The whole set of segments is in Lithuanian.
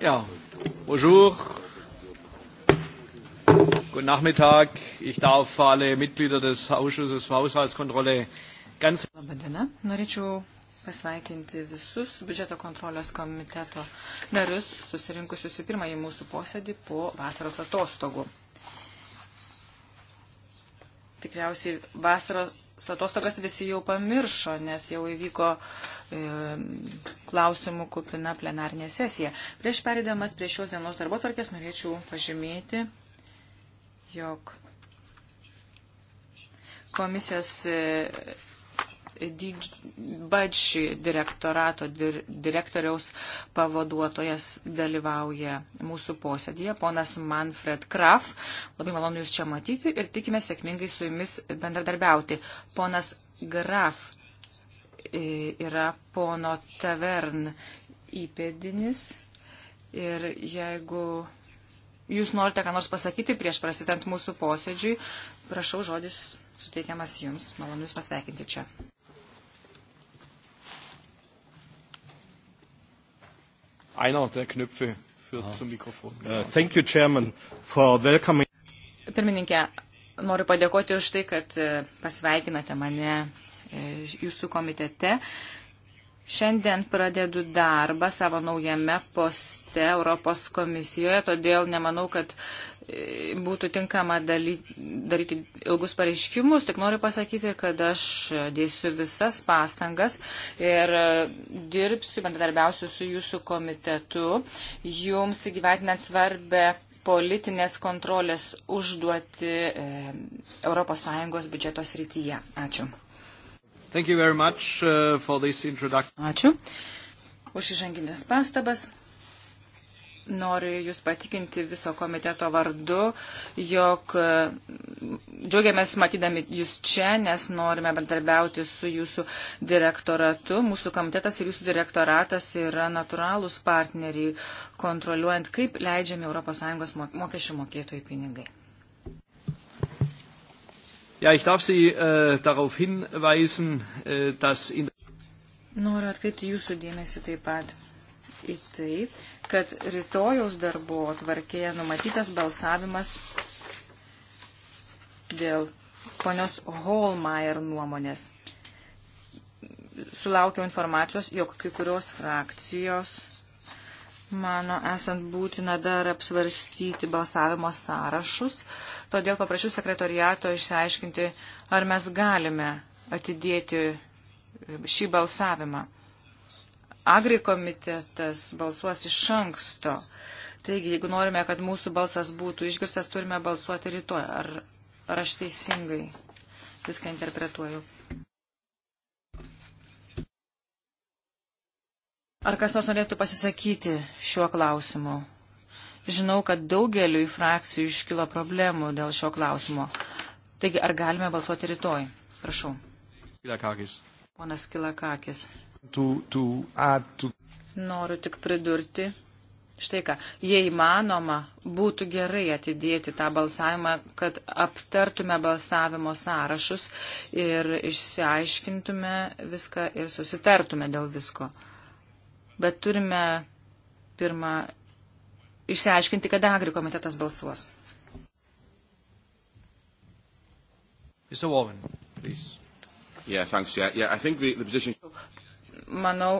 Ja, bonjour. Guten Nachmittag. Ich darf alle Mitglieder des Ausschusses für Haushaltskontrolle ganz. Labadiena. Norėčiau pasveikinti visus biudžeto kontrolės komiteto narius susirinkusius į pirmąjį mūsų posėdį po vasaros atostogų. Tikriausiai vasaros atostogas visi jau pamiršo, nes jau įvyko e, klausimų kupina plenarnė sesija. Prieš perėdamas prie šios dienos darbo tvarkės norėčiau pažymėti, jog komisijos e, Badži direktorato dir, direktoriaus pavaduotojas dalyvauja mūsų posėdėje, ponas Manfred Kraf. Labai malonu Jūs čia matyti ir tikime sėkmingai su Jumis bendradarbiauti. Ponas Graf e, yra pono Tavern įpėdinis ir jeigu jūs norite ką nors pasakyti prieš prasidant mūsų posėdžiui, prašau žodis suteikiamas jums. Malonu jūs pasveikinti čia. einer der Knöpfe führt ah. zum Mikrofon. Uh, thank you, Chairman, for welcoming. Pirmininkė, noriu padėkoti už tai, kad e, pasveikinate mane e, jūsų komitete. Šiandien pradedu darbą savo naujame poste Europos komisijoje, todėl nemanau, kad būtų tinkama daly, daryti ilgus pareiškimus, tik noriu pasakyti, kad aš dėsiu visas pastangas ir dirbsiu, bendradarbiausiu su jūsų komitetu, jums įgyvetinant svarbę politinės kontrolės užduoti ES biudžeto srityje. Ačiū. Much, uh, Ačiū už įžanginės pastabas. Noriu Jūs patikinti viso komiteto vardu, jog e, džiaugiamės matydami Jūs čia, nes norime bendarbiauti su Jūsų direktoratu. Mūsų komitetas ir Jūsų direktoratas yra natūralūs partneriai, kontroliuojant, kaip leidžiami ES mokesčių mokėtojų pinigai. Ja, ich darf Sie äh, darauf hinweisen, äh, dass in Noriu atkreipti Jūsų dėmesį taip pat į tai, kad rytojaus darbo atvarkėje numatytas balsavimas dėl ponios Holmeier nuomonės. Sulaukiau informacijos, jog kai kurios frakcijos mano esant būtina dar apsvarstyti balsavimo sąrašus, todėl paprašiau sekretoriato išsiaiškinti, ar mes galime atidėti šį balsavimą. Agri komitetas balsuos iš anksto. Taigi, jeigu norime, kad mūsų balsas būtų išgirstas, turime balsuoti rytoj. Ar, ar aš teisingai viską interpretuoju? Ar kas nors norėtų pasisakyti šiuo klausimu? Žinau, kad daugeliu frakcijų iškilo problemų dėl šio klausimo. Taigi, ar galime balsuoti rytoj? Prašau. Kilakakis. Ponas Kilakakis. To, to to... Noriu tik pridurti. Štai ką, jei manoma, būtų gerai atidėti tą balsavimą, kad aptartume balsavimo sąrašus ir išsiaiškintume viską ir susitartume dėl visko. Bet turime pirmą išsiaiškinti, kada Agri komitetas balsuos. Mr. Warren, please. Yeah, thanks. Yeah, yeah. I think the, the position manau,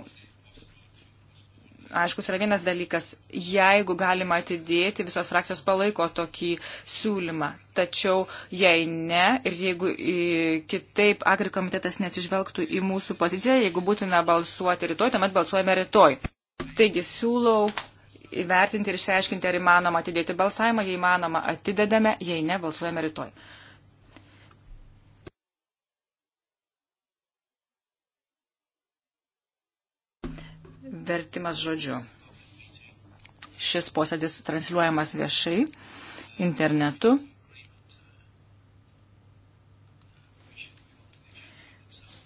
aiškus yra vienas dalykas, jeigu galima atidėti, visos frakcijos palaiko tokį siūlymą. Tačiau jei ne, ir jeigu kitaip agrikomitetas neatsižvelgtų į mūsų poziciją, jeigu būtina balsuoti rytoj, tuomet balsuojame rytoj. Taigi siūlau įvertinti ir išsiaiškinti, ar įmanoma atidėti balsavimą, jei įmanoma atidedame, jei ne, balsuojame rytoj. vertimas žodžiu. Šis posėdis transliuojamas viešai internetu.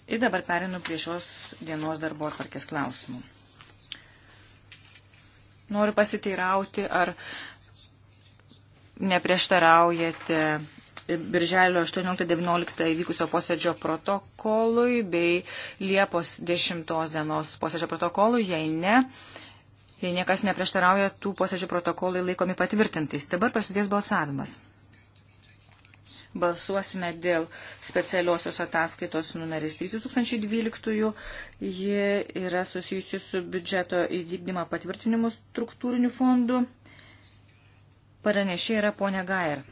Ir dabar perinu prie šios dienos darbo atvarkės klausimų. Noriu pasiteirauti, ar neprieštaraujate Birželio 18-19 įvykusio posėdžio protokolui bei Liepos 10 dienos posėdžio protokolui, jei ne. Jei niekas neprieštarauja, tų posėdžių protokolai laikomi patvirtintais. Dabar prasidės balsavimas. Balsuosime dėl specialiosios ataskaitos numeris 3012. Ji yra susijusi su biudžeto įvykdymą patvirtinimu struktūrinių fondų. Paranešė yra ponia Gair.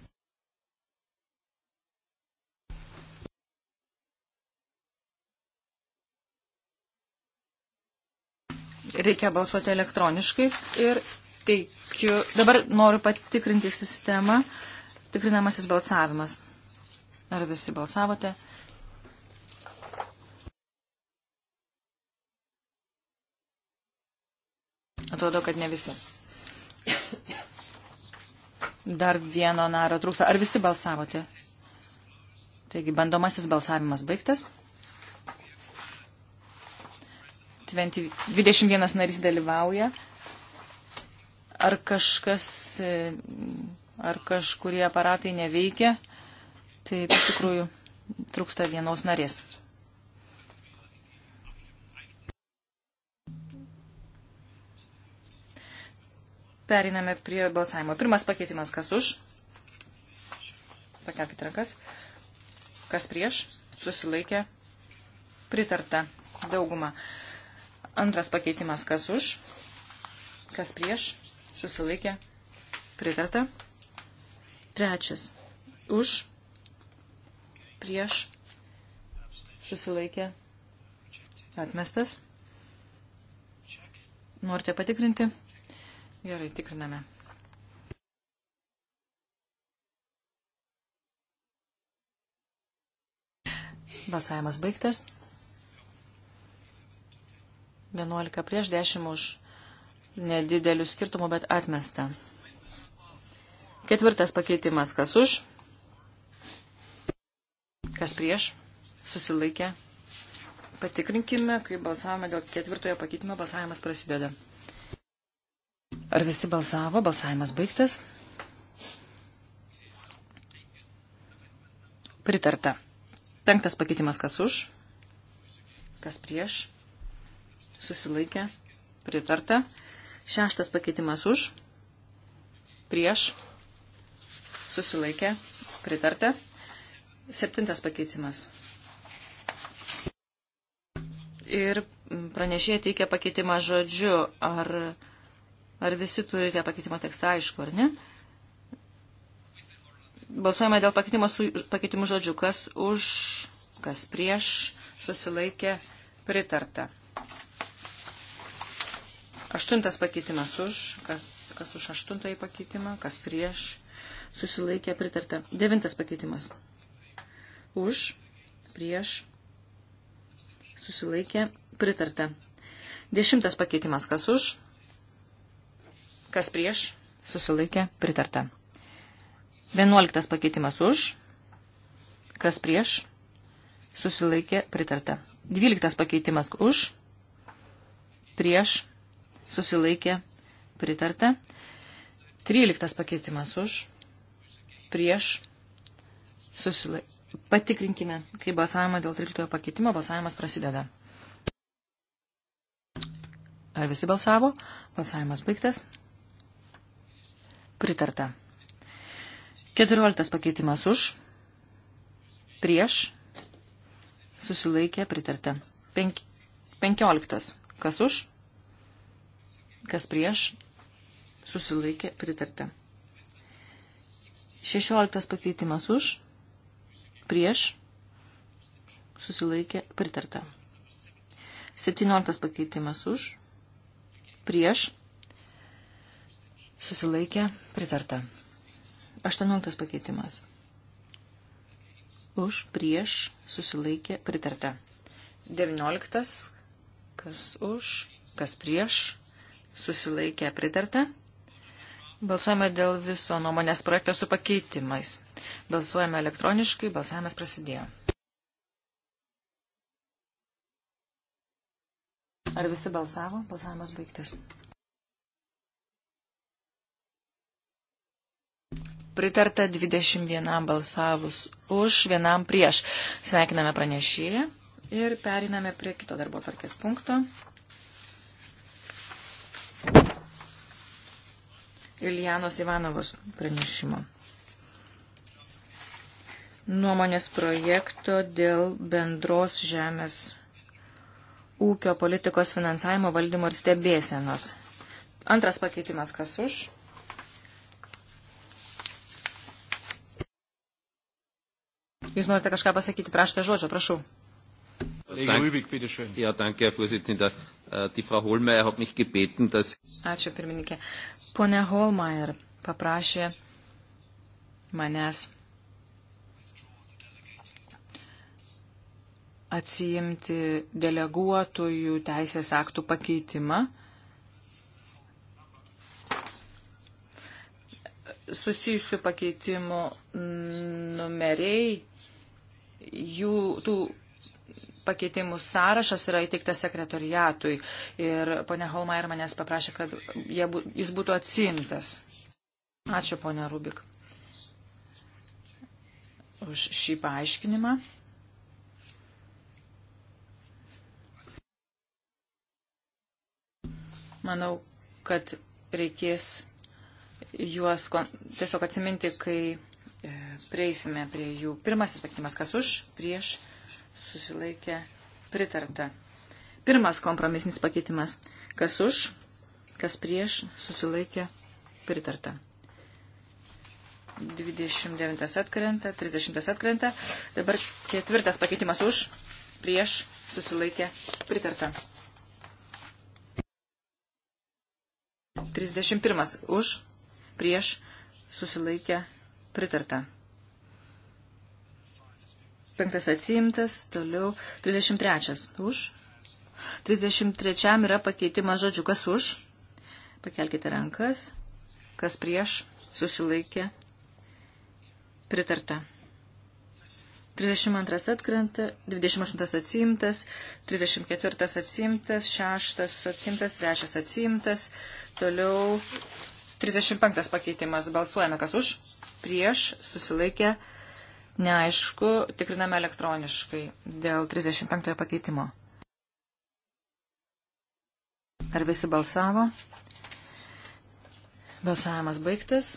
reikia balsuoti elektroniškai ir teikiu, dabar noriu patikrinti sistemą, tikrinamasis balsavimas. Ar visi balsavote? Atrodo, kad ne visi. Dar vieno naro trūksta. Ar visi balsavote? Taigi bandomasis balsavimas baigtas. 20, 21 narys dalyvauja. Ar kažkas, e, ar kažkurie aparatai neveikia, tai iš tikrųjų trūksta vienos narės. Periname prie balsavimo. Pirmas pakeitimas, kas už? Pakelkite rankas. Kas prieš? Susilaikė. Pritarta. Dauguma. Antras pakeitimas, kas už, kas prieš, susilaikė, pritarta. Trečias, už, prieš, susilaikė, atmestas. Norite patikrinti? Gerai, tikriname. Balsavimas baigtas. 11 prieš 10 už nedidelių skirtumų, bet atmesta. Ketvirtas pakeitimas, kas už, kas prieš, susilaikė. Patikrinkime, kai balsavome dėl ketvirtojo pakeitimo, balsavimas prasideda. Ar visi balsavo, balsavimas baigtas? Pritarta. Penktas pakeitimas, kas už, kas prieš, susilaikė, pritarta. Šeštas pakeitimas už, prieš, susilaikė, pritarta. Septintas pakeitimas. Ir pranešėjai teikia pakeitimą žodžiu, ar, ar visi turite pakeitimo tekstą aišku, ar ne? Balsuojame dėl pakeitimo su pakeitimu žodžiu, kas už, kas prieš, susilaikė, pritarta. Aštuntas pakeitimas už, kas, kas už aštuntąjį pakeitimą, kas prieš, susilaikė pritarta. Devintas pakeitimas. Už, prieš, susilaikė pritarta. Dešimtas pakeitimas, kas už, kas prieš, susilaikė pritarta. Vienuoliktas pakeitimas už, kas prieš, susilaikė pritarta. Dvyliktas pakeitimas už, prieš, susilaikė pritarta. 13 pakeitimas už, prieš, susilaikė. Patikrinkime, kai balsavimą dėl 13 pakeitimo balsavimas prasideda. Ar visi balsavo? Balsavimas baigtas. Pritarta. 14 pakeitimas už, prieš, susilaikė pritarta. 15. Penk, kas už, Kas prieš? Susilaikė pritarta. 16 pakeitimas už, prieš, susilaikė pritarta. 17 pakeitimas už, prieš, susilaikė pritarta. 18 pakeitimas. Už, prieš, susilaikė pritarta. 19. Kas už, kas prieš, susilaikė pritarta. Balsuojame dėl viso nuomonės projekto su pakeitimais. Balsuojame elektroniškai, balsavimas prasidėjo. Ar visi balsavo? Balsavimas baigtas. Pritarta 21 balsavus už, vienam prieš. Sveikiname pranešėją ir periname prie kito darbo tvarkės punkto. Iljanos Ivanovos pranešimo. Nuomonės projekto dėl bendros žemės ūkio politikos finansavimo valdymo ir stebėsenos. Antras pakeitimas kas už? Jūs norite kažką pasakyti, prašote žodžio, prašau. Ja, danke, Herr Vorsitzender. Äh, die Frau Holmeier hat mich gebeten, dass. Ačiū pirmininkė. Pone Holmeier paprašė manęs atsijimti deleguotojų teisės aktų pakeitimą susijusių pakeitimų numeriai, jų tų pakeitimų sąrašas yra įteiktas sekretoriatui ir ponia Holmair manęs paprašė, kad bu, jis būtų atsimtas. Ačiū, ponia Rubik, už šį paaiškinimą. Manau, kad reikės juos tiesiog atsiminti, kai e, prieisime prie jų. Pirmasis pakeitimas, kas už, prieš, susilaikė pritarta. Pirmas kompromisinis pakeitimas. Kas už, kas prieš, susilaikė pritarta. 29 atkrenta, 30 atkrenta. Dabar ketvirtas pakeitimas už, prieš, susilaikė pritarta. 31 už, prieš, susilaikė pritarta. 35 atsimtas, toliau 33 už. 33 yra pakeitimas žodžiu, kas už. Pakelkite rankas, kas prieš, susilaikė, pritarta. 32 atkrenta, 28 atsimtas, 34 atsimtas, 6 atsimtas, 3 atsimtas, toliau 35 pakeitimas. Balsuojame, kas už, prieš, susilaikė, pritarta. Neaišku, tikriname elektroniškai dėl 35 pakeitimo. Ar visi balsavo? Balsavimas baigtas.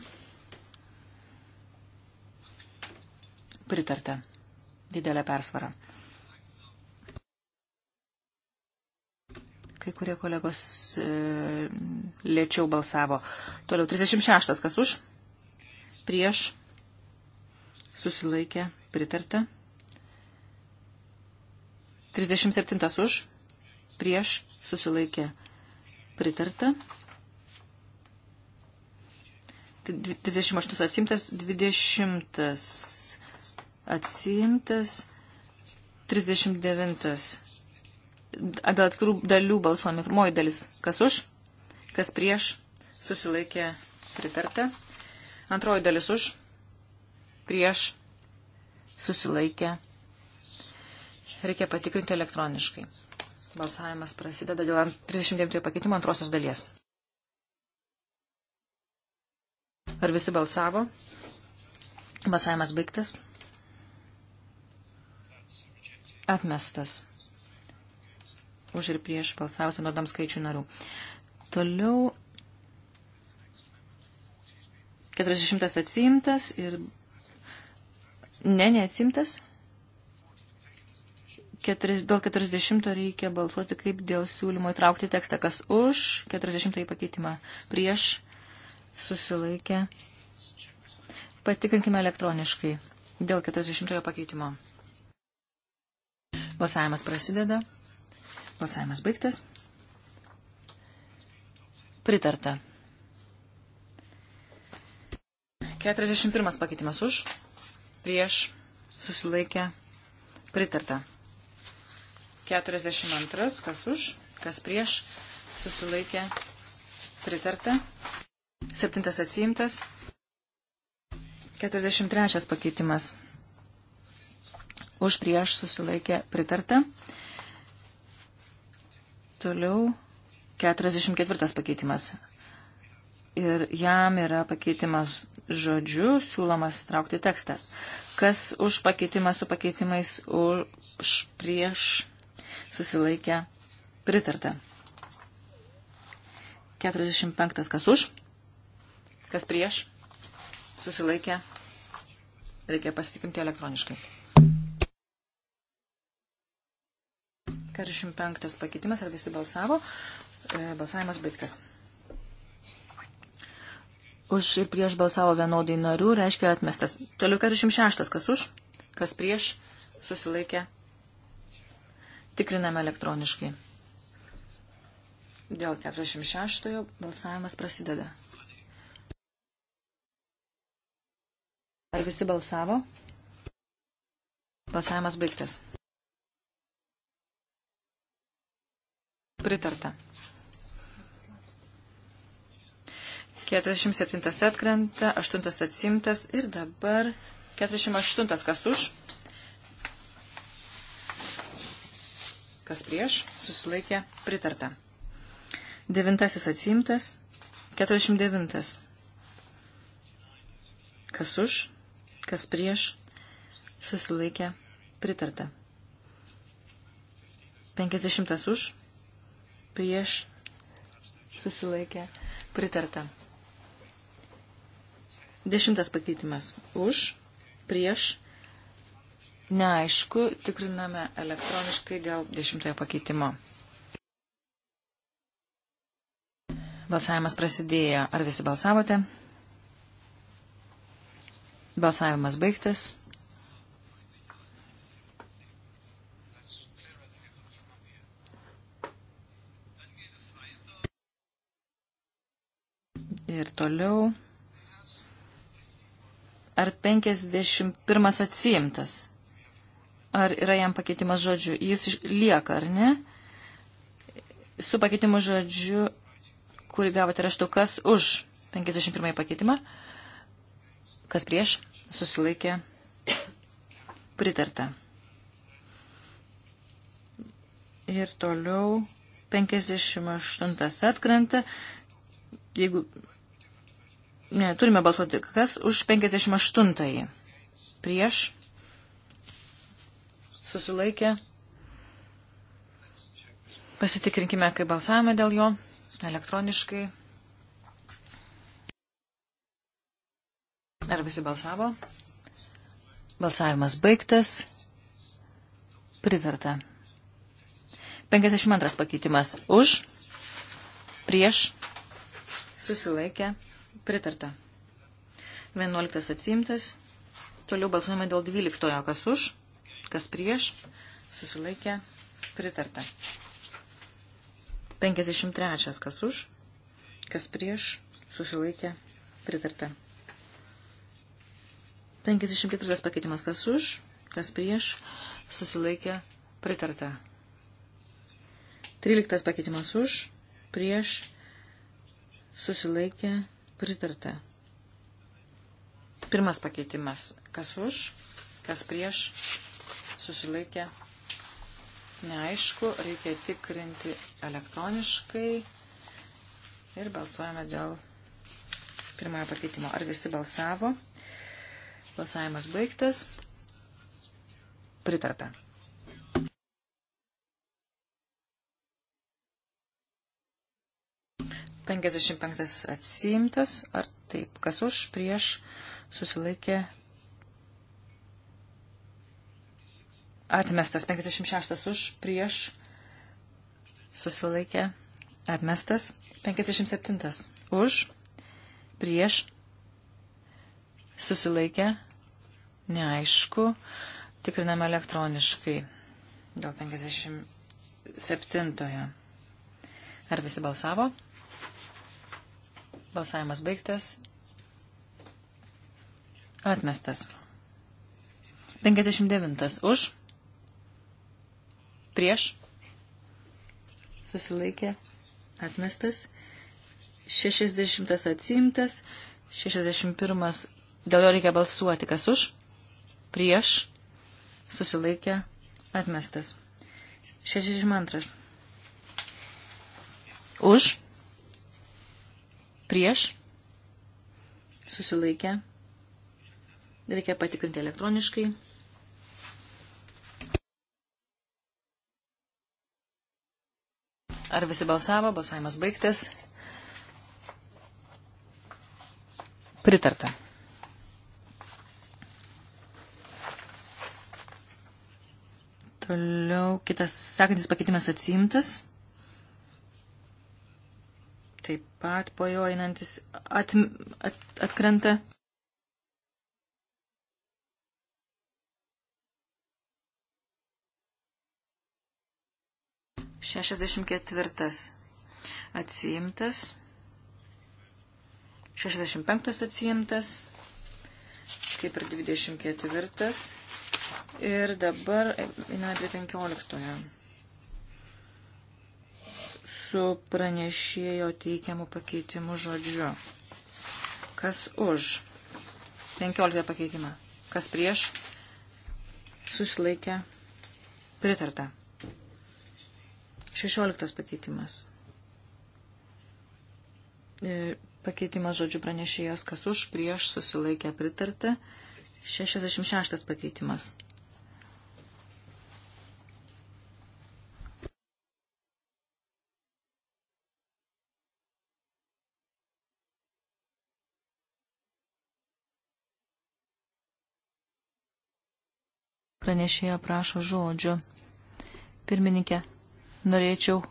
Pritarta. Didelė persvara. Kai kurie kolegos e, lėčiau balsavo. Toliau 36. Kas už? Prieš susilaikė, pritarta. 37 už, prieš, susilaikė, pritarta. 38 atsimtas, 20 atsimtas, 39. Dėl atskirų dalių balsuojame. Pirmoji dalis, kas už, kas prieš, susilaikė, pritarta. Antroji dalis už, prieš susilaikę. Reikia patikrinti elektroniškai. Balsavimas prasideda dėl 39 pakeitimo antrosios dalies. Ar visi balsavo? Balsavimas baigtas. Atmestas. Už ir prieš balsavusių nuodam skaičių narių. Toliau 40 atsiimtas ir Ne, neatsimtas. Keturis, dėl 40 reikia balsuoti kaip dėl siūlymo įtraukti tekstą, kas už 40 pakeitimą prieš susilaikę. Patikrinkime elektroniškai dėl 40 pakeitimo. Balsavimas prasideda. Balsavimas baigtas. Pritarta. 41 pakeitimas už prieš susilaikę pritarta. 42, kas už, kas prieš susilaikė pritarta. 7 atsiimtas. 43 pakeitimas. Už prieš susilaikė pritarta. Toliau 44 pakeitimas. Ir jam yra pakeitimas žodžiu siūlomas traukti tekstą. Kas už pakeitimą su pakeitimais, už prieš susilaikę pritarta. 45. Kas už? Kas prieš? Susilaikę. Reikia pasitikinti elektroniškai. 45 pakeitimas, ar visi balsavo? E, balsavimas baigtas už ir prieš balsavo vienodai narių, reiškia atmestas. Toliau 46, kas už, kas prieš, susilaikė. Tikriname elektroniškai. Dėl 46 balsavimas prasideda. Ar visi balsavo? Balsavimas baigtas. Pritarta. 47 atkrenta, 8 atsimtas ir dabar 48 kas už, kas prieš, susilaikė pritarta. 9 atsimtas, 49 kas už, kas prieš, susilaikė pritarta. 50 už, prieš, susilaikė pritarta. Dešimtas pakeitimas. Už, prieš, neaišku, tikriname elektroniškai dėl dešimtojo pakeitimo. Balsavimas prasidėjo. Ar visi balsavote? Balsavimas baigtas. Ir toliau Ar 51 atsiimtas? Ar yra jam pakeitimas žodžiu? Jis lieka, ar ne? Su pakeitimu žodžiu, kurį gavote raštu, kas už 51 pakeitimą, kas prieš, susilaikė, pritarta. Ir toliau 58 atkrenta, jeigu Ne, turime balsuoti. Kas už 58-ąjį? Prieš? Susilaikė? Pasitikrinkime, kaip balsavome dėl jo elektroniškai. Ar visi balsavo? Balsavimas baigtas. Pritarta. 52 pakeitimas už, prieš, susilaikė, Pritarta. 11 atsimtas. Toliau balsuojame dėl 12. Kas už, kas prieš, susilaikė, pritarta. 53. Kas už, kas prieš, susilaikė, pritarta. 54. pakeitimas. Kas už, kas prieš, susilaikė, pritarta. 13. pakeitimas už, prieš, susilaikė, pritarta Pritarta. Pirmas pakeitimas. Kas už, kas prieš, susilaikė. Neaišku, reikia tikrinti elektroniškai ir balsuojame dėl pirmojo pakeitimo. Ar visi balsavo? Balsavimas baigtas. Pritarta. 55 atsiimtas, ar taip, kas už, prieš, susilaikė, atmestas, 56 už, prieš, susilaikė, atmestas, 57 už, prieš, susilaikė, neaišku, tikriname elektroniškai dėl 57. -ojo. Ar visi balsavo? Balsavimas baigtas. Atmestas. 59 už. Prieš. Susilaikė. Atmestas. 60 atsimtas. 61. Dėl jo reikia balsuoti. Kas už? Prieš. Susilaikė. Atmestas. 62. Už prieš, susilaikę, reikia patikrinti elektroniškai. Ar visi balsavo, balsavimas baigtas. Pritarta. Toliau kitas sekantis pakeitimas atsiimtas taip pat po jo einantis at, at, atkrenta. Šešiasdešimt ketvirtas atsiimtas. Šešiasdešimt penktas atsiimtas. Kaip ir dvidešimt ketvirtas. Ir dabar einame prie penkioliktojo su pranešėjo teikiamu pakeitimu žodžiu. Kas už? 15 pakeitimą. Kas prieš? Susilaikė. Pritarta. 16 pakeitimas. E, pakeitimas žodžių pranešėjos, kas už, prieš, susilaikė, pritarta. 66 pakeitimas. Pranešėja prašo žodžio. Pirmininkė, norėčiau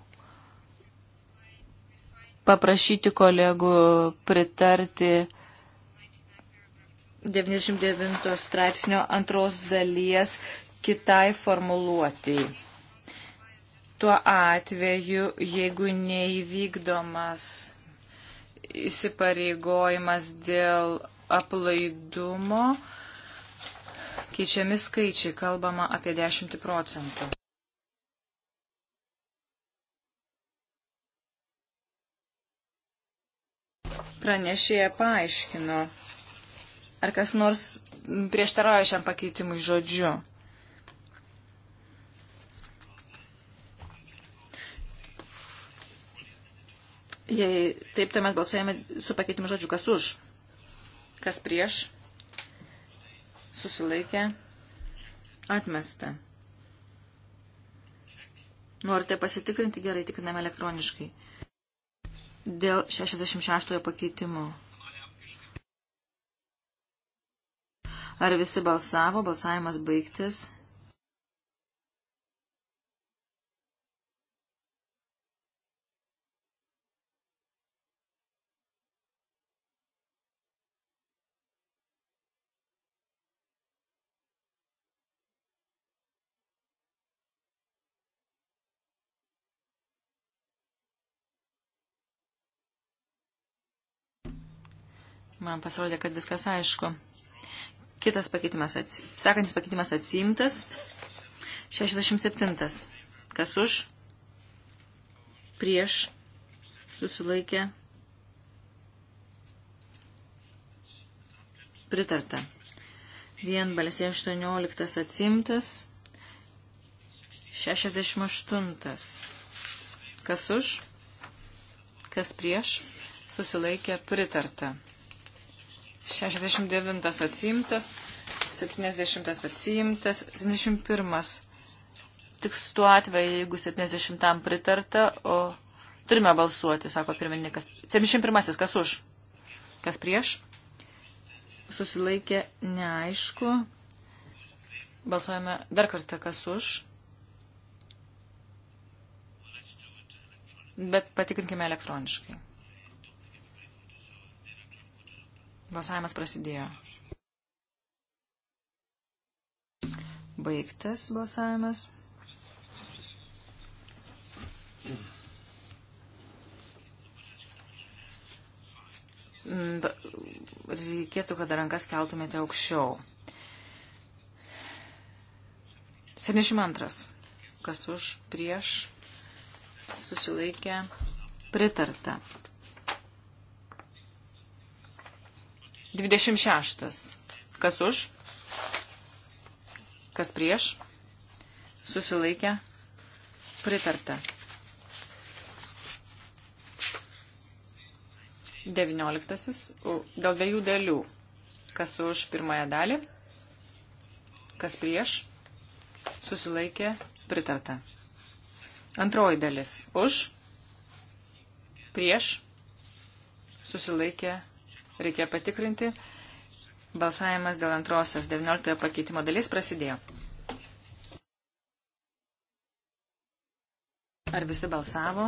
paprašyti kolegų pritarti 99 straipsnio antros dalies kitai formuluotėjai. Tuo atveju, jeigu neįvykdomas įsipareigojimas dėl aplaidumo, keičiami skaičiai, kalbama apie 10 procentų. Pranešėja paaiškino, ar kas nors prieštarauja šiam pakeitimui žodžiu. Jei taip, tuomet balsuojame su pakeitimu žodžiu, kas už, kas prieš, susilaikė, atmesta. Norite pasitikrinti gerai, tikriname elektroniškai. Dėl 66 pakeitimo. Ar visi balsavo, balsavimas baigtis? Man pasirodė, kad viskas aišku. Kitas pakeitimas, ats... sekantis pakeitimas atsiimtas. 67. Kas už? Prieš. Susilaikė. Pritarta. Vien balsiai 18 atsimtas. 68. Kas už? Kas prieš? Susilaikė pritarta. 69 atsiimtas, 70 atsiimtas, 71. Tik tuo atveju, jeigu 70 pritarta, o turime balsuoti, sako pirmininkas. 71. Kas už? Kas prieš? Susilaikė neaišku. Balsuojame dar kartą, kas už. Bet patikrinkime elektroniškai. Balsavimas prasidėjo. Baigtas balsavimas. Reikėtų, kad rankas keltumėte aukščiau. 72. Kas už prieš susilaikė pritarta. 26. Kas už? Kas prieš? Susilaikę. Pritarta. 19. Dėl dviejų dalių. Kas už pirmąją dalį? Kas prieš? Susilaikė. Pritarta. Antroji dalis. Už. Prieš. Susilaikė. Pritarta Reikia patikrinti. Balsavimas dėl antrosios 19 pakeitimo dalies prasidėjo. Ar visi balsavo?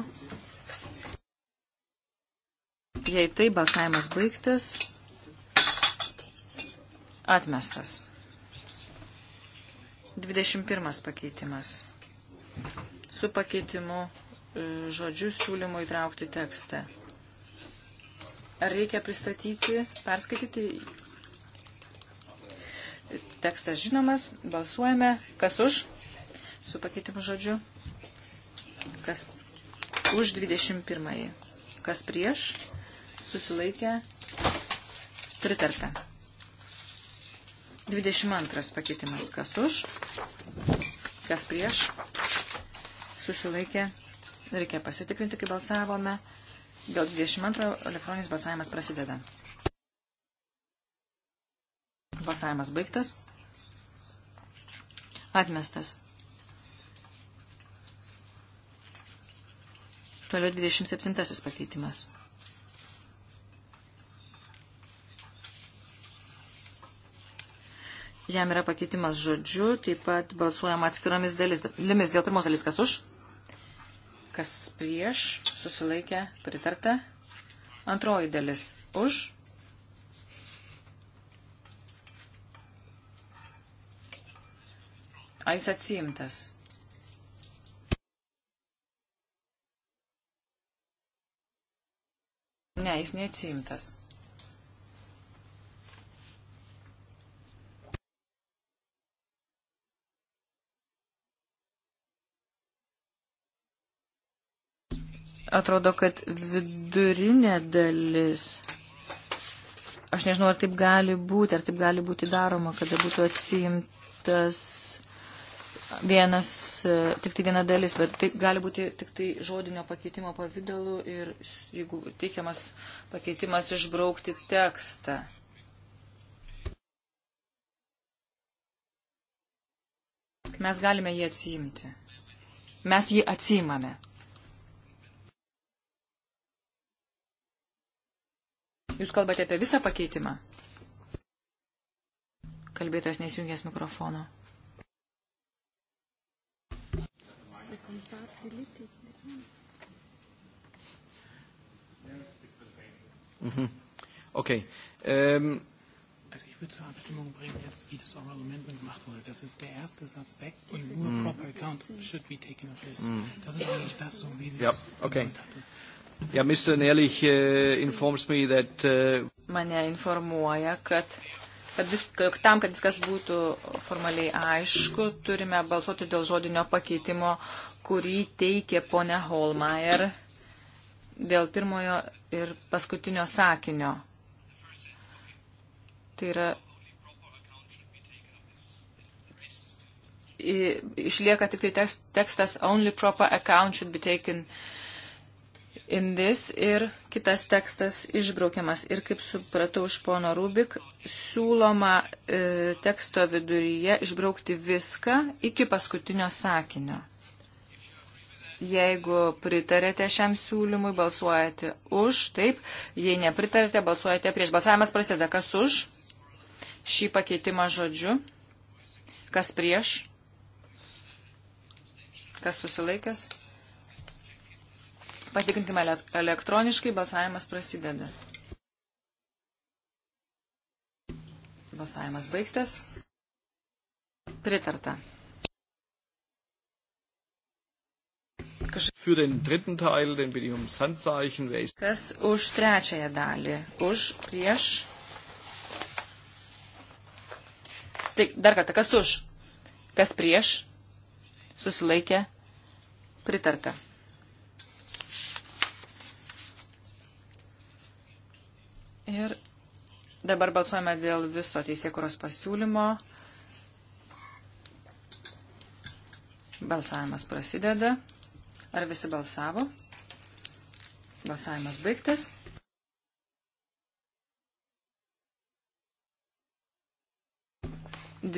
Jei tai balsavimas baigtas, atmestas. 21 pakeitimas. Su pakeitimu e, žodžiu siūlymu įtraukti tekstą. Ar reikia pristatyti, perskaityti tekstas žinomas, balsuojame, kas už, su pakeitimu žodžiu, kas už 21, kas prieš, susilaikė, pritarta. 22 pakeitimas, kas už, kas prieš, susilaikė, reikia pasitikrinti, kai balsavome. Dėl 22 elektroninis balsavimas prasideda. Balsavimas baigtas. Atmestas. Toliau 27 pakeitimas. Jam yra pakeitimas žodžiu, taip pat balsuojama atskiromis dalis, dalimis dėl pirmos dalis, kas už, kas prieš, susilaikė, pritarta. Antroji dalis už. Ais atsiimtas. Ne, jis neatsiimtas. atrodo, kad vidurinė dalis. Aš nežinau, ar taip gali būti, ar taip gali būti daroma, kada tai būtų atsiimtas vienas, tik tai viena dalis, bet tai gali būti tik tai žodinio pakeitimo pavydalu ir jeigu teikiamas pakeitimas išbraukti tekstą. Mes galime jį atsiimti. Mes jį atsimame. Jūs kalbate apie visą pakeitimą? Kalbėtojas nesijungęs mikrofono. Mhm. Okay. Ähm, also ich würde zur Abstimmung bringen, jetzt wie das Oral Amendment gemacht wurde. Das ist der erste Satz weg und nur mm. proper account should be taken of this. Mm. Das ist eigentlich das, so wie sie ja, es okay. hatte. Yeah, Mr. Nelich uh, informs me that... Uh... Mane informuoja, kad, kad vis, kad, tam, kad viskas būtų formaliai aišku, turime balsuoti dėl žodinio pakeitimo, kurį teikė ponia Holmeier dėl pirmojo ir paskutinio sakinio. Tai yra išlieka tik tai tekstas only proper account should be taken uh, indis ir kitas tekstas išbraukiamas. Ir kaip supratau iš pono Rubik, siūloma e, teksto viduryje išbraukti viską iki paskutinio sakinio. Jeigu pritarėte šiam siūlymui, balsuojate už, taip. Jei nepritarėte, balsuojate prieš. Balsavimas prasideda. Kas už šį pakeitimą žodžiu? Kas prieš? Kas susilaikęs? Patikrinkime elektroniškai, balsavimas prasideda. Balsavimas baigtas. Pritarta. Für den dritten Teil, den bitte ich um Sandzeichen. Wer ist Kas už trečiąją dalį? Už, prieš. Tai dar kartą, kas už? Kas prieš? Susilaikė. Pritarta. Ir dabar balsuojame dėl viso teisėkuros pasiūlymo. Balsavimas prasideda. Ar visi balsavo? Balsavimas baigtas.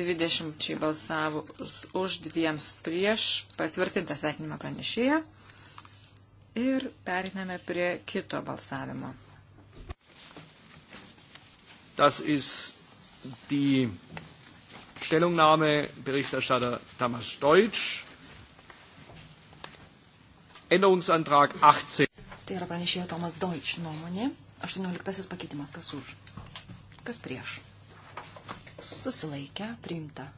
Dvidešimčiai balsavo už dviems prieš patvirtintą sveikinimą pranešėją. Ir periname prie kito balsavimo. Das ist die Stellungnahme Berichterstatter Thomas Deutsch. Änderungsantrag 18. Tai yra pranešėjo Tomas Deutsch nuomonė. 18 pakeitimas kas už. Kas prieš. Susilaikę, priimta.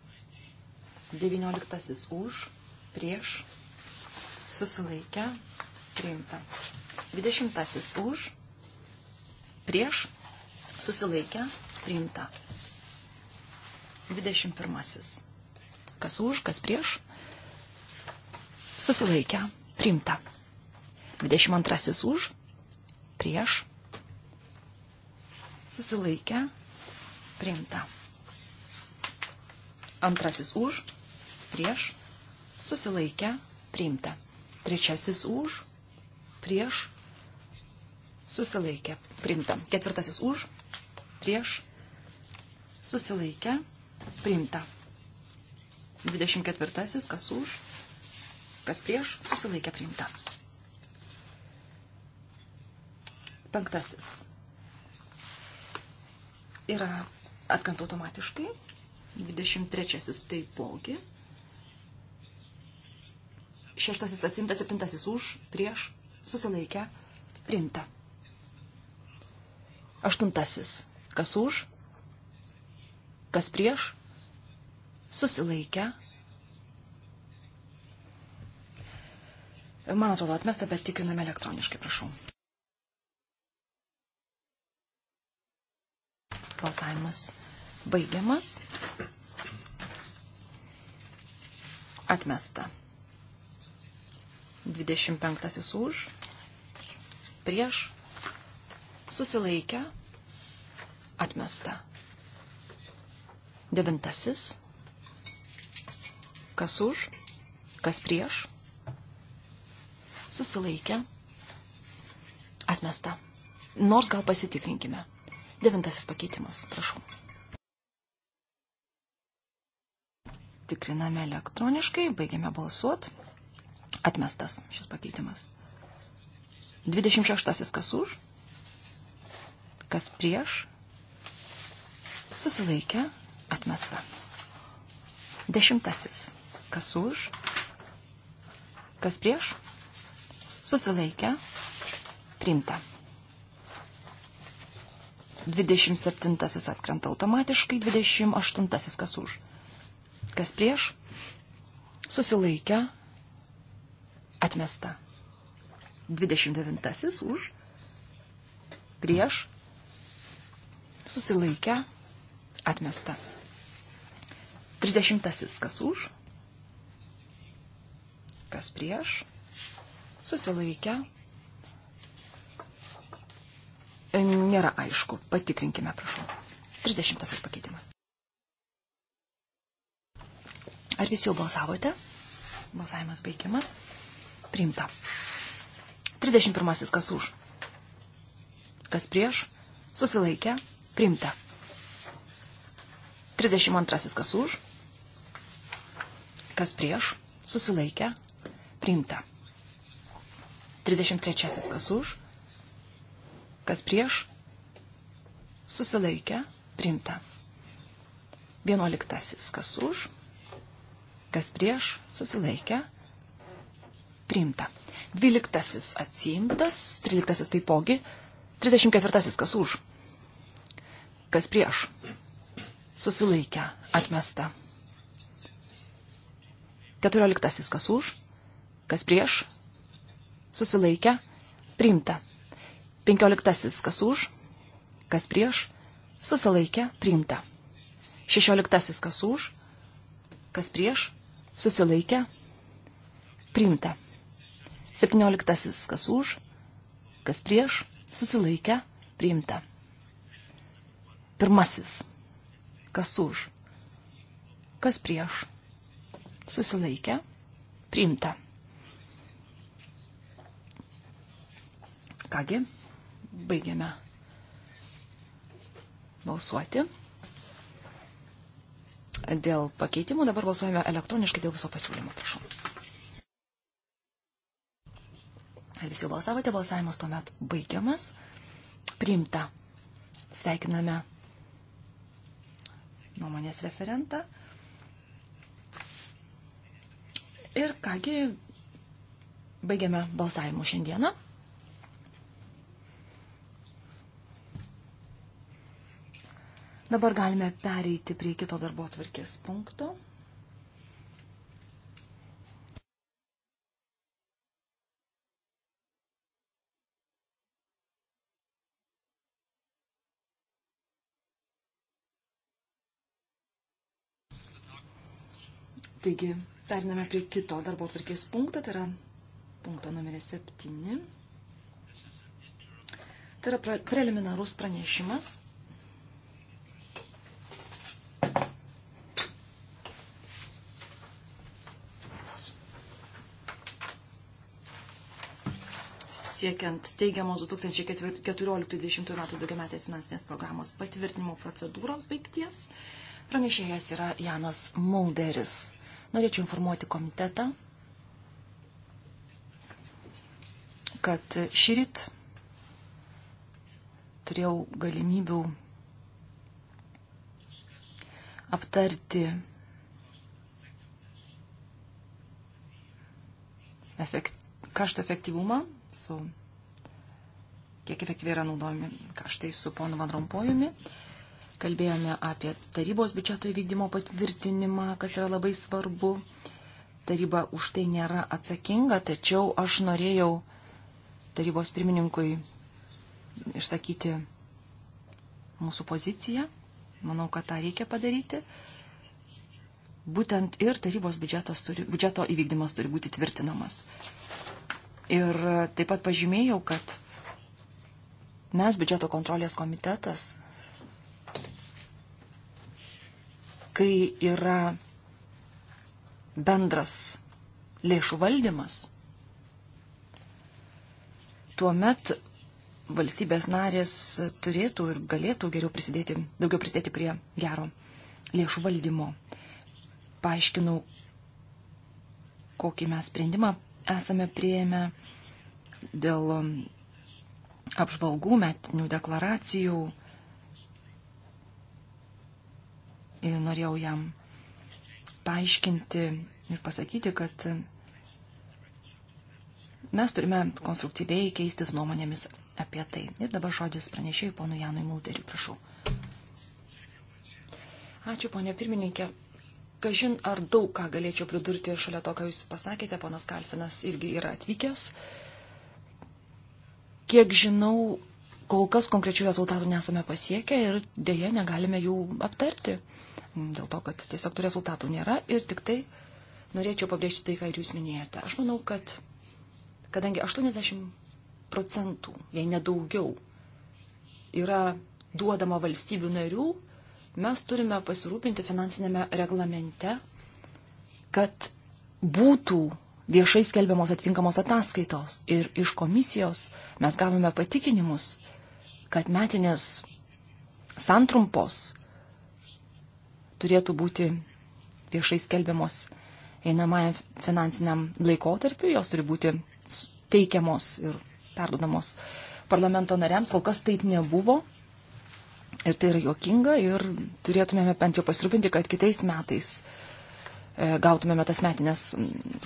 19 už, prieš, susilaikę, priimta. 20 už, prieš, susilaikę, priimta. 21. Kas už, kas prieš, susilaikę, priimta. 22. už, prieš, susilaikę, priimta. Antrasis už, prieš, susilaikę, priimta. Trečiasis už, prieš, susilaikę, priimta. Ketvirtasis už, prieš, susilaikę, priimta. 24. Kas už, kas prieš, susilaikę, priimta. 5. Yra atkant automatiškai. 23. Taipogi. 6. Atsimtas 7. Už, prieš, susilaikę, priimta. Aštuntasis. Kas už? Kas prieš? Susilaikę. Man atrodo, atmesta, bet tikriname elektroniškai, prašau. Balsavimas baigiamas. Atmesta. 25 už. Prieš. Susilaikę. Atmesta. Devintasis. Kas už, kas prieš. Susilaikė. Atmesta. Nors gal pasitikrinkime. Devintasis pakeitimas, prašau. Tikriname elektroniškai, baigiame balsuot. Atmestas šis pakeitimas. 26. Kas už, kas prieš, susilaikė, atmesta. Dešimtasis, kas už, kas prieš, susilaikė, priimta. 27 atkrenta automatiškai, 28 kas už. Kas prieš? Susilaikę. Atmesta. 29 už. Prieš. Susilaikę. Atmesta. 30. Kas už? Kas prieš? Susilaikę. Nėra aišku. Patikrinkime, prašau. 30. pakeitimas. Ar visi jau balsavote? Balsavimas baigiamas. Priimta. 31. Kas už? Kas prieš? Susilaikę. Priimta. 32 kas už, kas prieš, susilaikę, priimta. 33 kas už, kas prieš, susilaikę, priimta. 11 kas už, kas prieš, susilaikę, priimta. 12 atsiimtas, 13 taipogi, 34 kas už, kas prieš, susilaikę, atmesta. Keturioliktasis kas už, kas prieš, susilaikę, priimta. Penkioliktasis kas už, kas prieš, susilaikę, priimta. Šešioliktasis kas už, kas prieš, susilaikę, priimta. Septynioliktasis kas už, kas prieš, susilaikę, priimta. Pirmasis Kas už? Kas prieš? Susilaikę? Priimta. Kągi, baigiame balsuoti. Dėl pakeitimų dabar balsuojame elektroniškai dėl viso pasiūlymo, prašau. Ar visi balsavote, balsavimas tuomet baigiamas. Priimta. Sveikiname nuomonės referentą. Ir kągi, baigiame balsavimu šiandieną. Dabar galime pereiti prie kito darbo tvarkės punkto. Taigi, periname prie kito darbo tvarkės punkto, tai yra punkto numeris 7. Tai yra preliminarus pranešimas. siekiant teigiamos 2014-2020 metų daugiametės finansinės programos patvirtinimo procedūros baigties. Pranešėjas yra Janas Mulderis. Norėčiau informuoti komitetą, kad šyrit turėjau galimybių aptarti efekt, kaštų efektyvumą su kiek efektyviai yra naudojami kaštai su ponu Van Rompojumi. Uh, Kalbėjome apie tarybos biudžeto įvykdymo patvirtinimą, kas yra labai svarbu. Taryba už tai nėra atsakinga, tačiau aš norėjau tarybos pirmininkui išsakyti mūsų poziciją. Manau, kad tą reikia padaryti. Būtent ir tarybos turi, biudžeto įvykdymas turi būti tvirtinamas. Ir taip pat pažymėjau, kad mes, biudžeto kontrolės komitetas, kai yra bendras lėšų valdymas, tuomet valstybės narės turėtų ir galėtų geriau prisidėti, daugiau prisidėti prie gero lėšų valdymo. Paaiškinau, kokį mes sprendimą esame prieėmę dėl apžvalgų metinių deklaracijų norėjau jam paaiškinti ir pasakyti, kad mes turime konstruktyviai keistis nuomonėmis apie tai. Ir dabar žodis pranešėjai ponu Janui Mulderiu, prašau. Ačiū, ponė pirmininkė. Kažin ar daug ką galėčiau pridurti šalia to, ką jūs pasakėte, ponas Kalfinas irgi yra atvykęs. Kiek žinau, kol kas konkrečių rezultatų nesame pasiekę ir dėje negalime jų aptarti dėl to, kad tiesiog tų rezultatų nėra ir tik tai norėčiau pabrėžti tai, ką ir jūs minėjote. Aš manau, kad kadangi 80 procentų, jei nedaugiau, yra duodama valstybių narių, mes turime pasirūpinti finansinėme reglamente, kad būtų viešai skelbiamos atitinkamos ataskaitos. Ir iš komisijos mes gavome patikinimus, kad metinės santrumpos turėtų būti viešai skelbiamos einamajam finansiniam laikotarpiu, jos turi būti teikiamos ir perdodamos parlamento nariams. Kol kas taip nebuvo. Ir tai yra juokinga ir turėtumėme bent jau pasirūpinti, kad kitais metais e, gautumėme tas metinės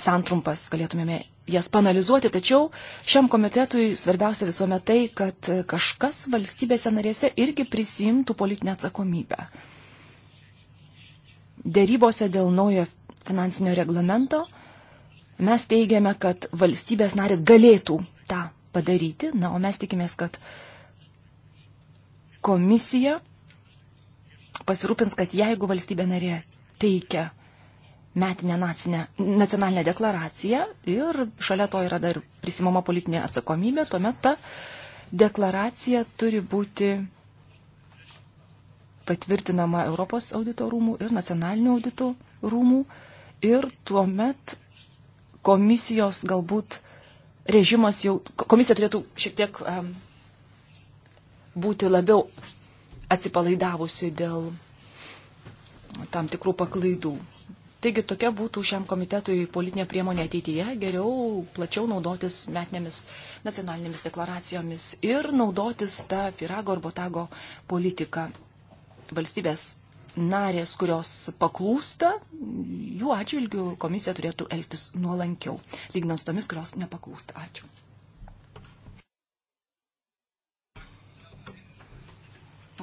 santrumpas, galėtumėme jas panalizuoti, tačiau šiam komitetui svarbiausia visuomet tai, kad e, kažkas valstybėse narėse irgi prisimtų politinę atsakomybę. Dėrybose dėl naujo finansinio reglamento mes teigiame, kad valstybės narės galėtų tą padaryti, na, o mes tikimės, kad komisija pasirūpins, kad jeigu valstybė narė teikia metinę nacinę, nacionalinę deklaraciją ir šalia to yra dar prisimama politinė atsakomybė, tuomet ta deklaracija turi būti patvirtinama Europos audito rūmų ir nacionalinių audito rūmų ir tuomet komisijos galbūt režimas jau, komisija turėtų šiek tiek um, būti labiau atsipalaidavusi dėl tam tikrų paklaidų. Taigi tokia būtų šiam komitetui politinė priemonė ateityje geriau plačiau naudotis metinėmis nacionalinėmis deklaracijomis ir naudotis tą pirago ar botago politiką valstybės narės, kurios paklūsta, jų atžvilgių komisija turėtų elgtis nuolankiau, lygnant su tomis, kurios nepaklūsta. Ačiū.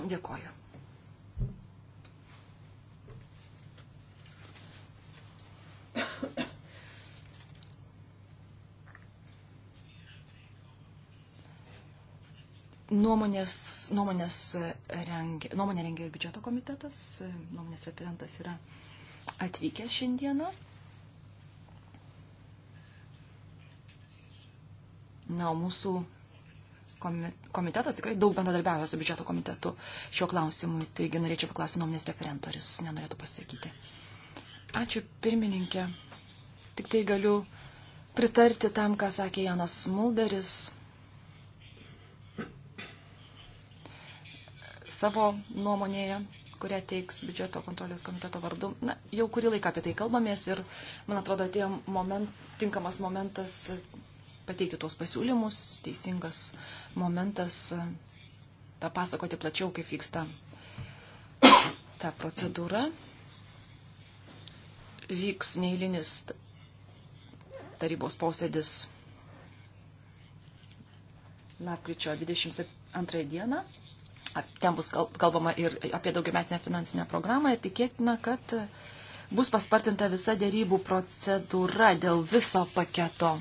Dėkoju. Nuomonės, nuomonės e, rengia, nuomonė rengia ir biudžeto komitetas, e, nuomonės referentas yra atvykęs šiandieną. Na, o mūsų komitetas tikrai daug bendradarbiavo su biudžeto komitetu šiuo klausimu, taigi norėčiau paklausti nuomonės referentorius, nenorėtų pasakyti. Ačiū pirmininkė. Tik tai galiu pritarti tam, ką sakė Janas Mulderis. savo nuomonėje, kurią teiks biudžeto kontrolės komiteto vardu. Na, jau kurį laiką apie tai kalbamės ir, man atrodo, atėjo moment, tinkamas momentas pateikti tuos pasiūlymus, teisingas momentas tą e, pasakoti plačiau, kaip vyksta ta procedūra. Vyks neįlinis tarybos posėdis lapkričio 22 dieną. Ten bus kalbama ir apie daugiametinę finansinę programą ir tikėtina, kad bus paspartinta visa dėrybų procedūra dėl viso paketo,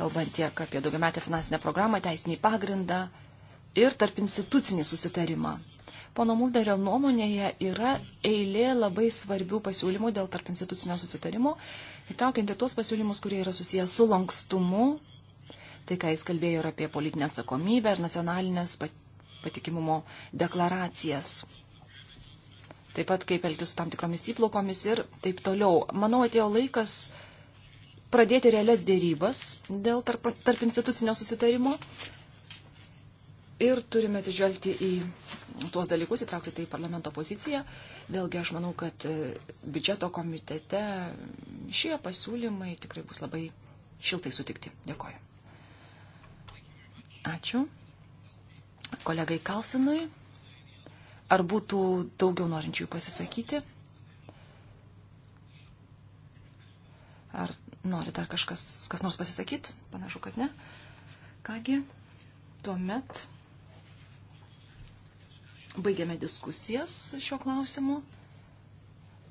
kalbant tiek apie daugiametę finansinę programą, teisinį pagrindą ir tarp institucinį susitarimą. Pono Mulderio nuomonėje yra eilė labai svarbių pasiūlymų dėl tarp institucinio susitarimo, įtraukiant ir tuos pasiūlymus, kurie yra susijęs su lankstumu, tai ką jis kalbėjo ir apie politinę atsakomybę ir nacionalinės pat patikimumo deklaracijas. Taip pat kaip elgtis su tam tikromis įplaukomis ir taip toliau. Manau, atėjo laikas pradėti realias dėrybas dėl tarp, tarp institucinio susitarimo ir turime atsižvelgti į tuos dalykus, įtraukti tai į parlamento poziciją. Vėlgi aš manau, kad e, biudžeto komitete šie pasiūlymai tikrai bus labai šiltai sutikti. Dėkoju. Ačiū kolegai Kalfinui. Ar būtų daugiau norinčių pasisakyti? Ar nori dar kažkas, kas nors pasisakyti? Panašu, kad ne. Kągi, tuomet baigiame diskusijas šiuo klausimu.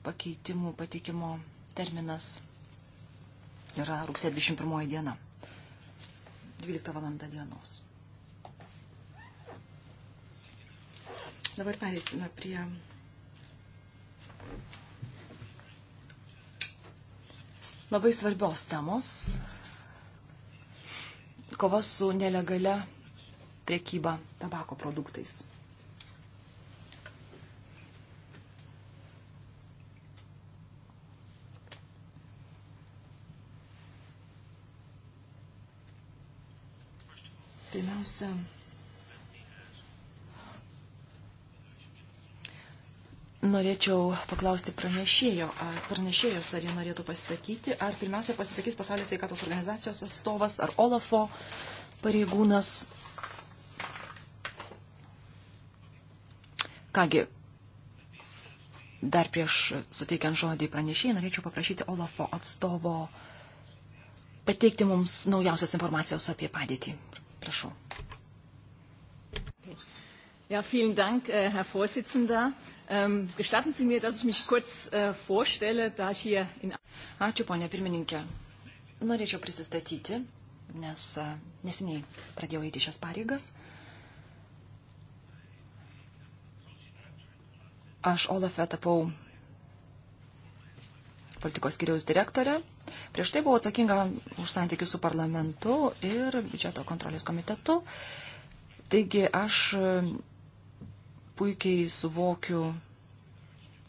Pakeitimų pateikimo terminas yra rugsėjo 21 diena. 12 val. dienos. Dabar pereisime prie labai svarbios temos - kova su nelegale priekyba tabako produktais. Pirmiausia, Norėčiau paklausti pranešėjo, ar pranešėjos, ar jie norėtų pasisakyti, ar pirmiausia pasisakys pasaulio sveikatos organizacijos atstovas, ar Olafo pareigūnas. Kągi, dar prieš suteikiant žodį pranešėjai, norėčiau paprašyti Olafo atstovo pateikti mums naujausios informacijos apie padėtį. Prašau. Ja, vielen Dank, äh, Herr Vorsitzender. Um, gestatten Sie mir, dass ich mich kurz uh, vorstelle, da ich hier in. Ačiū, ponia pirmininkė. Norėčiau prisistatyti, nes uh, neseniai pradėjau eiti šias pareigas. Aš Olafe tapau politikos skiriaus direktorė. Prieš tai buvau atsakinga už santykius su parlamentu ir biudžeto kontrolės komitetu. Taigi aš uh, puikiai suvokiu,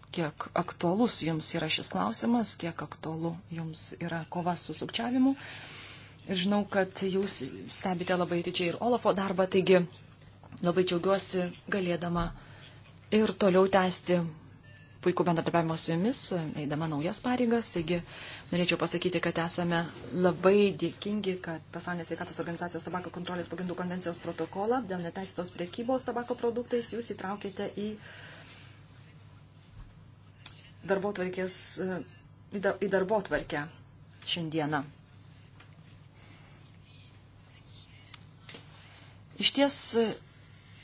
kiek aktualus jums yra šis klausimas, kiek aktualu jums yra kova su sukčiavimu. Ir žinau, kad jūs stebite labai didžiai ir Olafo darbą, taigi labai džiaugiuosi galėdama ir toliau tęsti puikų bendradarbiavimą su jumis, eidama naujas pareigas. Taigi norėčiau pasakyti, kad esame labai dėkingi, kad Pasaulinės sveikatos organizacijos tabako kontrolės pagrindų konvencijos protokolą dėl neteisėtos priekybos tabako produktais jūs įtraukėte į darbo tvarkės, į darbo tvarkę šiandieną. Iš ties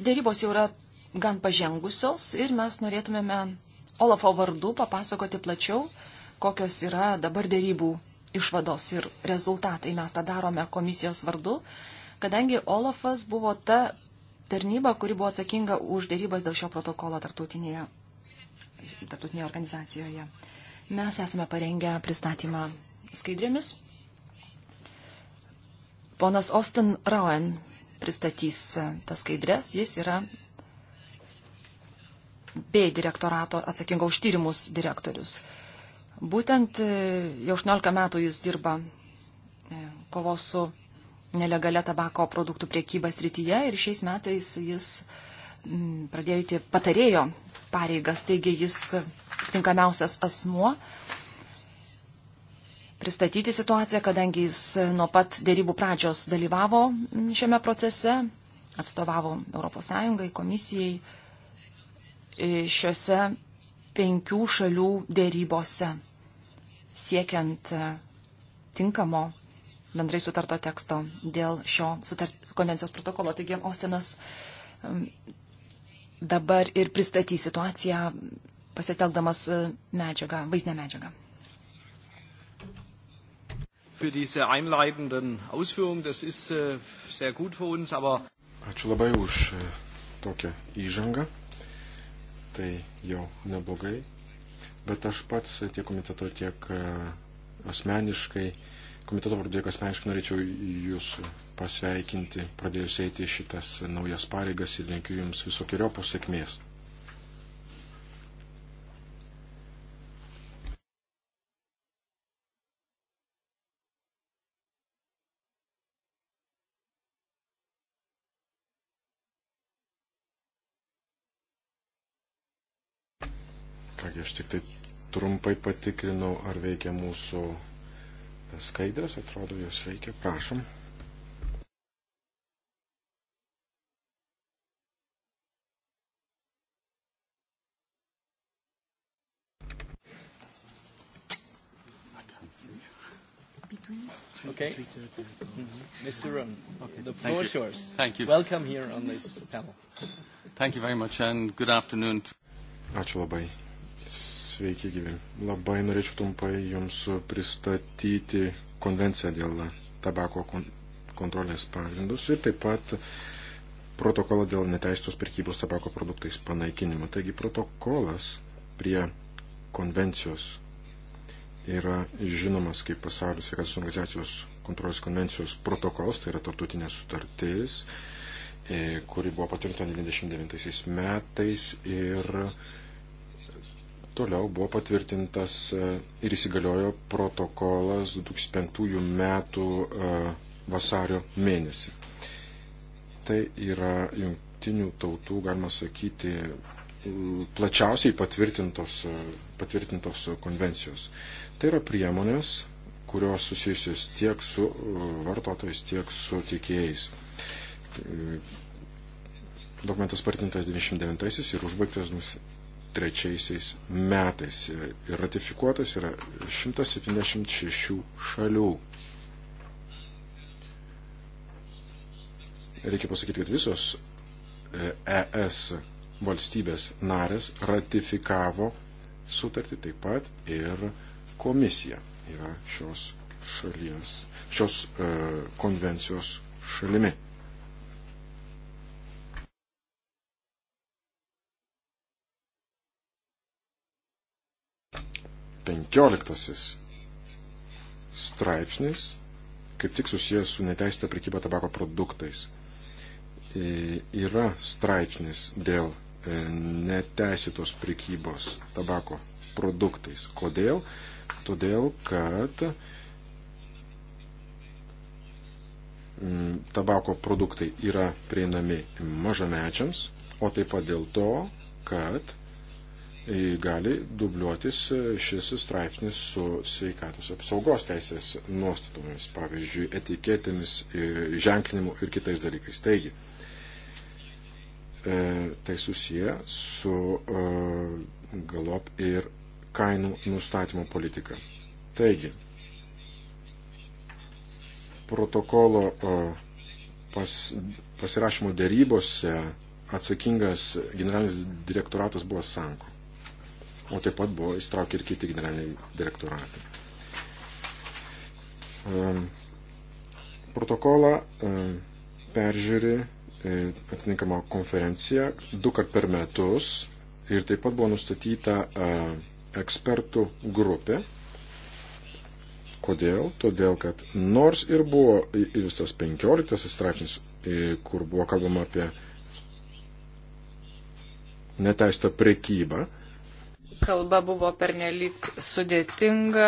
dėrybos jau yra gan pažengusios ir mes norėtumėme Olafo vardu papasakoti plačiau, kokios yra dabar dėrybų išvados ir rezultatai. Mes tą darome komisijos vardu, kadangi Olafas buvo ta tarnyba, kuri buvo atsakinga už dėrybas dėl šio protokolo tarptautinėje, tarptautinėje organizacijoje. Mes esame parengę pristatymą skaidrėmis. Ponas Austin Rowan pristatys tas skaidrės. Jis yra B direktorato atsakingo už tyrimus direktorius. Būtent e, jau 18 metų jis dirba e, kovos su nelegalia tabako produktų priekyba srityje ir šiais metais jis pradėjo įti patarėjo pareigas, taigi jis tinkamiausias asmuo pristatyti situaciją, kadangi jis nuo pat dėrybų pradžios dalyvavo šiame procese, atstovavo ES, komisijai, šiuose penkių šalių dėrybose, siekiant e, tinkamo bendrai sutarto teksto dėl šio sutart, konvencijos protokolo. Taigi, Austinas dabar ir pristatys situaciją, pasitelkdamas e, medžiagą, vaizdinę medžiagą. Für diese einleitenden Ausführungen, das ist äh, sehr gut für uns, aber. Ačiū labai už e, tokią įžangą tai jau neblogai. Bet aš pats tiek komiteto, tiek e, asmeniškai, komiteto vardu, tiek asmeniškai norėčiau jūs pasveikinti, pradėjus eiti šitas naujas pareigas ir linkiu jums visokiojo sėkmės. Aš tik tai trumpai patikrinau, ar veikia mūsų skaidrės, atrodo, jos veikia, prašom. Okay. Mr. Roon, okay. the floor is yours. Thank you. Welcome here on this panel. Thank you very much and good afternoon. Ačiū labai. Sveiki, gyvi. Labai norėčiau trumpai Jums pristatyti konvenciją dėl tabako kontrolės pagrindus ir taip pat protokolą dėl neteisėtos prekybos tabako produktais panaikinimo. Taigi protokolas prie konvencijos yra žinomas kaip pasaulio sveikatos organizacijos kontrolės konvencijos protokolas, tai yra tartutinė sutartis, e, kuri buvo patvirtinta 99 metais ir Toliau buvo patvirtintas e, ir įsigaliojo protokolas 2005 metų e, vasario mėnesį. Tai yra jungtinių tautų, galima sakyti, plačiausiai patvirtintos, e, patvirtintos konvencijos. Tai yra priemonės, kurios susijusios tiek su vartotojais, tiek su tiekėjais. Dokumentas partintas 99-aisiais ir užbaigtas trečiaisiais metais. E, ir ratifikuotas yra 176 šalių. Reikia pasakyti, kad visos ES e valstybės narės ratifikavo sutartį taip pat ir komisija yra šios šalies, šios e, konvencijos šalimi. 15 straipsnis kaip tik susijęs su neteisėta prekyba tabako produktais. E, yra straipsnis dėl e, neteisėtos prekybos tabako produktais. Kodėl? Todėl, kad mm, tabako produktai yra prieinami mažamečiams, o taip pat dėl to, kad E, gali dubliuotis e, šis straipsnis su sveikatos apsaugos teisės nuostatomis, pavyzdžiui, etiketėmis, e, ženklinimu ir kitais dalykais. Taigi, tai susiję su galop ir kainų nustatymo politika. Taigi, protokolo pas, pasirašymo dėrybose atsakingas generalinis direktoratas buvo Sanko o taip pat buvo įstraukę ir kiti generaliniai direktoratai. Ehm, protokolą ehm, peržiūri e, atitinkama konferencija du kart per metus ir taip pat buvo nustatyta e, ekspertų grupė. Kodėl? Todėl, kad nors ir buvo įvistas 15 straipsnis, e, kur buvo kalbama apie neteistą prekybą, kalba buvo pernelik sudėtinga,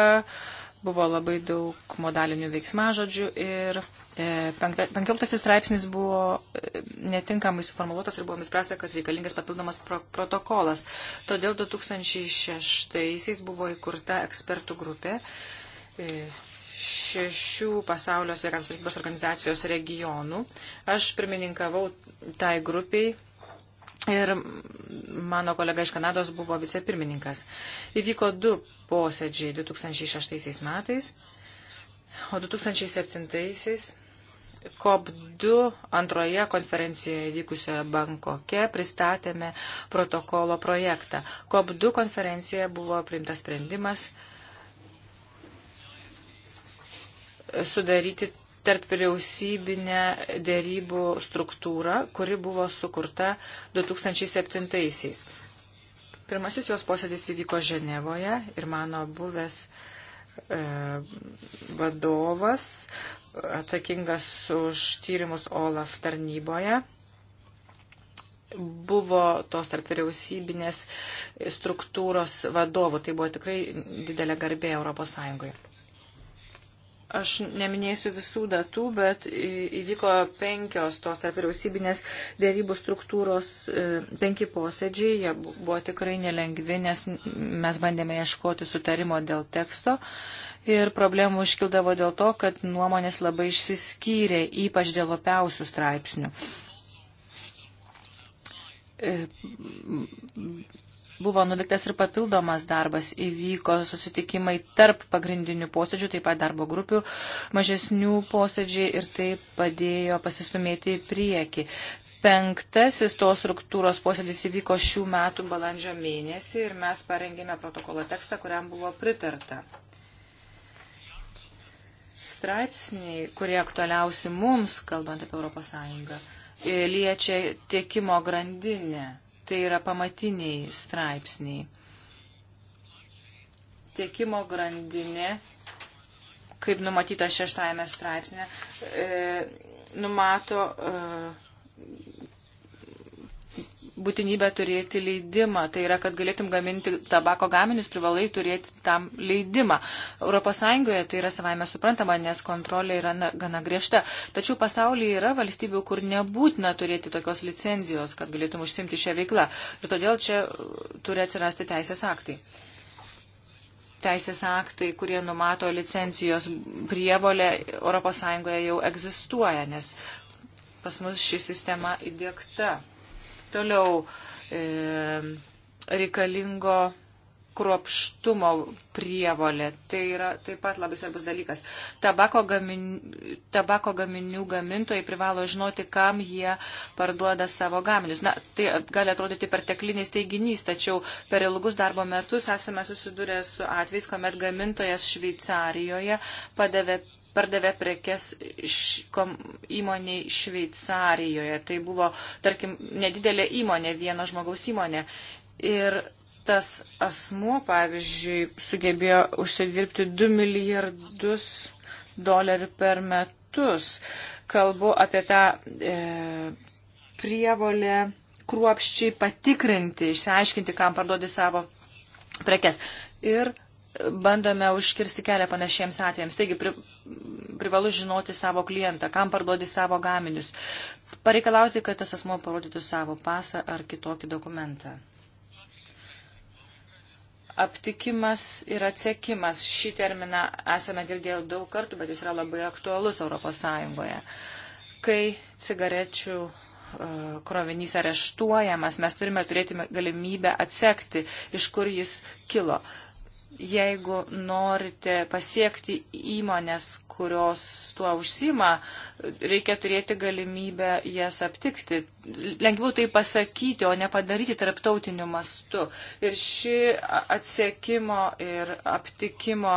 buvo labai daug modalinių veiksmažodžių ir e, penkioliktasis straipsnis buvo e, netinkamai suformuoluotas ir buvo nuspręsta, kad reikalingas papildomas pro protokolas. Todėl 2006-aisiais buvo įkurta ekspertų grupė e, šešių pasaulio sveikatos valstybės organizacijos regionų. Aš pirmininkavau tai grupiai Ir mano kolega iš Kanados buvo vicepirmininkas. Įvyko du posėdžiai 2006 metais, o 2007 COP2 antroje konferencijoje vykusioje Bankoke pristatėme protokolo projektą. COP2 konferencijoje buvo priimtas sprendimas sudaryti tarp vyriausybinę dėrybų struktūrą, kuri buvo sukurta 2007-aisiais. Pirmasis jos posėdis įvyko Ženevoje ir mano buvęs e, vadovas, atsakingas už tyrimus OLAF tarnyboje, buvo tos tarp vyriausybinės struktūros vadovų. Tai buvo tikrai didelė garbė Europos Sąjungoje. Aš neminėsiu visų datų, bet įvyko penkios tos tarp vyriausybinės dėrybų struktūros e, penki posėdžiai. Jie buvo tikrai nelengvi, nes mes bandėme ieškoti sutarimo dėl teksto. Ir problemų iškildavo dėl to, kad nuomonės labai išsiskyrė, ypač dėl opiausių straipsnių e, buvo nuveiktas ir papildomas darbas. Įvyko susitikimai tarp pagrindinių posėdžių, taip pat darbo grupių, mažesnių posėdžiai ir tai padėjo pasistumėti į priekį. Penktasis tos struktūros posėdis įvyko šių metų balandžio mėnesį ir mes parengėme protokolo tekstą, kuriam buvo pritarta. Straipsniai, kurie aktualiausi mums, kalbant apie ES, liečia tiekimo grandinę tai yra pamatiniai straipsniai. Tiekimo grandinė, kaip numatyta šeštajame straipsnė, e, numato e, būtinybę turėti leidimą. Tai yra, kad galėtum gaminti tabako gaminius, privalai turėti tam leidimą. ES tai yra savaime suprantama, nes kontrolė yra na, gana griežta. Tačiau pasaulyje yra valstybių, kur nebūtina turėti tokios licenzijos, kad galėtum užsimti šią veiklą. Ir todėl čia uh, turi atsirasti teisės aktai. Teisės aktai, kurie numato licencijos prievolę, ES jau egzistuoja, nes pas mus ši sistema įdėkta. Toliau e, reikalingo kruopštumo prievolė. Tai yra taip pat labai svarbus dalykas. Tabako, gamin, tabako gaminių gamintojai privalo žinoti, kam jie parduoda savo gaminius. Na, tai gali atrodyti perteklinis teiginys, tačiau per ilgus darbo metus esame susidūrę su atvejais, kuomet gamintojas Šveicarijoje padavė pardavė prekes įmoniai Šveicarijoje. Tai buvo, tarkim, nedidelė įmonė, vieno žmogaus įmonė. Ir tas asmuo, pavyzdžiui, sugebėjo užsidirbti 2 milijardus dolerių per metus. Kalbu apie tą e, prievolę kruopščiai patikrinti, išsiaiškinti, kam parduodi savo prekes. Ir bandome užkirsti kelią panašiems atvejams. Taigi, pri, privalu žinoti savo klientą, kam parduodi savo gaminius. Pareikalauti, kad tas asmo parodytų savo pasą ar kitokį dokumentą. Aptikimas ir atsekimas. Šį terminą esame girdėję daug kartų, bet jis yra labai aktualus Europos Sąjungoje. Kai cigarečių e, krovinys areštuojamas, mes turime turėti galimybę atsekti, iš kur jis kilo. Uh, jeigu norite pasiekti įmonės, kurios tuo užsima, reikia turėti galimybę jas aptikti. Lengviau tai pasakyti, o ne padaryti tarptautiniu mastu. Ir ši atsiekimo ir aptikimo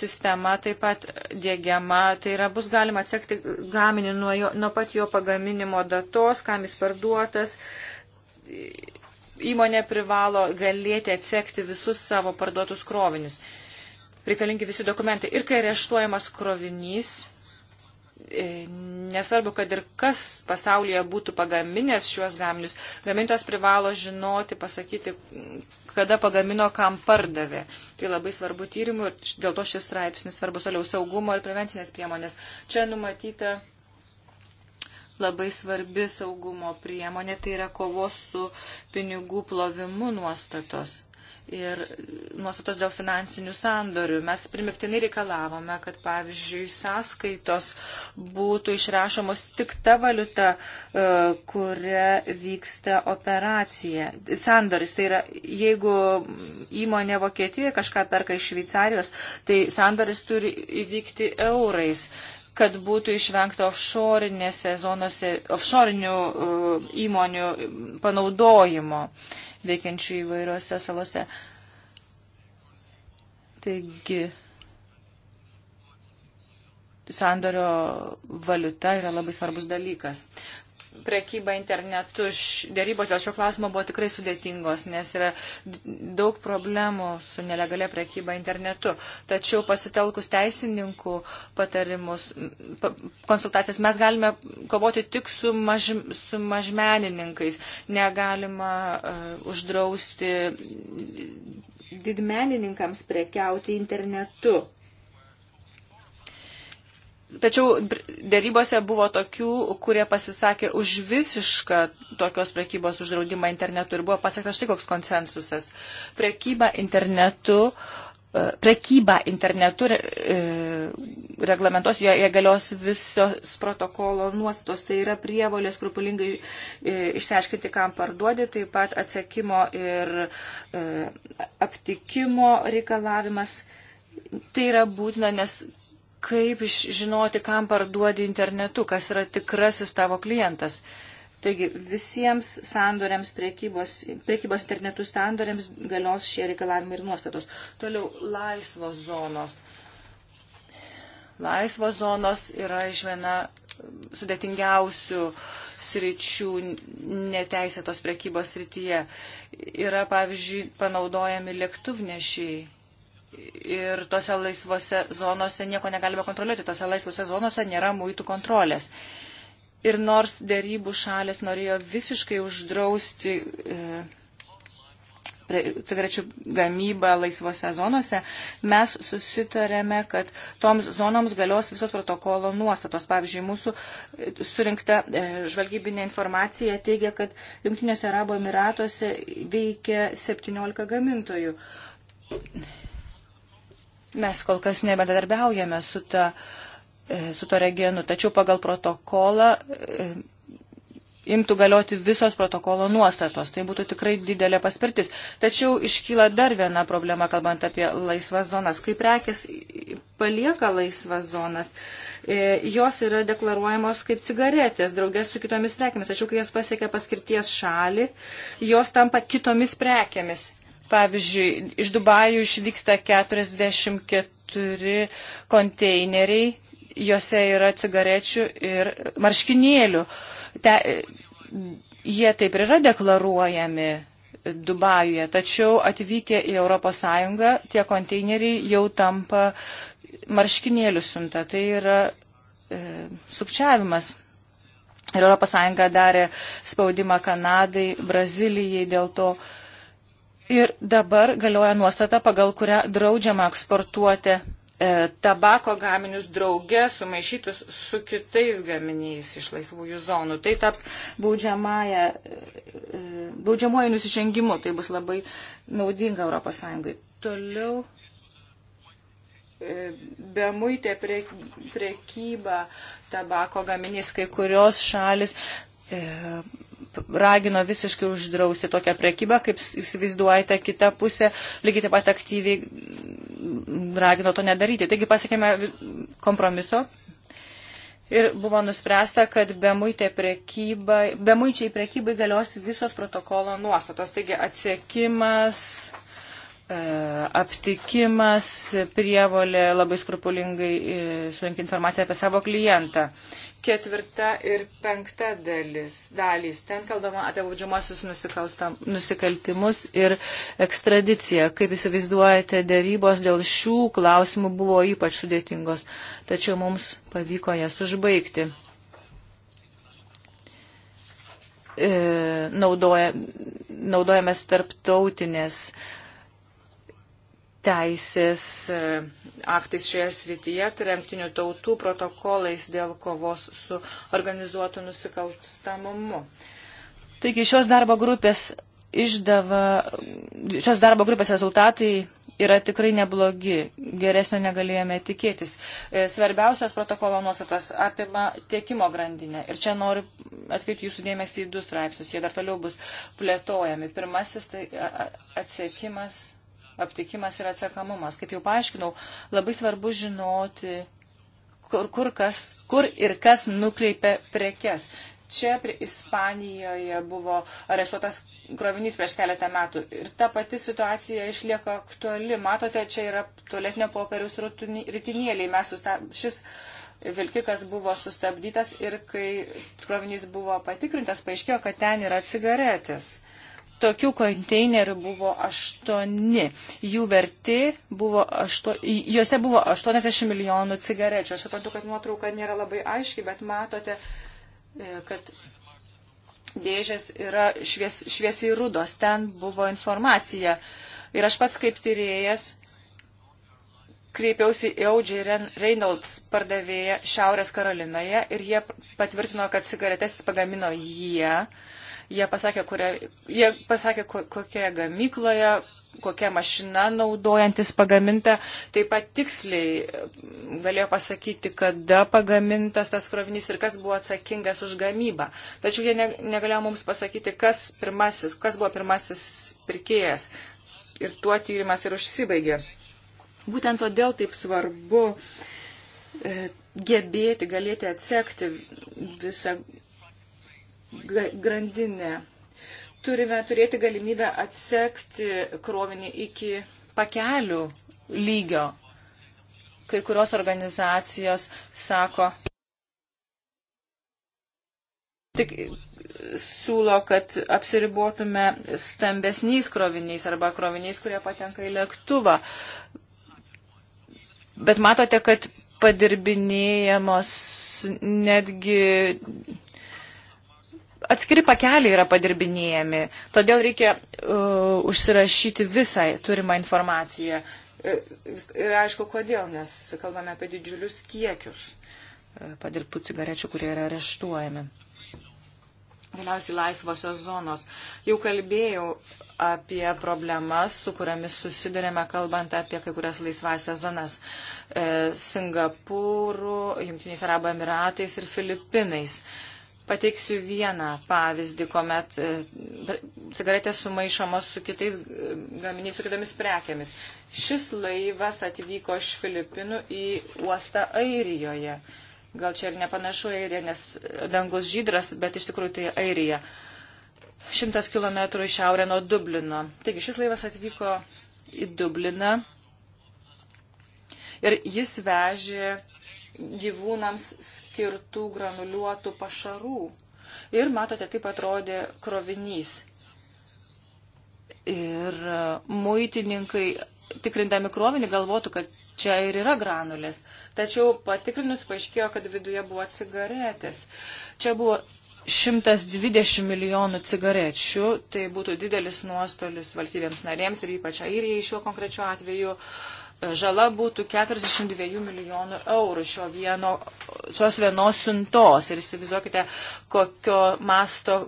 sistema taip pat dėgiama. Tai yra, bus galima atsekti gaminį nuo, jo, nuo pat jo pagaminimo datos, kam jis parduotas įmonė privalo galėti atsekti visus savo parduotus krovinius. Reikalingi visi dokumentai. Ir kai areštuojamas krovinys, e, nesvarbu, kad ir kas pasaulyje būtų pagaminęs šiuos gaminius, gamintojas privalo žinoti, pasakyti, kada pagamino, kam pardavė. Tai labai svarbu tyrimų ir dėl to šis straipsnis svarbus toliau saugumo ir prevencinės priemonės. Čia numatyta labai svarbi saugumo priemonė, tai yra kovos su pinigų plovimu nuostatos. Ir nuostatos dėl finansinių sandorių. Mes primiktinai reikalavome, kad pavyzdžiui sąskaitos būtų išrašomos tik ta valiuta, e, kuria vyksta operacija. Sandoris, tai yra, jeigu įmonė Vokietijoje kažką perka iš Šveicarijos, tai sandoris turi įvykti eurais kad būtų išvengta offshore'inėse zonose, offshore'inių uh, įmonių um, panaudojimo veikiančių įvairiuose salose. Taigi, sandorio valiuta yra labai svarbus dalykas prekyba internetu, dėrybos dėl šio klausimo buvo tikrai sudėtingos, nes yra daug problemų su nelegalia prekyba internetu. Tačiau pasitelkus teisininkų patarimus, pa, konsultacijas mes galime kovoti tik su, maž, su mažmenininkais. Negalima uh, uždrausti didmenininkams prekiauti internetu. Tačiau dėrybose buvo tokių, kurie pasisakė už visišką tokios prekybos uždraudimą internetu ir buvo pasiektas štai koks konsensusas. Prekyba internetu. E, prekyba internetu re, e, reglamentos, joje galios visos protokolo nuostatos, tai yra prievolė skrupulingai e, išsiaiškinti, kam parduodi, taip pat atsiekimo ir aptikimo reikalavimas. Tai yra būtina, nes kaip žinoti, kam parduodi internetu, kas yra tikrasis tavo klientas. Taigi visiems sandoriams priekybos, priekybos internetu sandoriams galios šie reikalavimai ir nuostatos. Toliau laisvos zonos. Laisvos zonos yra iš viena sudėtingiausių sričių neteisėtos priekybos srityje. Yra, pavyzdžiui, panaudojami lėktuvnešiai ir tose laisvose zonose nieko negalime kontroliuoti, tose laisvose zonose nėra muitų kontrolės. Ir nors dėrybų šalės norėjo visiškai uždrausti e, cigarečių gamybą laisvose zonose, mes susitarėme, kad toms zonoms galios visos protokolo nuostatos. Pavyzdžiui, mūsų surinkta e, žvalgybinė informacija teigia, kad Junktinėse Arabo Emiratuose veikia 17 gamintojų. Mes kol kas nebedarbiaujame su, ta, e, su to regionu, tačiau pagal protokolą e, imtų galioti visos protokolo nuostatos. Tai būtų tikrai didelė paspirtis. Tačiau iškyla dar viena problema, kalbant apie laisvas zonas. Kai prekis palieka laisvas zonas, e, jos yra deklaruojamos kaip cigaretės, draugės su kitomis prekėmis. Tačiau, kai jos pasiekia paskirties šalį, jos tampa kitomis prekėmis. Pavyzdžiui, iš Dubajų išvyksta 44 konteineriai, juose yra cigarečių ir marškinėlių. Te, jie taip ir yra deklaruojami Dubajuje, tačiau atvykę į ES tie konteineriai jau tampa marškinėlių siunta. Tai yra e, sukčiavimas. Ir ES darė spaudimą Kanadai, Brazilijai dėl to. E, Ir dabar galioja nuostata, pagal kurią draudžiama eksportuoti e, tabako gaminius drauge sumaišytus su kitais gaminiais iš laisvųjų zonų. Tai taps e, baudžiamuoju nusižengimu, tai bus labai naudinga ES. Toliau e, be muitė prie, priekyba tabako gaminiais, kai kurios šalis e, ragino visiškai uždrausti tokią prekybą, kaip įsivaizduojate, kita pusė lygiai taip pat aktyviai ragino to nedaryti. Taigi pasiekėme kompromiso. Ir buvo nuspręsta, kad be, prekyba, be muičiai prekybai galios visos protokolo nuostatos. Taigi atsiekimas, e, aptikimas, prievolė labai skrupulingai e, surinkti informaciją apie savo klientą ketvirta ir penkta dalis, dalys. Ten kalbama apie baudžiamosius nusikaltimus ir ekstradiciją. Kaip įsivaizduojate, dėrybos dėl šių klausimų buvo ypač sudėtingos, tačiau mums pavyko jas užbaigti. E, naudoja, naudojamės tarptautinės e, teisės e, aktais šioje srityje, tai remtinių tautų protokolais dėl kovos su organizuotu nusikalstamumu. Taigi šios darbo grupės išdava, šios darbo grupės rezultatai yra tikrai neblogi, geresnio negalėjome tikėtis. E, svarbiausias protokolo nuostatas apima tiekimo grandinę. Ir čia noriu atkreipti jūsų dėmesį į du straipsnius, jie dar toliau bus plėtojami. Pirmasis tai atsiekimas aptikimas ir atsakamumas. Kaip jau paaiškinau, labai svarbu žinoti, kur, kur, kas, kur ir kas nukreipia prekes. Čia prie Ispanijoje buvo areštuotas krovinys prieš keletą metų ir ta pati situacija išlieka aktuali. Matote, čia yra tualetinio popieriaus ritinėliai. Mes susta, šis vilkikas buvo sustabdytas ir kai krovinys buvo patikrintas, paaiškėjo, kad ten yra cigaretės. Tokių konteinerių buvo aštuoni. Jų verti buvo aštuoni, juose buvo 80 milijonų cigarečių. Aš suprantu, kad nuotrauka nėra labai aiški, bet matote, e, kad dėžės yra švies, šviesiai rudos. Ten buvo informacija. Ir aš pats kaip tyrėjas kreipiausi į Audžiai Reynolds pardavėją Šiaurės Karolinoje ir jie patvirtino, kad cigaretės pagamino jie. Jie pasakė, kuria, jie pasakė kokioje gamykloje, kokia mašina naudojantis pagaminta. Taip pat tiksliai galėjo pasakyti, kada pagamintas tas krovinys ir kas buvo atsakingas už gamybą. Tačiau jie negalėjo mums pasakyti, kas, pirmasis, kas buvo pirmasis pirkėjas. Ir tuo tyrimas ir užsibaigė. Būtent todėl taip svarbu e, gebėti, galėti atsekti visą grandinę. Turime turėti galimybę atsekti krovinį iki pakelių lygio. Kai kurios organizacijos sako, tik siūlo, kad apsiribotume stambesniais kroviniais arba kroviniais, kurie patenka į lėktuvą. Bet matote, kad padirbinėjamos netgi atskiri pakeliai yra padirbinėjami, todėl reikia uh, užsirašyti visą turimą informaciją. Ir, e, ir aišku, kodėl, nes kalbame apie didžiulius kiekius e, padirbtų cigarečių, kurie yra areštuojami. Galiausiai laisvosios zonos. Jau kalbėjau apie problemas, su kuriamis susidurėme, kalbant apie kai kurias laisvasias zonas e, - Singapūrų, Junktiniais Arabų Emiratais ir Filipinais. E, Pateiksiu vieną pavyzdį, kuomet e, cigaretės sumaišomos su kitais e, gaminiais, su kitomis prekiamis. Šis laivas atvyko iš Filipinų į uostą Airijoje. Gal čia ir nepanašu Airija, nes dangus žydras, bet iš tikrųjų tai Airija. Šimtas kilometrų iš šiaurė nuo Dublino. Taigi šis laivas atvyko į Dubliną ir jis vežė gyvūnams skirtų granuliuotų pašarų. Ir matote, kaip atrodė krovinys. Ir e, muitininkai, tikrindami krovinį, galvotų, kad čia ir yra granulės. Tačiau patikrinus paaiškėjo, kad viduje buvo cigaretės. Čia buvo 120 milijonų cigarečių, tai būtų didelis nuostolis valstybėms narėms ir ypač airijai šiuo konkrečiu atveju. Uh, žala būtų 42 milijonų eurų šio vieno, šios vienos siuntos. Ir įsivaizduokite, kokio masto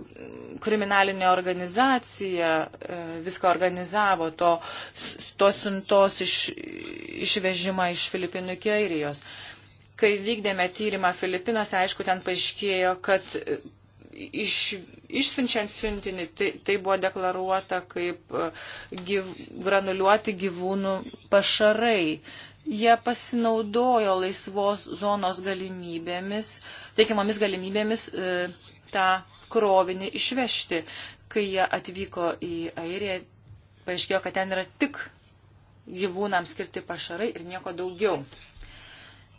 kriminalinė organizacija e, viską organizavo to, to siuntos iš, išvežimą iš Filipinų iki Airijos. Kai vykdėme tyrimą Filipinuose, aišku, ten paaiškėjo, kad iš, išsiunčiant siuntinį, tai, tai buvo deklaruota kaip e, gyv, granuliuoti gyvūnų pašarai. Jie pasinaudojo laisvos zonos galimybėmis, teikiamomis galimybėmis e, tą krovinį išvežti. Kai jie atvyko į Airiją, paaiškėjo, kad ten yra tik gyvūnams skirti pašarai ir nieko daugiau.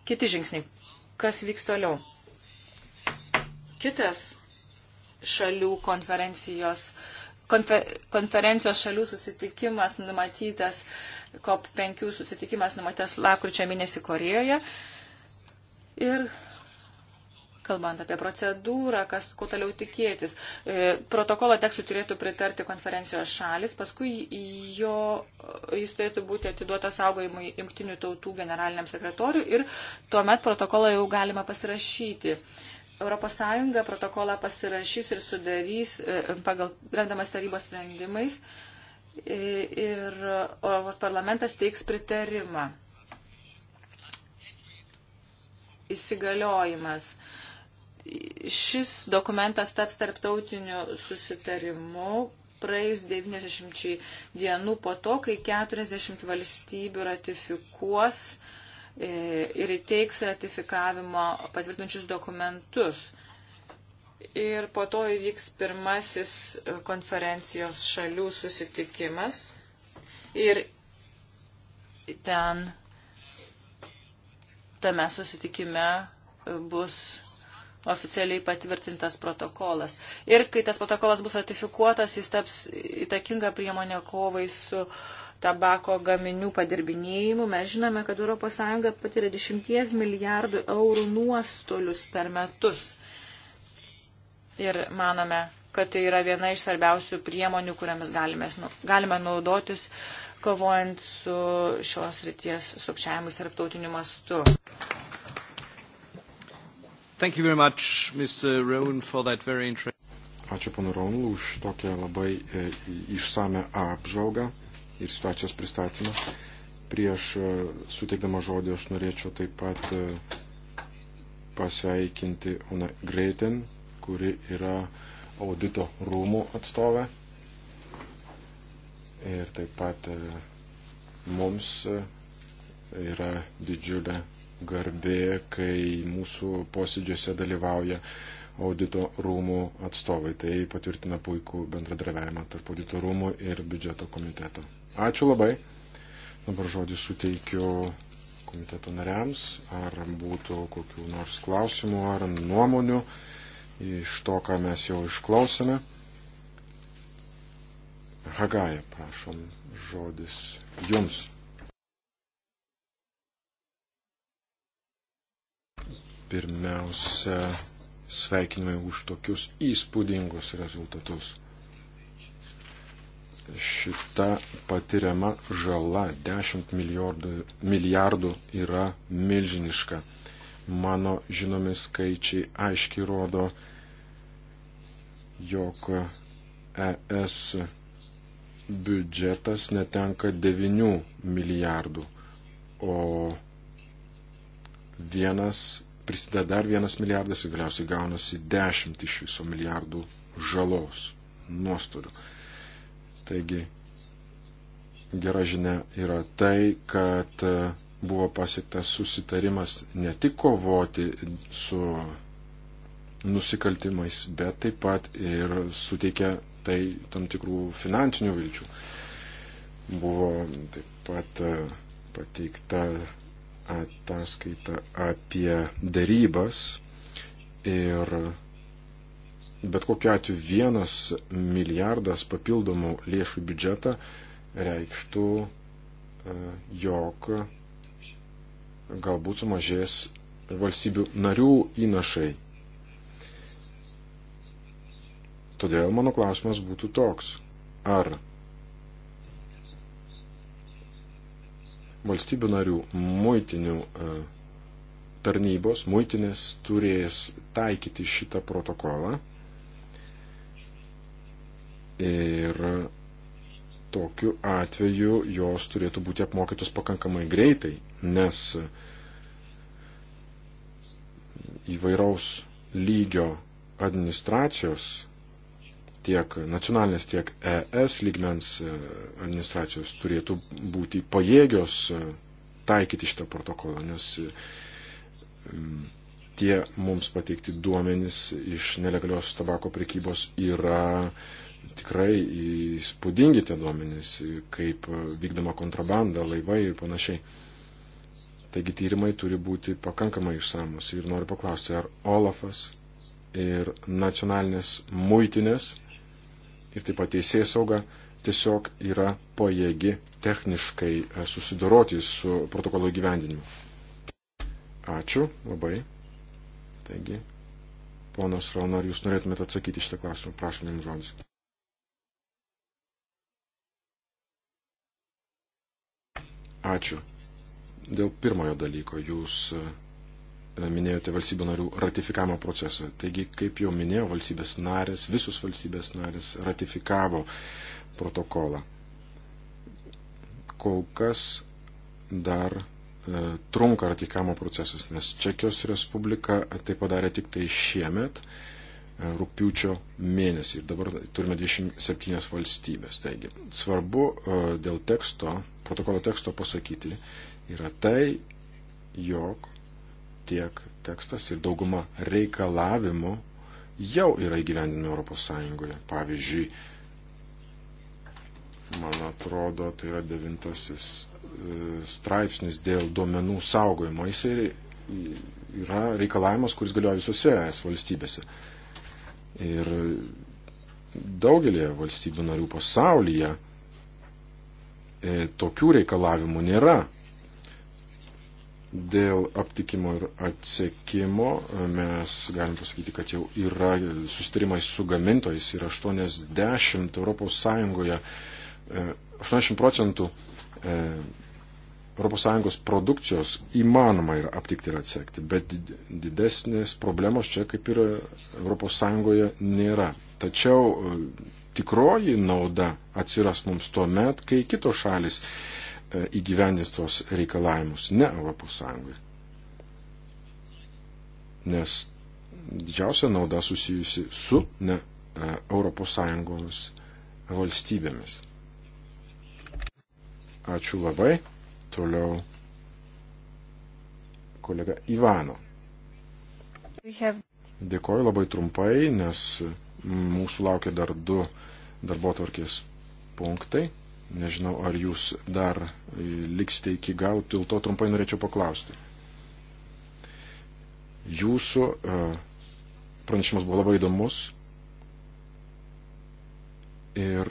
Kiti žingsniai. Kas vyks toliau? Kitas šalių konferencijos, konfer, konferencijos šalių susitikimas numatytas, COP5 susitikimas numatytas lakrūčio mėnesį Korejoje. Ir kalbant apie procedūrą, kas, ko toliau tikėtis. E, protokolo tekstui turėtų pritarti konferencijos šalis, paskui jo, jis turėtų būti atiduotas saugojimui jungtinių tautų generaliniam sekretoriui ir tuomet protokolą jau galima pasirašyti. ES protokolą pasirašys ir sudarys e, pagal remdamas tarybos sprendimais e, ir Europos parlamentas teiks pritarimą. Įsigaliojimas. Šis dokumentas taps tarptautiniu susitarimu praėjus 90 dienų po to, kai 40 valstybių ratifikuos uh, E, ir įteiks ratifikavimo patvirtinčius dokumentus. Ir po to įvyks pirmasis konferencijos šalių susitikimas. Ir ten tame susitikime bus oficialiai patvirtintas protokolas. Ir kai tas protokolas bus ratifikuotas, jis taps įtakinga priemonė kovai su uh, tabako gaminių padirbinėjimų. Mes žinome, kad ES patiria 10 milijardų eurų nuostolius per metus. Ir manome, kad tai yra viena iš svarbiausių priemonių, kuriamis galime, galime naudotis, kovojant su šios ryties sukčiavimus tarptautiniu mastu. Thank you very much, Mr. Rowan, for that very interesting. Ačiū panu Raunlu už tokią labai e, išsame apžvalgą ir situacijos pristatymą. Prieš e, suteikdama žodį aš norėčiau taip pat e, pasveikinti Una Greiten, kuri yra audito rūmų atstovė. Ir taip pat e, mums yra didžiulė garbė, kai mūsų posėdžiuose dalyvauja audito rūmų atstovai. Tai patvirtina puikų bendradarbiavimą tarp audito rūmų ir biudžeto komiteto. Ačiū labai. Dabar žodį suteikiu komiteto nariams, ar būtų kokių nors klausimų ar nuomonių iš to, ką mes jau išklausėme. Hagaja, prašom, žodis jums. Pirmiausia, sveikinimai už tokius įspūdingus rezultatus šita patiriama žala 10 milijardų, milijardų yra milžiniška. Mano žinomi skaičiai aiškiai rodo, jog ES biudžetas netenka 9 milijardų, o vienas prisideda dar vienas milijardas ir galiausiai gaunasi 10 iš viso milijardų žalos nuostolių. Taigi gera žinia yra tai, kad e, buvo pasiektas susitarimas ne tik kovoti su nusikaltimais, bet taip pat ir suteikia tai tam tikrų finansinių vilčių. Buvo taip pat e, pateikta ataskaita apie darybas ir Bet kokiu atveju vienas milijardas papildomų lėšų biudžetą reikštų, e, jog galbūt sumažės valstybių narių įnašai. Todėl mano klausimas būtų toks. Ar valstybių narių muitinių e, tarnybos, muitinės turės taikyti šitą protokolą Ir tokiu atveju jos turėtų būti apmokytos pakankamai greitai, nes įvairaus lygio administracijos, tiek nacionalinės, tiek ES lygmens e, administracijos turėtų būti pajėgios e, taikyti šitą protokolą, nes e, tie mums pateikti duomenys iš nelegalios tabako prekybos yra uh, Tikrai įspūdingi tie duomenys, kaip vykdoma kontrabanda, laivai ir panašiai. Taigi tyrimai turi būti pakankamai išsamus. Ir noriu paklausti, ar Olafas ir nacionalinės muitinės ir taip pat teisėjai sauga tiesiog yra pajėgi techniškai e, susidoroti su protokolo įgyvendinimu. Ačiū labai. Taigi, ponas Rauna, ar jūs norėtumėte atsakyti šitą klausimą? Prašom jums žodžiu. Ačiū. Dėl pirmojo dalyko jūs e, minėjote valstybių narių ratifikavimo procesą. Taigi, kaip jau minėjau, valstybės narės, visus valstybės narės ratifikavo protokolą. Kol kas dar e, trunka ratifikavimo procesas, nes Čekijos Respublika tai padarė tik tai šiemet, e, rūpiučio mėnesį. Ir dabar turime 27 valstybės. Taigi, svarbu e, dėl teksto protokolo teksto pasakyti, yra tai, jog tiek tekstas ir dauguma reikalavimų jau yra įgyvendinami Europos Sąjungoje. Pavyzdžiui, man atrodo, tai yra devintasis e, straipsnis dėl duomenų saugojimo. Jisai yra reikalavimas, kuris galioja visose es valstybėse. Ir daugelį valstybių narių pasaulyje E, tokių reikalavimų nėra. Dėl aptikimo ir atsiekimo e, mes galim pasakyti, kad jau yra sustarimai su gamintojais ir 80 ES, 80 procentų ES produkcijos įmanoma yra aptikti ir atsekti, bet didesnės problemos čia kaip ir ES nėra. Tačiau e, tikroji nauda atsiras mums tuo met, kai kitos šalis e, įgyvendins tuos reikalavimus, ne ES. Nes didžiausia nauda susijusi su ne ES valstybėmis. Ačiū labai. Toliau kolega Ivano. Have... Dėkoju labai trumpai, nes mūsų laukia dar du darbo tvarkės punktai. Nežinau, ar jūs dar e, liksite iki galo, dėl to trumpai norėčiau paklausti. Jūsų e, pranešimas buvo labai įdomus ir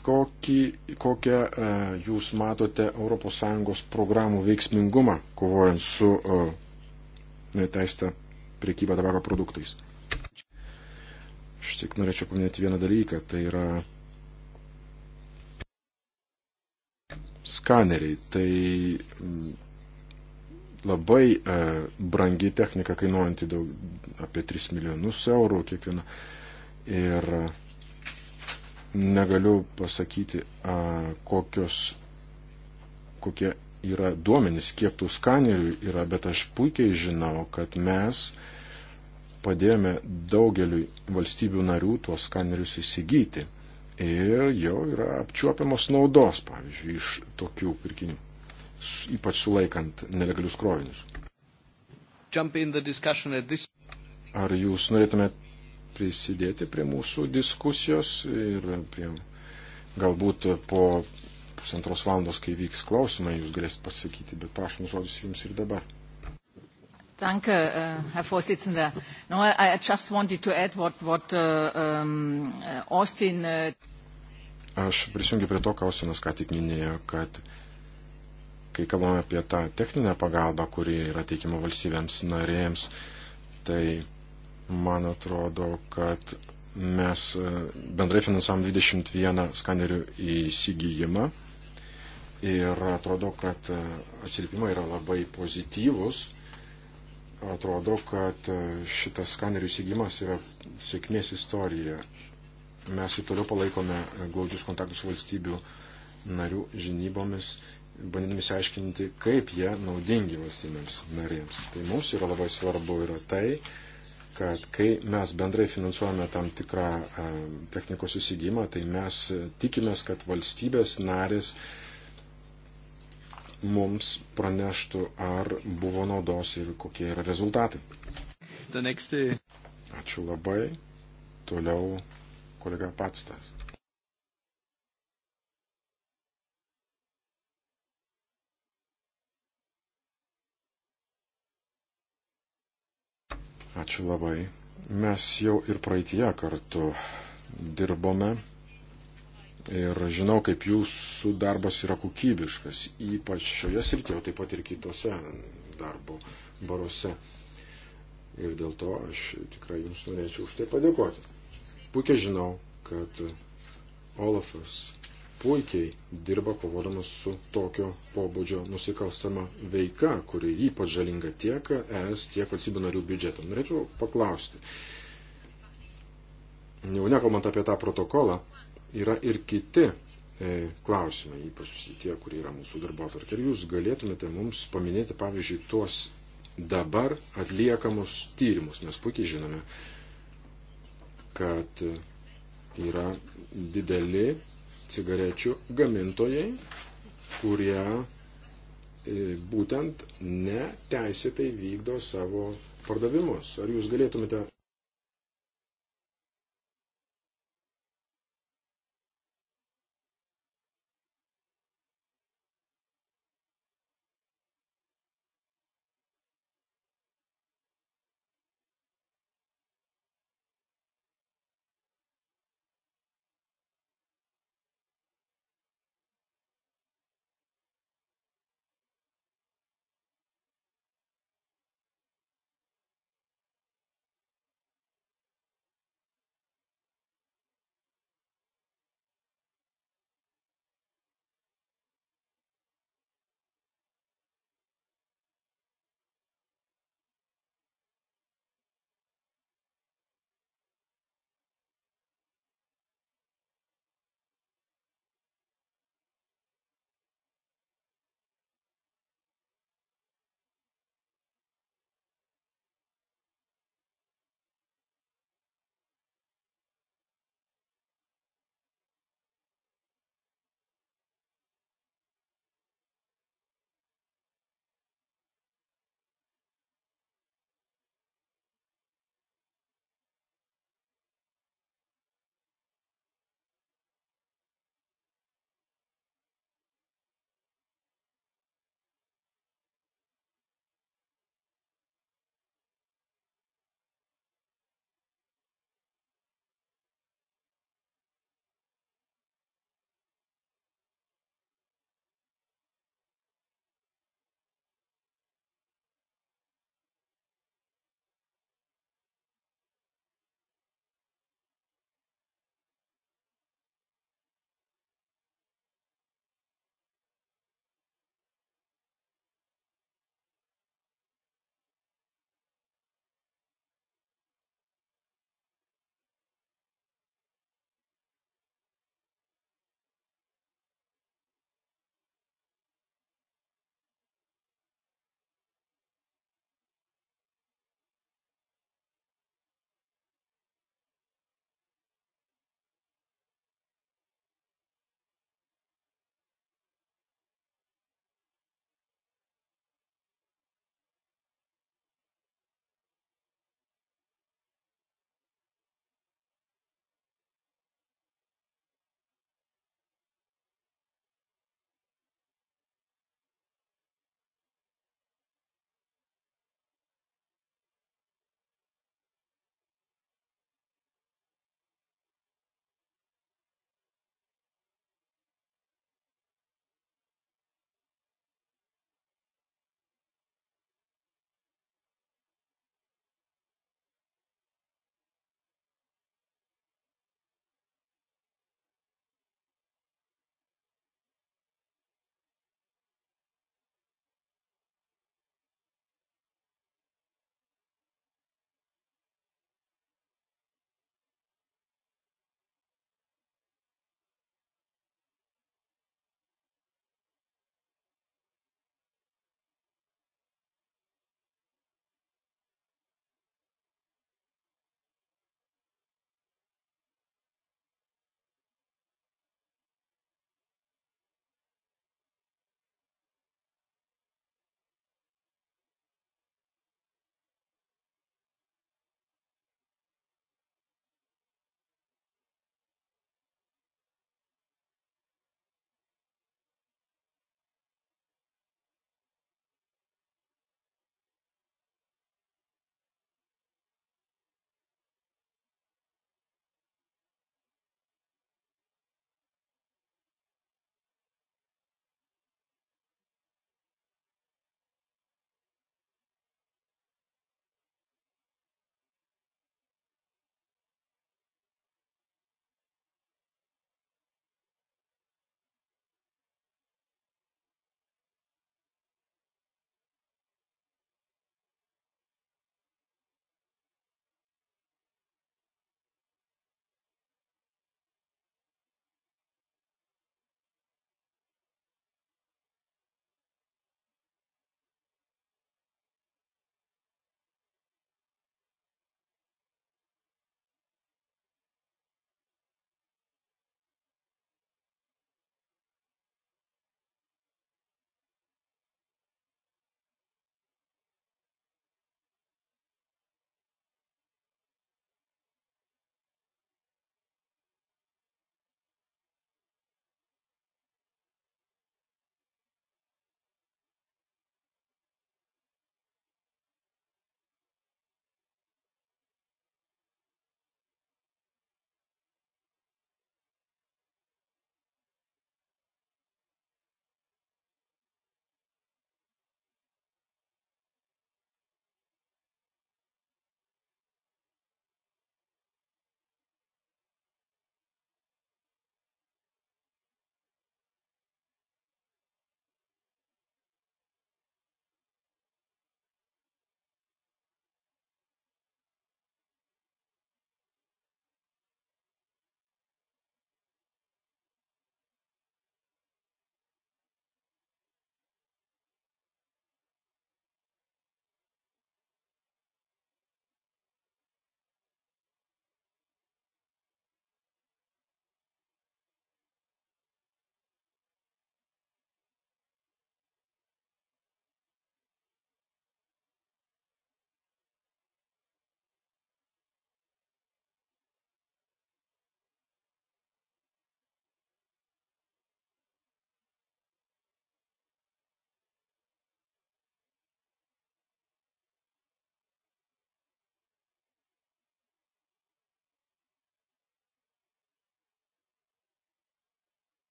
kokį, kokią e, jūs matote ES programų veiksmingumą kovojant su neteista priekyba tabako produktais. Aš tik norėčiau paminėti vieną dalyką, tai yra skaneriai. Tai mm, labai e, brangi technika, kainuojanti daug, apie 3 milijonus eurų kiekviena. Ir e, negaliu pasakyti, a, kokios, kokie yra duomenys, kiek tų skanerių yra, bet aš puikiai žinau, kad mes e, padėjome daugeliui valstybių narių tuos skanerius įsigyti. Ir jau yra apčiuopiamos naudos, pavyzdžiui, iš tokių pirkinių, ypač sulaikant nelegalius krovinius. This... Ar jūs norėtumėte prisidėti prie mūsų diskusijos ir prie, galbūt po pusantros valandos, kai vyks klausimai, jūs galėsite pasakyti, bet prašom žodis jums ir dabar. Danke, uh, Herr Vorsitzender. No, I, I just wanted to add what, what uh, um, Austin. Uh... Aš prisijungiu prie to, ką Austinas ką tik minėjo, kad kai kalbame apie tą techninę pagalbą, kuri yra teikiama valstybėms narėms, tai man atrodo, kad mes e, bendrai finansavom 21 skanerių įsigijimą ir atrodo, kad e, atsiliepimai yra labai pozityvus atrodo, kad e, šitas skanerių įsigimas yra sėkmės istorija. Mes ir toliau palaikome e, glaudžius kontaktus valstybių narių žinybomis, bandydami įsiaiškinti, kaip jie naudingi valstybėms narėms. Tai mums yra labai svarbu yra tai, kad kai mes bendrai finansuojame tam tikrą e, technikos įsigymą, tai mes tikimės, kad valstybės narės uh, mums praneštų, ar buvo naudos ir kokie yra rezultatai. Uh, Ačiū labai. Toliau kolega Patstas. Ačiū labai. Mes jau ir praeitie kartu dirbome ir žinau, kaip jūsų darbas yra kokybiškas, ypač šioje srityje, o taip pat ir kitose darbo baruose. Ir dėl to aš tikrai jums norėčiau už tai padėkoti. Puikiai žinau, kad Olafas puikiai dirba kovodamas su tokio pobūdžio nusikalstama veika, kuri ypač žalinga tiek ES, tiek valstybių narių biudžetą. Norėčiau paklausti. Jau nekalbant apie tą protokolą, yra ir kiti e, klausimai, ypač tie, kurie yra mūsų darbo atvarkė. Ir jūs galėtumėte mums paminėti, pavyzdžiui, tuos dabar atliekamus tyrimus. Mes puikiai žinome, kad yra dideli cigarečių gamintojai, kurie e, būtent neteisėtai vykdo savo pardavimus. Ar jūs galėtumėte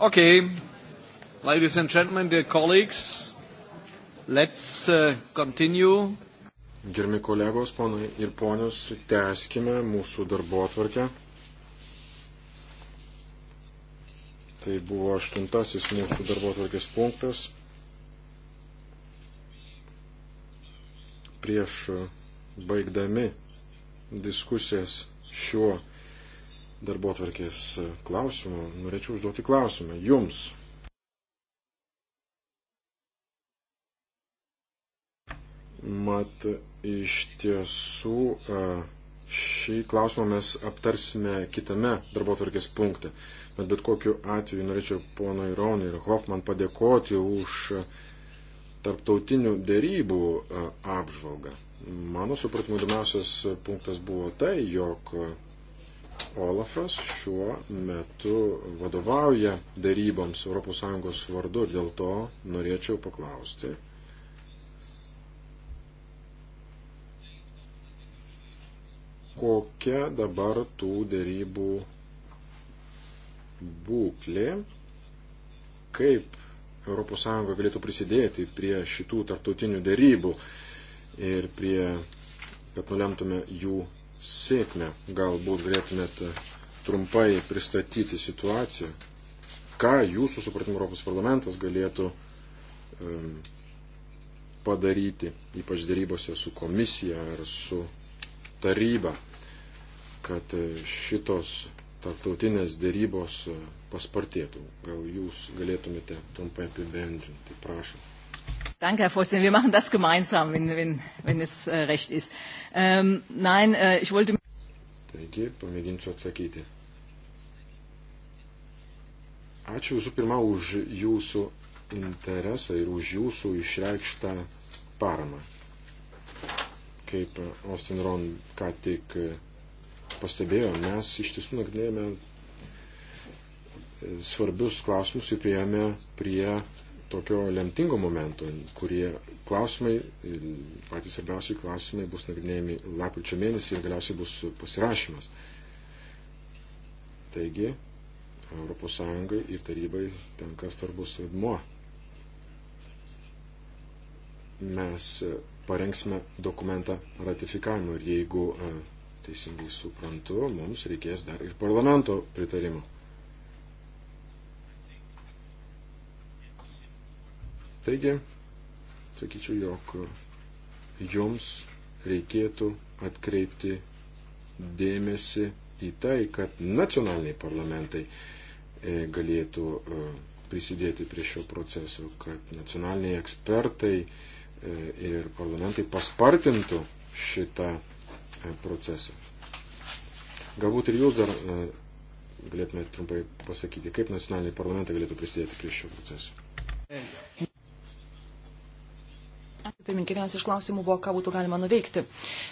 Okay, ladies and gentlemen, dear colleagues, let's uh, continue. Germi kolegos, ponai ir ponios, tęskime mūsų darbo atvarkę. Tai buvo aštuntasis mūsų darbo atvarkės punktas. Prieš baigdami diskusijas šiuo darbo atvarkės klausimų, norėčiau užduoti klausimą jums. Mat, iš tiesų šį klausimą mes aptarsime kitame darbo atvarkės punkte. Bet bet kokiu atveju norėčiau pono Ironui ir Hoffman padėkoti už tarptautinių dėrybų apžvalgą. Mano supratimu, įdomiausias punktas buvo tai, jog Olafas šiuo metu vadovauja daryboms ES vardu ir dėl to norėčiau paklausti. Kokia dabar tų darybų būklė, kaip ES galėtų prisidėti prie šitų tarptautinių darybų ir prie, kad nulemtume jų sėkmę. Galbūt galėtumėte trumpai pristatyti situaciją, ką jūsų supratimu Europos parlamentas galėtų um, padaryti, ypač darybose su komisija ar su taryba, kad šitos tarptautinės darybos e, paspartėtų. Gal jūs galėtumėte trumpai apibendrinti, prašom. Danke, Herr Vorsitzender. Wir machen das gemeinsam, wenn, wenn, wenn es äh, recht ist. Ähm, nein, äh, ich wollte. Taigi, pamėginsiu atsakyti. Ačiū visų pirma už jūsų interesą ir už jūsų išreikštą paramą. Kaip e, Austin Ron ką tik e, pastebėjo, mes iš tiesų nagrinėjame e, svarbius klausimus ir prieėmė prie tokio lemtingo momento, kurie klausimai, patys svarbiausiai klausimai bus nagrinėjami lapkričio mėnesį ir galiausiai bus pasirašymas. Taigi, ES ir tarybai tenka svarbus vaidmuo. Mes e, parengsime dokumentą ratifikavimui ir jeigu e, teisingai suprantu, mums reikės dar ir parlamento pritarimo. Taigi, sakyčiau, jog jums reikėtų atkreipti dėmesį į tai, kad nacionaliniai parlamentai e, galėtų e, prisidėti prie šio proceso, kad nacionaliniai ekspertai e, ir parlamentai paspartintų šitą procesą. Galbūt ir jūs dar galėtumėte trumpai pasakyti, kaip nacionaliniai parlamentai galėtų prisidėti prie šio proceso. Pirminkė, vienas iš klausimų buvo, ką būtų galima nuveikti.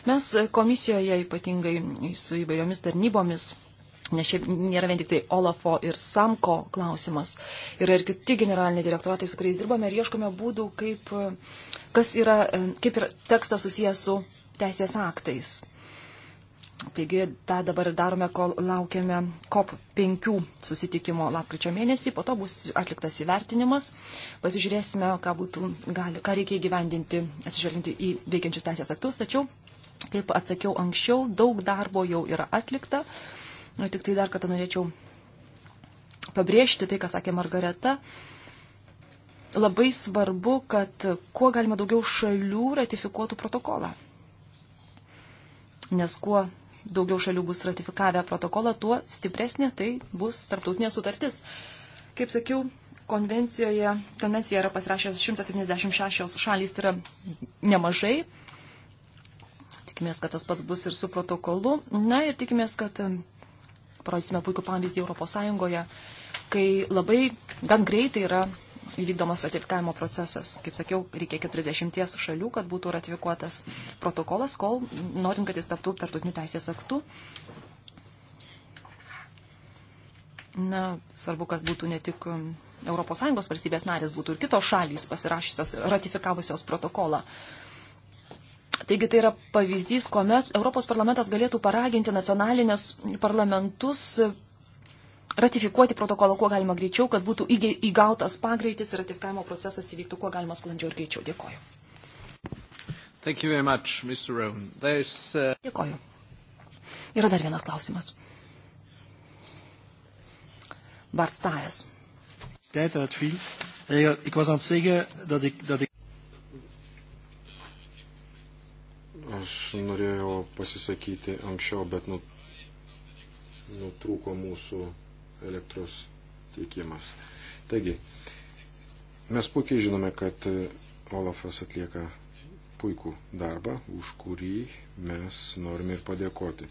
Mes komisijoje ypatingai su įvairiomis tarnybomis Nes šiaip nėra vien tik tai Olafo ir Samko klausimas. Yra ir kiti generaliniai direktoratai, su kuriais dirbame ir ieškome būdų, kaip, yra, kaip yra tekstas susijęs su teisės aktais. Taigi tą dabar darome, kol laukiame COP5 susitikimo lapkričio mėnesį, po to bus atliktas įvertinimas, pasižiūrėsime, ką, būtų, gali, ką reikia įgyvendinti, atsižvelginti į veikiančius teisės aktus, tačiau, kaip atsakiau anksčiau, daug darbo jau yra atlikta. Ir nu, tik tai dar kartą norėčiau pabrėžti tai, ką sakė Margareta. Labai svarbu, kad kuo galima daugiau šalių ratifikuotų protokolą nes kuo daugiau šalių bus ratifikavę protokolą, tuo stipresnė tai bus tarptautinė sutartis. Kaip sakiau, konvencijoje, konvencija yra pasirašęs 176 šalys, tai yra nemažai. Tikimės, kad tas pats bus ir su protokolu. Na ir tikimės, kad parodysime puikų pavyzdį Europos Sąjungoje, kai labai gan greitai yra vykdomas ratifikavimo procesas. Kaip sakiau, reikia 40 šalių, kad būtų ratifikuotas protokolas, kol norint, kad jis taptų tartutinių teisės aktų. Na, svarbu, kad būtų ne tik um, ES valstybės narės, būtų ir kitos šalys pasirašysios, ratifikavusios protokolą. Taigi tai yra pavyzdys, kuomet Europos parlamentas galėtų paraginti nacionalinės parlamentus ratifikuoti protokolą kuo galima greičiau, kad būtų įgautas pagreitis ir ratifikavimo procesas įvyktų kuo galima sklandžiau ir greičiau. Dėkoju. Thank you very much, Mr. Rowan. There's, uh... Dėkoju. Yra dar vienas klausimas. Bart Staes. Tijd uitviel. Ik was aan het zeggen dat ik, dat ik... Aš norėjau pasisakyti anksčiau, bet nu- nutrūko mūsų elektros tiekimas. Taigi, mes puikiai žinome, kad e, Olafas atlieka puikų darbą, už kurį mes norime ir padėkoti.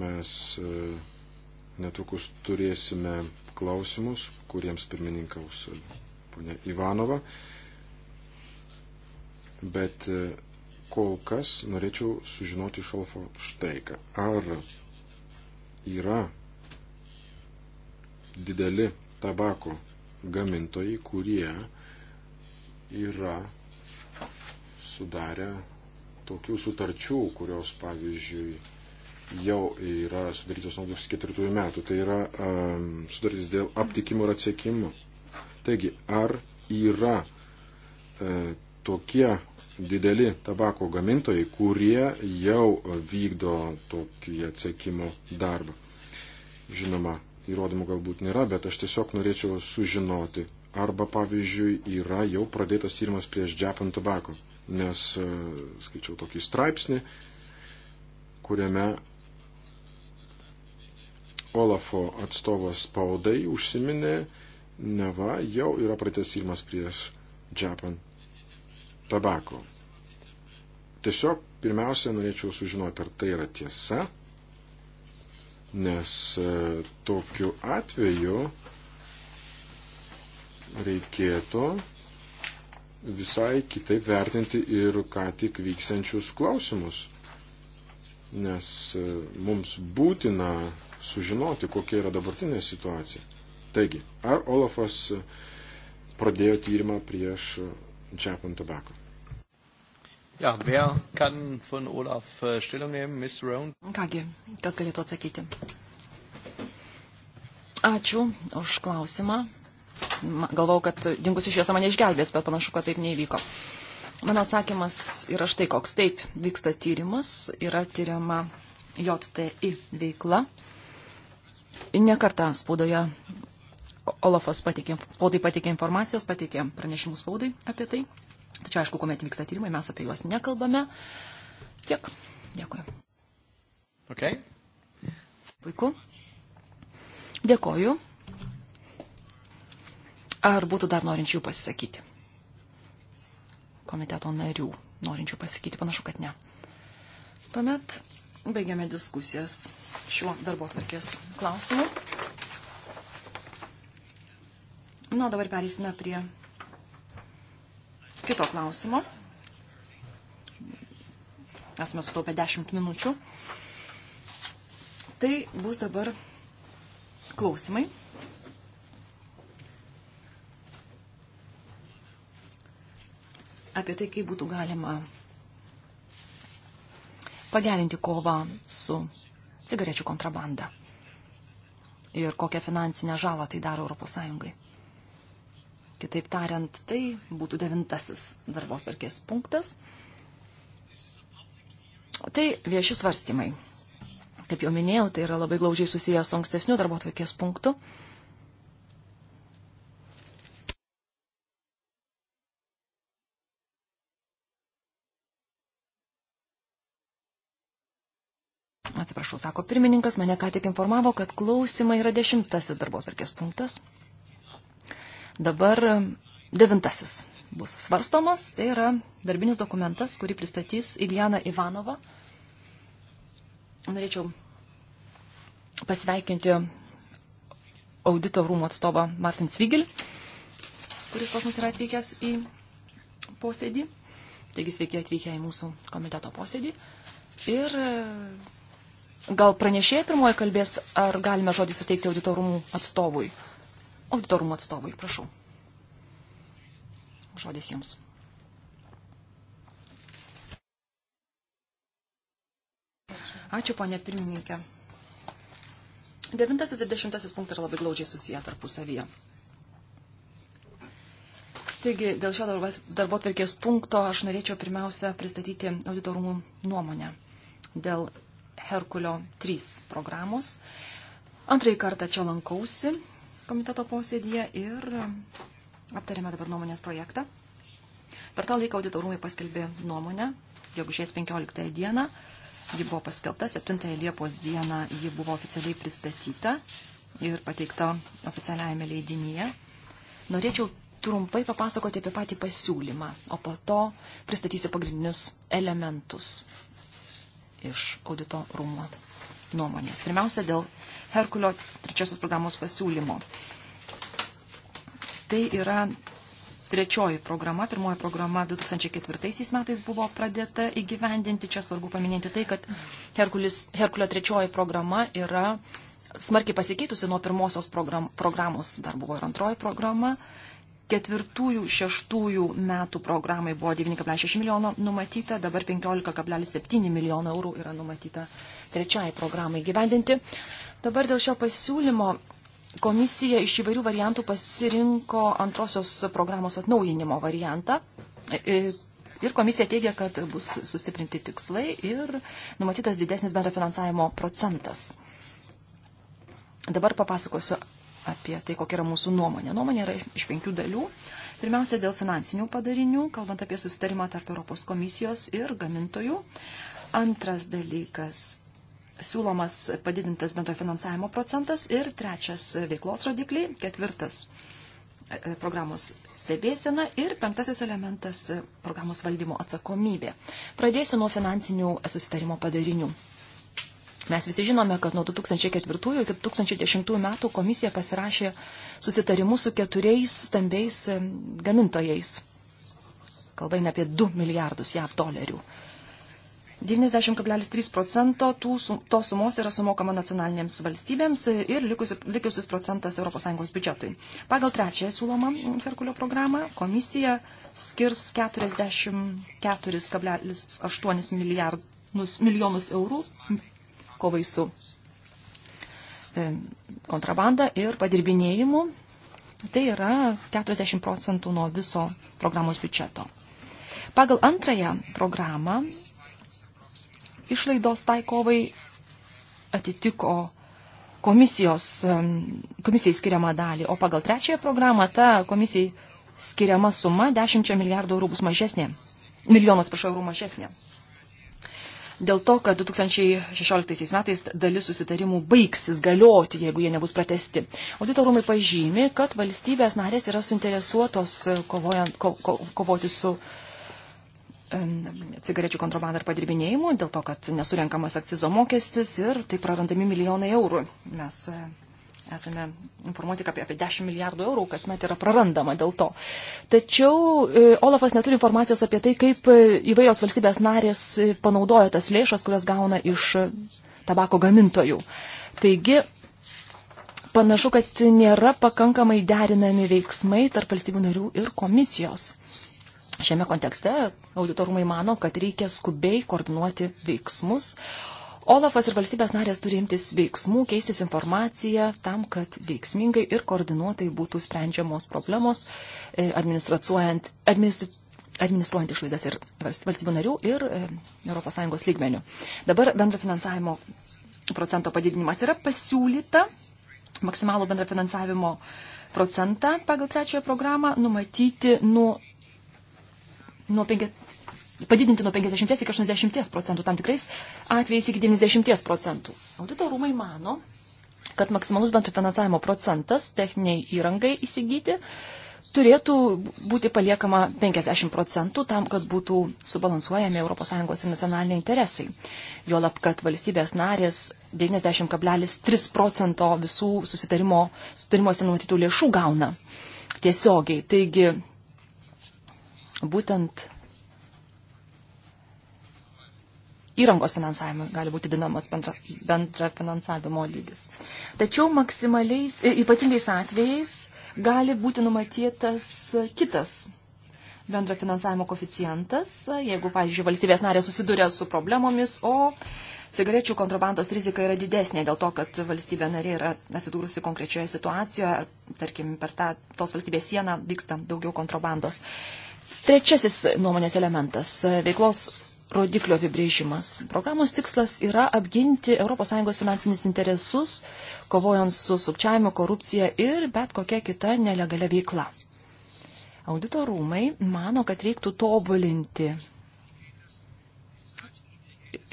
Mes e, netrukus turėsime klausimus, kuriems pirmininkaus e, ponia Ivanova. Bet kol kas norėčiau sužinoti iš Olfo štai ką. Ar yra dideli tabako gamintojai, kurie yra sudarę tokių sutarčių, kurios, pavyzdžiui, jau yra sudarytos nuo 2004 metų. Tai yra um, ehm, sudarys dėl aptikimo ir atsiekimo. Taigi, ar yra e, tokie dideli tabako gamintojai, kurie jau vykdo tokį atsiekimo darbą. Žinoma, įrodymų galbūt nėra, bet aš tiesiog norėčiau sužinoti. Arba, pavyzdžiui, yra jau pradėtas tyrimas prieš Japan Tobacco, nes e, skaičiau tokį straipsnį, kuriame Olafo atstovas spaudai užsiminė, neva jau yra pradėtas tyrimas prieš Japan tabako. Tiesiog pirmiausia, norėčiau sužinoti, ar tai yra tiesa, nes e, tokiu atveju reikėtų visai kitaip vertinti ir ką tik vyksančius klausimus. Nes e, mums būtina sužinoti, kokia yra dabartinė situacija. Taigi, ar Olafas e, pradėjo tyrimą prieš Japan Tobacco. Ja, wer kann von Olaf äh, Stellung nehmen? Miss Rohn? Kągi, kas galėtų atsakyti? Ačiū už klausimą. Galvau, kad dingusi šviesa mane išgelbės, bet panašu, kad taip neįvyko. Mano atsakymas yra štai koks. Taip, vyksta tyrimas, yra tyriama JTI veikla. Nekartą spaudoje Olafas patikė, spaudai patikė informacijos, patikė pranešimus spaudai apie tai. Tačiau, aišku, kuomet vyksta tyrimai, mes apie juos nekalbame. Tiek. Dėkui. Okay. Puiku. Dėkoju. Ar būtų dar norinčių pasisakyti? Komiteto narių norinčių pasakyti, panašu, kad ne. Tuomet baigiame diskusijas šiuo darbo tvarkės klausimu. Na, dabar perėsime prie kito klausimo. Esame sutaupę 10 minučių. Tai bus dabar klausimai. Apie tai, kaip būtų galima pagerinti kovą su cigarečių kontrabanda ir kokią finansinę žalą tai daro ES. Kitaip tariant, tai būtų devintasis darbo atvarkės punktas. Tai vieši svarstymai. Kaip jau minėjau, tai yra labai glaudžiai susijęs su ankstesniu darbo atvarkės punktu. Atsiprašau, sako pirmininkas, mane ką tik informavo, kad klausimai yra dešimtasis darbo atvarkės punktas. Dabar devintasis bus svarstomas. Tai yra darbinis dokumentas, kurį pristatys Iljana Ivanova. Norėčiau pasveikinti audito rūmų atstovą Martin Svigil, kuris pas mus yra atvykęs į posėdį. Taigi sveiki atvykę į mūsų komiteto posėdį. Ir e, gal pranešėjai pirmoji kalbės, ar galime žodį suteikti auditorumų atstovui auditorumo atstovui. Prašau. Žodis jums. Ačiū, ponė pirmininkė. Devintasis ir dešimtasis punktai yra labai glaudžiai susiję tarpusavyje. Taigi, dėl šio darbo atverkės punkto aš norėčiau pirmiausia pristatyti auditorumų nuomonę dėl Herkulio 3 programos. Antrąjį kartą čia lankausi komiteto posėdėje ir aptarėme dabar nuomonės projektą. Per tą laiką auditorumai paskelbė nuomonę, gegužės 15 dieną. Ji buvo paskelbta, 7 Liepos dieną ji buvo oficialiai pristatyta ir pateikta oficialiajame leidinyje. Norėčiau trumpai papasakoti apie patį pasiūlymą, o po to pristatysiu pagrindinius elementus iš audito rūmo nuomonės. Pirmiausia, dėl Herkulio trečiosios programos pasiūlymo. Tai yra trečioji programa, pirmoji programa 2004 metais buvo pradėta įgyvendinti. Čia svarbu paminėti tai, kad Herkulis, Herkulio trečioji programa yra smarkiai pasikeitusi nuo pirmosios program, programos, dar buvo ir antroji programa. Uh, 2004-2006 metų programai buvo 9,6 milijono numatyta, dabar 15,7 milijono eurų yra numatyta trečiai programai gyvendinti. Dabar dėl šio pasiūlymo komisija iš įvairių variantų pasirinko antrosios programos atnaujinimo variantą. E, e, ir komisija teigia, kad bus sustiprinti tikslai ir numatytas didesnis bendrafinansavimo procentas. Dabar papasakosiu apie tai, kokia yra mūsų nuomonė. Nuomonė yra iš penkių dalių. Pirmiausia, dėl finansinių padarinių, kalbant apie susitarimą tarp Europos komisijos ir gamintojų. Antras dalykas - siūlomas padidintas bendro finansavimo procentas. Ir trečias - veiklos rodikliai. Ketvirtas - programos stebėsena. Ir penktasis elementas - programos valdymo atsakomybė. Pradėsiu nuo finansinių susitarimo padarinių. Mes visi žinome, kad nuo 2004 iki 2010 metų komisija pasirašė susitarimus su keturiais stambiais gamintojais. Kalba eina apie 2 milijardus JAV dolerių. 90,3 procento tų, to sumos yra sumokama nacionalinėms valstybėms ir likusi, likusis procentas ES biudžetui. Pagal trečiąją siūlomą Herkulio programą komisija skirs 44,8 milijardus milijonus eurų kovai su e, kontrabanda ir padirbinėjimu. Tai yra 40 procentų nuo viso programos biudžeto. Pagal antrąją programą išlaidos tai kovai atitiko komisijos, e, komisijai skiriamą dalį, o pagal trečiąją programą ta komisijai skiriama suma 10 milijardų eurų bus mažesnė, milijonas, prašau, eurų mažesnė dėl to, kad 2016 metais dalis susitarimų baigsis galioti, jeigu jie nebus pratesti. Auditorumai pažymi, kad valstybės narės yra suinteresuotos kovojant, ko, ko, kovoti su cigarečių kontrabandą ir padirbinėjimu, dėl to, kad nesurenkamas akcizo mokestis ir tai prarandami milijonai eurų. Mes Esame informuoti, kad apie 10 milijardų eurų kasmet yra prarandama dėl to. Tačiau e, Olafas neturi informacijos apie tai, kaip e, įvairios valstybės narės e, panaudoja tas lėšas, kurias gauna iš tabako gamintojų. Taigi, panašu, kad nėra pakankamai derinami veiksmai tarp valstybių narių ir komisijos. Šiame kontekste auditorumai mano, kad reikia skubiai koordinuoti veiksmus, Olafas ir valstybės narės turi imtis veiksmų, keistis informaciją tam, kad veiksmingai ir koordinuotai būtų sprendžiamos problemos e, administruojant, administru, administruojant išlaidas ir valstybių narių ir e, ES lygmenių. Dabar bendro finansavimo procento padidinimas yra pasiūlyta maksimalų bendrafinansavimo procentą pagal trečiąją programą numatyti nuo, nuo 5 padidinti nuo 50 iki 80 procentų, tam tikrais atvejais iki 90 procentų. Audito rūmai mano, kad maksimalus bendro finansavimo procentas techniniai įrangai įsigyti turėtų būti paliekama 50 procentų tam, kad būtų subalansuojami ES ir nacionaliniai interesai. Juolab, kad valstybės narės 90,3 procento visų susitarimo, susitarimuose numatytų lėšų gauna tiesiogiai. Taigi, būtent įrangos finansavimui gali būti dinamas bendra, bendra finansavimo lygis. Tačiau maksimaliais, ypatingais atvejais gali būti numatytas kitas bendro finansavimo koficijantas, jeigu, pavyzdžiui, valstybės narė susiduria su problemomis, o cigarečių kontrabandos rizika yra didesnė dėl to, kad valstybė narė yra atsidūrusi konkrečioje situacijoje, tarkim, per tą, tos valstybės sieną vyksta daugiau kontrabandos. Trečiasis nuomonės elementas - veiklos rodiklių apibrėžimas. Programos tikslas yra apginti ES finansinius interesus, kovojant su sukčiavimu, korupcija ir bet kokia kita nelegalia veikla. Audito rūmai mano, kad reiktų tobulinti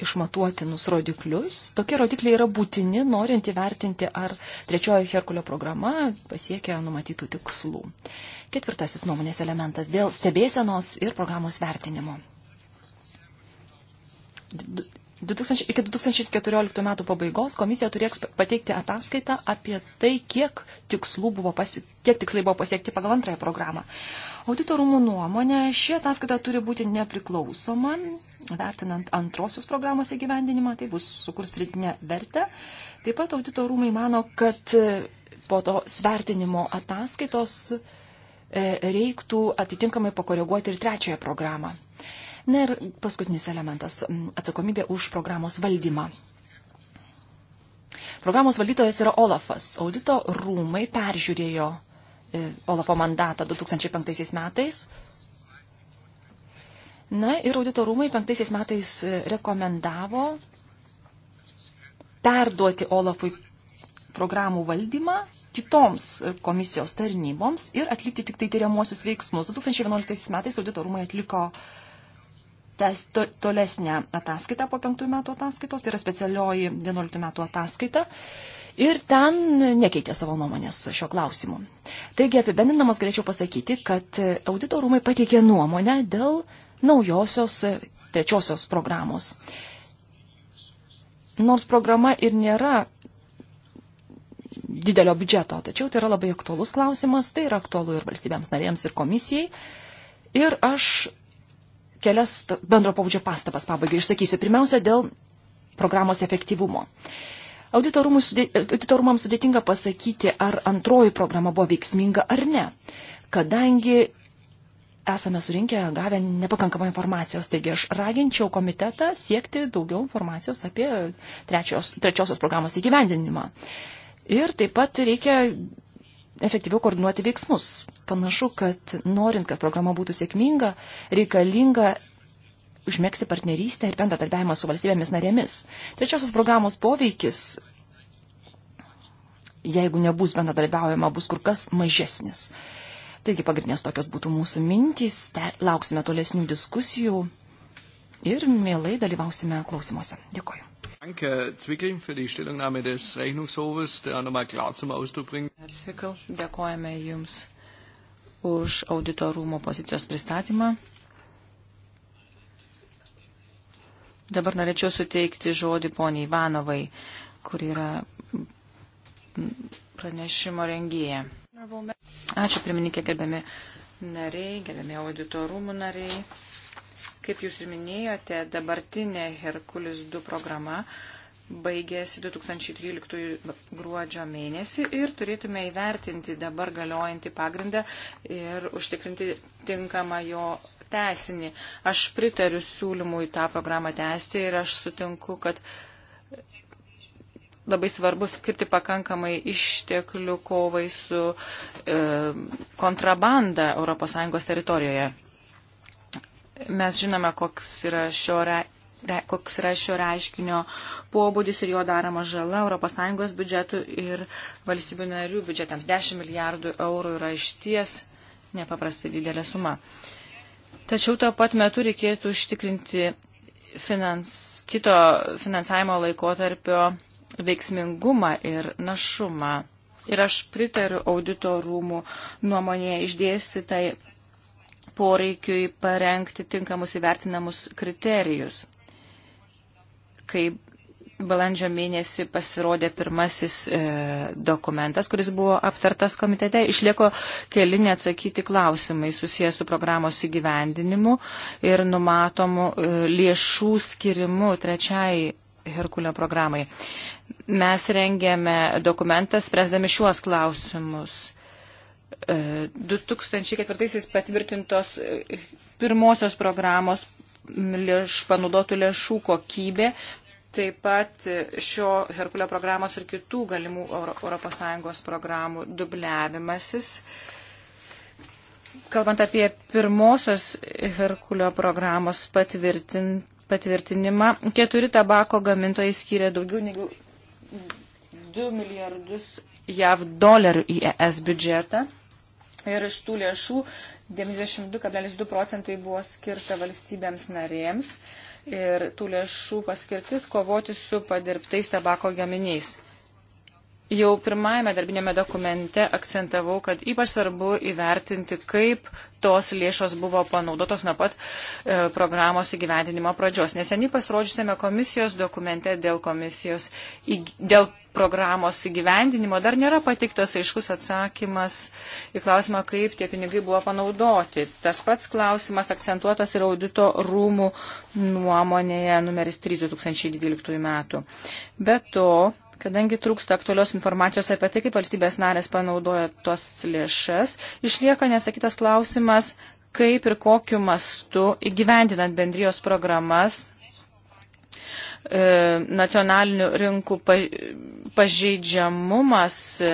išmatuotinus rodiklius. Tokie rodikliai yra būtini, norint įvertinti, ar trečioji Herkulio programa pasiekia numatytų tikslų. Ketvirtasis nuomonės elementas dėl stebėsenos ir programos vertinimo. 2000, iki 2014 metų pabaigos komisija turės pateikti ataskaitą apie tai, kiek, buvo pasi, kiek tikslai buvo pasiekti pagal antrąją programą. Audito rūmų nuomonė, ši ataskaita turi būti nepriklausoma, vertinant antrosios programos įgyvendinimą, tai bus sukurs pridinę vertę. Taip pat audito rūmai mano, kad e, po to svertinimo ataskaitos e, reiktų atitinkamai pakoreguoti ir trečiąją programą. Na ir paskutinis elementas - atsakomybė už programos valdymą. Programos valdytojas yra Olafas. Audito rūmai peržiūrėjo e, Olafo mandatą 2005 metais. Na ir audito rūmai 2005 metais e, rekomendavo perduoti Olafui programų valdymą kitoms e, komisijos tarnyboms ir atlikti tik tai tyriamuosius veiksmus. 2011 metais audito rūmai atliko uh, tes, to, tolesnę ataskaitą po penktųjų metų ataskaitos, tai yra specialioji 11 metų ataskaita. Ir ten nekeitė savo nuomonės šio klausimu. Taigi apibendinamas galėčiau pasakyti, kad audito rūmai pateikė nuomonę dėl naujosios trečiosios programos. Nors programa ir nėra didelio biudžeto, tačiau tai yra labai aktuolus klausimas, tai yra aktualu ir valstybėms narėms, ir komisijai. Ir aš kelias bendro pabudžio pastabas pabaigai išsakysiu. Pirmiausia, dėl programos efektyvumo. Auditorumams sudėtinga pasakyti, ar antroji programa buvo veiksminga ar ne, kadangi esame surinkę, gavę nepakankamą informacijos. Taigi aš raginčiau komitetą siekti daugiau informacijos apie trečios, trečiosios programos įgyvendinimą. Ir taip pat reikia efektyviau koordinuoti veiksmus. Panašu, kad norint, kad programa būtų sėkminga, reikalinga užmėgsti partnerystę ir bendradarbiavimą su valstybėmis narėmis. Trečiosios programos poveikis, jeigu nebus bendradarbiaujama, bus kur kas mažesnis. Taigi pagrindinės tokios būtų mūsų mintys, te, lauksime tolesnių diskusijų ir mielai dalyvausime klausimuose. Dėkuoju. Danke, Herr Zwickel, für die Stellungnahme des Rechnungshofes, der nochmal klar zum Ausdruck bringt. Herr Zwickel, dėkojame Jums už auditorumo pozicijos pristatymą. Dabar norėčiau suteikti žodį poniai Ivanovai, kur yra pranešimo rengėja. Ačiū, pirmininkė, gerbiami nariai, gerbiami auditorumų nariai. Kaip jūs ir minėjote, dabartinė Herkulis 2 programa baigėsi 2013 gruodžio mėnesį ir turėtume įvertinti dabar galiojantį pagrindą ir užtikrinti tinkamą jo tesinį. Aš pritariu siūlymui tą programą tęsti ir aš sutinku, kad labai svarbu skirti pakankamai išteklių kovai su e, kontrabanda ES teritorijoje. Mes žinome, koks yra šio re, koks yra šio reiškinio pobūdis ir jo daroma žala ES biudžetų ir valstybių narių biudžetams. 10 milijardų eurų yra išties nepaprastai didelė suma. Tačiau tuo pat metu reikėtų užtikrinti finans, kito finansavimo laikotarpio veiksmingumą ir našumą. Ir aš pritariu audito rūmų nuomonėje išdėstytai poreikiui parengti tinkamus įvertinamus kriterijus. Kai balandžio mėnesį pasirodė pirmasis e, dokumentas, kuris buvo aptartas komitete, išlieko keli neatsakyti klausimai susijęs su programos įgyvendinimu ir numatomu e, lėšų skirimu trečiai Herkulio programai. Mes rengėme dokumentą, spręsdami šiuos klausimus 2004 e, patvirtintos e, pirmosios programos lėš, panaudotų lėšų kokybė, taip pat e, šio Herkulio programos ir kitų galimų ES programų dubliavimasis. Kalbant apie pirmosios Herkulio programos patvirtin, patvirtinimą, keturi tabako gamintojai skyrė daugiau negu 2 milijardus JAV dolerių į ES biudžetą. Ir iš tų lėšų 92,2 procentai buvo skirta valstybėms narėms ir tų lėšų paskirtis kovoti su padirbtais tabako gaminiais. Jau pirmajame darbinėme dokumente akcentavau, kad ypač svarbu įvertinti, kaip tos lėšos buvo panaudotos nuo pat e, programos įgyvendinimo pradžios. Neseniai pasirodžiusiame komisijos dokumente dėl, komisijos, į, dėl programos įgyvendinimo dar nėra patiktas aiškus atsakymas į klausimą, kaip tie pinigai buvo panaudoti. Tas pats klausimas akcentuotas ir audito rūmų nuomonėje numeris 3 2012 metų. Be to, Kadangi trūksta aktualios informacijos apie tai, kaip valstybės narės panaudoja tos lėšas, išlieka nesakytas klausimas, kaip ir kokiu mastu įgyvendinant bendrijos programas e, nacionalinių rinkų pažeidžiamumas e,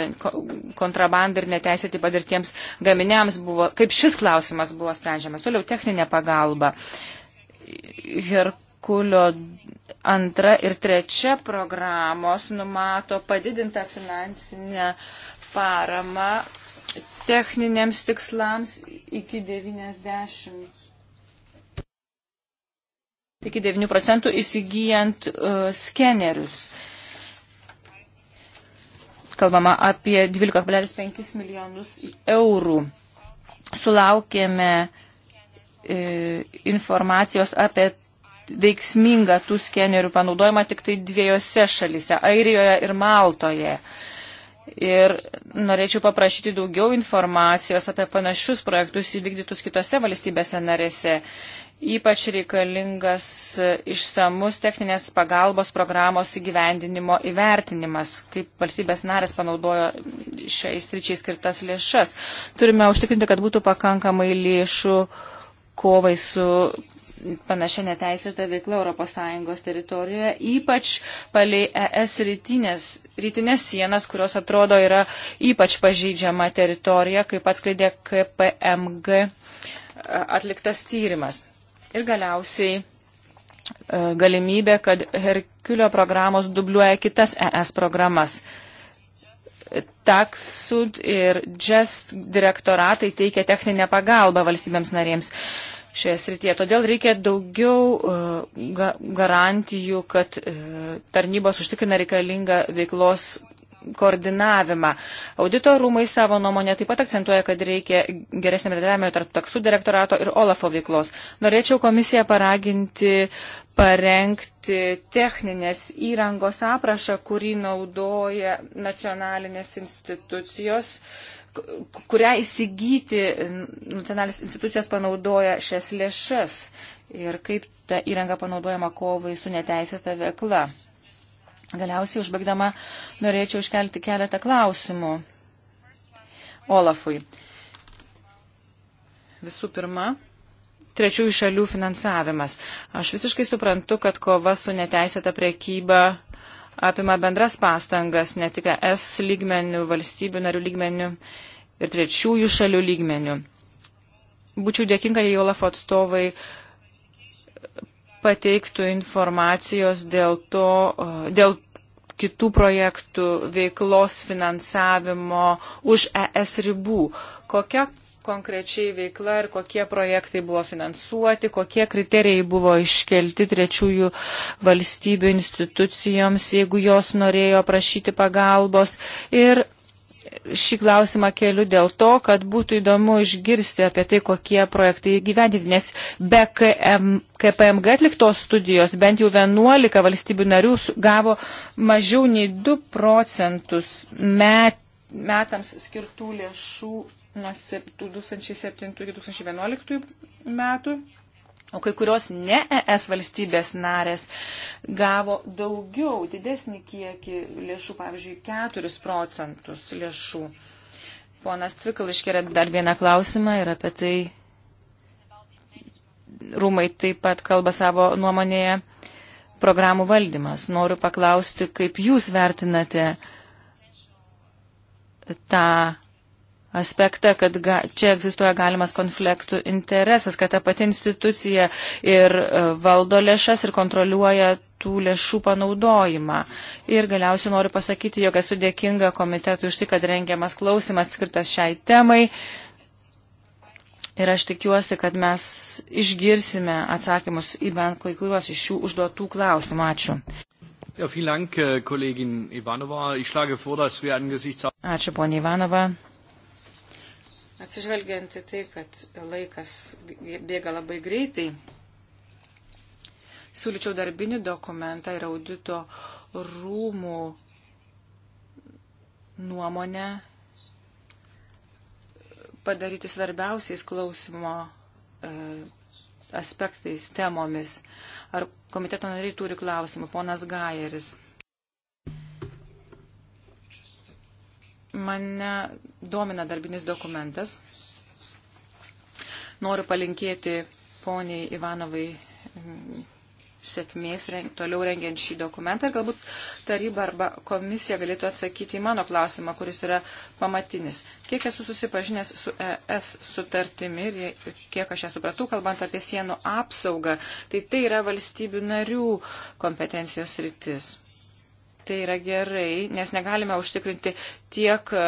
kontrabandai ir neteisėtai padirtiems gaminiams buvo, kaip šis klausimas buvo sprendžiamas. Toliau techninė pagalba. Ir Herkulio antra ir trečia programos numato padidintą finansinę paramą techniniams tikslams iki 90. Iki 9 procentų įsigijant uh, skenerius. Kalbama apie 12,5 milijonus eurų. Sulaukėme uh, informacijos apie veiksmingą tų skenerių panaudojimą tik tai dviejose šalise - Airijoje ir Maltoje. Ir norėčiau paprašyti daugiau informacijos apie panašius projektus įvykdytus kitose valstybėse narėse. Ypač reikalingas išsamus techninės pagalbos programos įgyvendinimo įvertinimas, kaip valstybės narės panaudojo šiai stričiai skirtas lėšas. Turime užtikrinti, kad būtų pakankamai lėšų kovai su panašia neteisėta veikla ES teritorijoje, ypač palei ES rytinės, rytinės sienas, kurios atrodo yra ypač pažydžiama teritorija, kaip atskleidė KPMG e, atliktas tyrimas. Ir galiausiai e, galimybė, kad Herkulio programos dubliuoja kitas ES programas. Taksud ir Just direktoratai teikia techninę pagalbą valstybėms narėms. Uh, šioje srityje. Todėl reikia daugiau e, ga, garantijų, kad e, tarnybos užtikrina reikalingą veiklos koordinavimą. Audito rūmai savo nuomonę taip pat akcentuoja, kad reikia geresnio bendradarbiavimo tarp taksų direktorato ir Olafo veiklos. Norėčiau komisiją paraginti parengti techninės įrangos aprašą, kurį naudoja nacionalinės institucijos. Uh, kurią įsigyti nacionalinės institucijos panaudoja šias lėšas ir kaip ta įranga panaudojama kovai su neteisėta veikla. Galiausiai užbaigdama norėčiau iškelti keletą klausimų Olafui. Visų pirma, trečiųjų šalių finansavimas. Aš visiškai suprantu, kad kova su neteisėta priekyba apima bendras pastangas, ne tik ES lygmenių, valstybių narių lygmenių ir trečiųjų šalių lygmenių. Būčiau dėkinga, jei Olaf atstovai pateiktų informacijos dėl, to, e, dėl kitų projektų veiklos finansavimo už ES ribų. Kokia konkrečiai veikla ir kokie projektai buvo finansuoti, kokie kriterijai buvo iškelti trečiųjų valstybių institucijoms, jeigu jos norėjo prašyti pagalbos. Ir šį klausimą keliu dėl to, kad būtų įdomu išgirsti apie tai, kokie projektai gyvendyti, nes be KM, KPMG atliktos studijos bent jau 11 valstybių narių gavo mažiau nei 2 procentus met, metams skirtų lėšų nuo 2007-2011 metų, o kai kurios ne ES valstybės narės gavo daugiau, didesnį kiekį lėšų, pavyzdžiui, 4 procentus lėšų. Ponas Cvikal iškėrė dar vieną klausimą ir apie tai rūmai taip pat kalba savo nuomonėje programų valdymas. Noriu paklausti, kaip jūs vertinate tą aspektą, kad ga, čia egzistuoja galimas konfliktų interesas, kad ta pati institucija ir e, valdo lėšas ir kontroliuoja tų lėšų panaudojimą. Ir galiausiai noriu pasakyti, jog esu dėkinga komitetui už tai, kad rengiamas klausimas skirtas šiai temai. Ir aš tikiuosi, kad mes išgirsime atsakymus į bent kai kuriuos iš šių užduotų klausimų. Ačiū. Ja, Dank, äh, Ivanova. Ich schlage vor, dass wir angesichts... Ačiū, ponia Ivanova. Atsižvelgiant į tai, kad laikas bėga labai greitai, siūlyčiau darbinį dokumentą ir audito rūmų nuomonę padaryti svarbiausiais klausimo e, aspektais, temomis. Ar komiteto nariai turi klausimų? Ponas Gajeris. Mane domina darbinis dokumentas. Noriu palinkėti poniai Ivanovai mm, sėkmės reng, toliau rengiant šį dokumentą. Galbūt taryba arba komisija galėtų atsakyti į mano klausimą, kuris yra pamatinis. Kiek esu susipažinęs su ES sutartimi ir kiek aš ją supratau, kalbant apie sienų apsaugą, tai tai yra valstybių narių kompetencijos rytis. Tai yra gerai, nes negalime užtikrinti tiek e,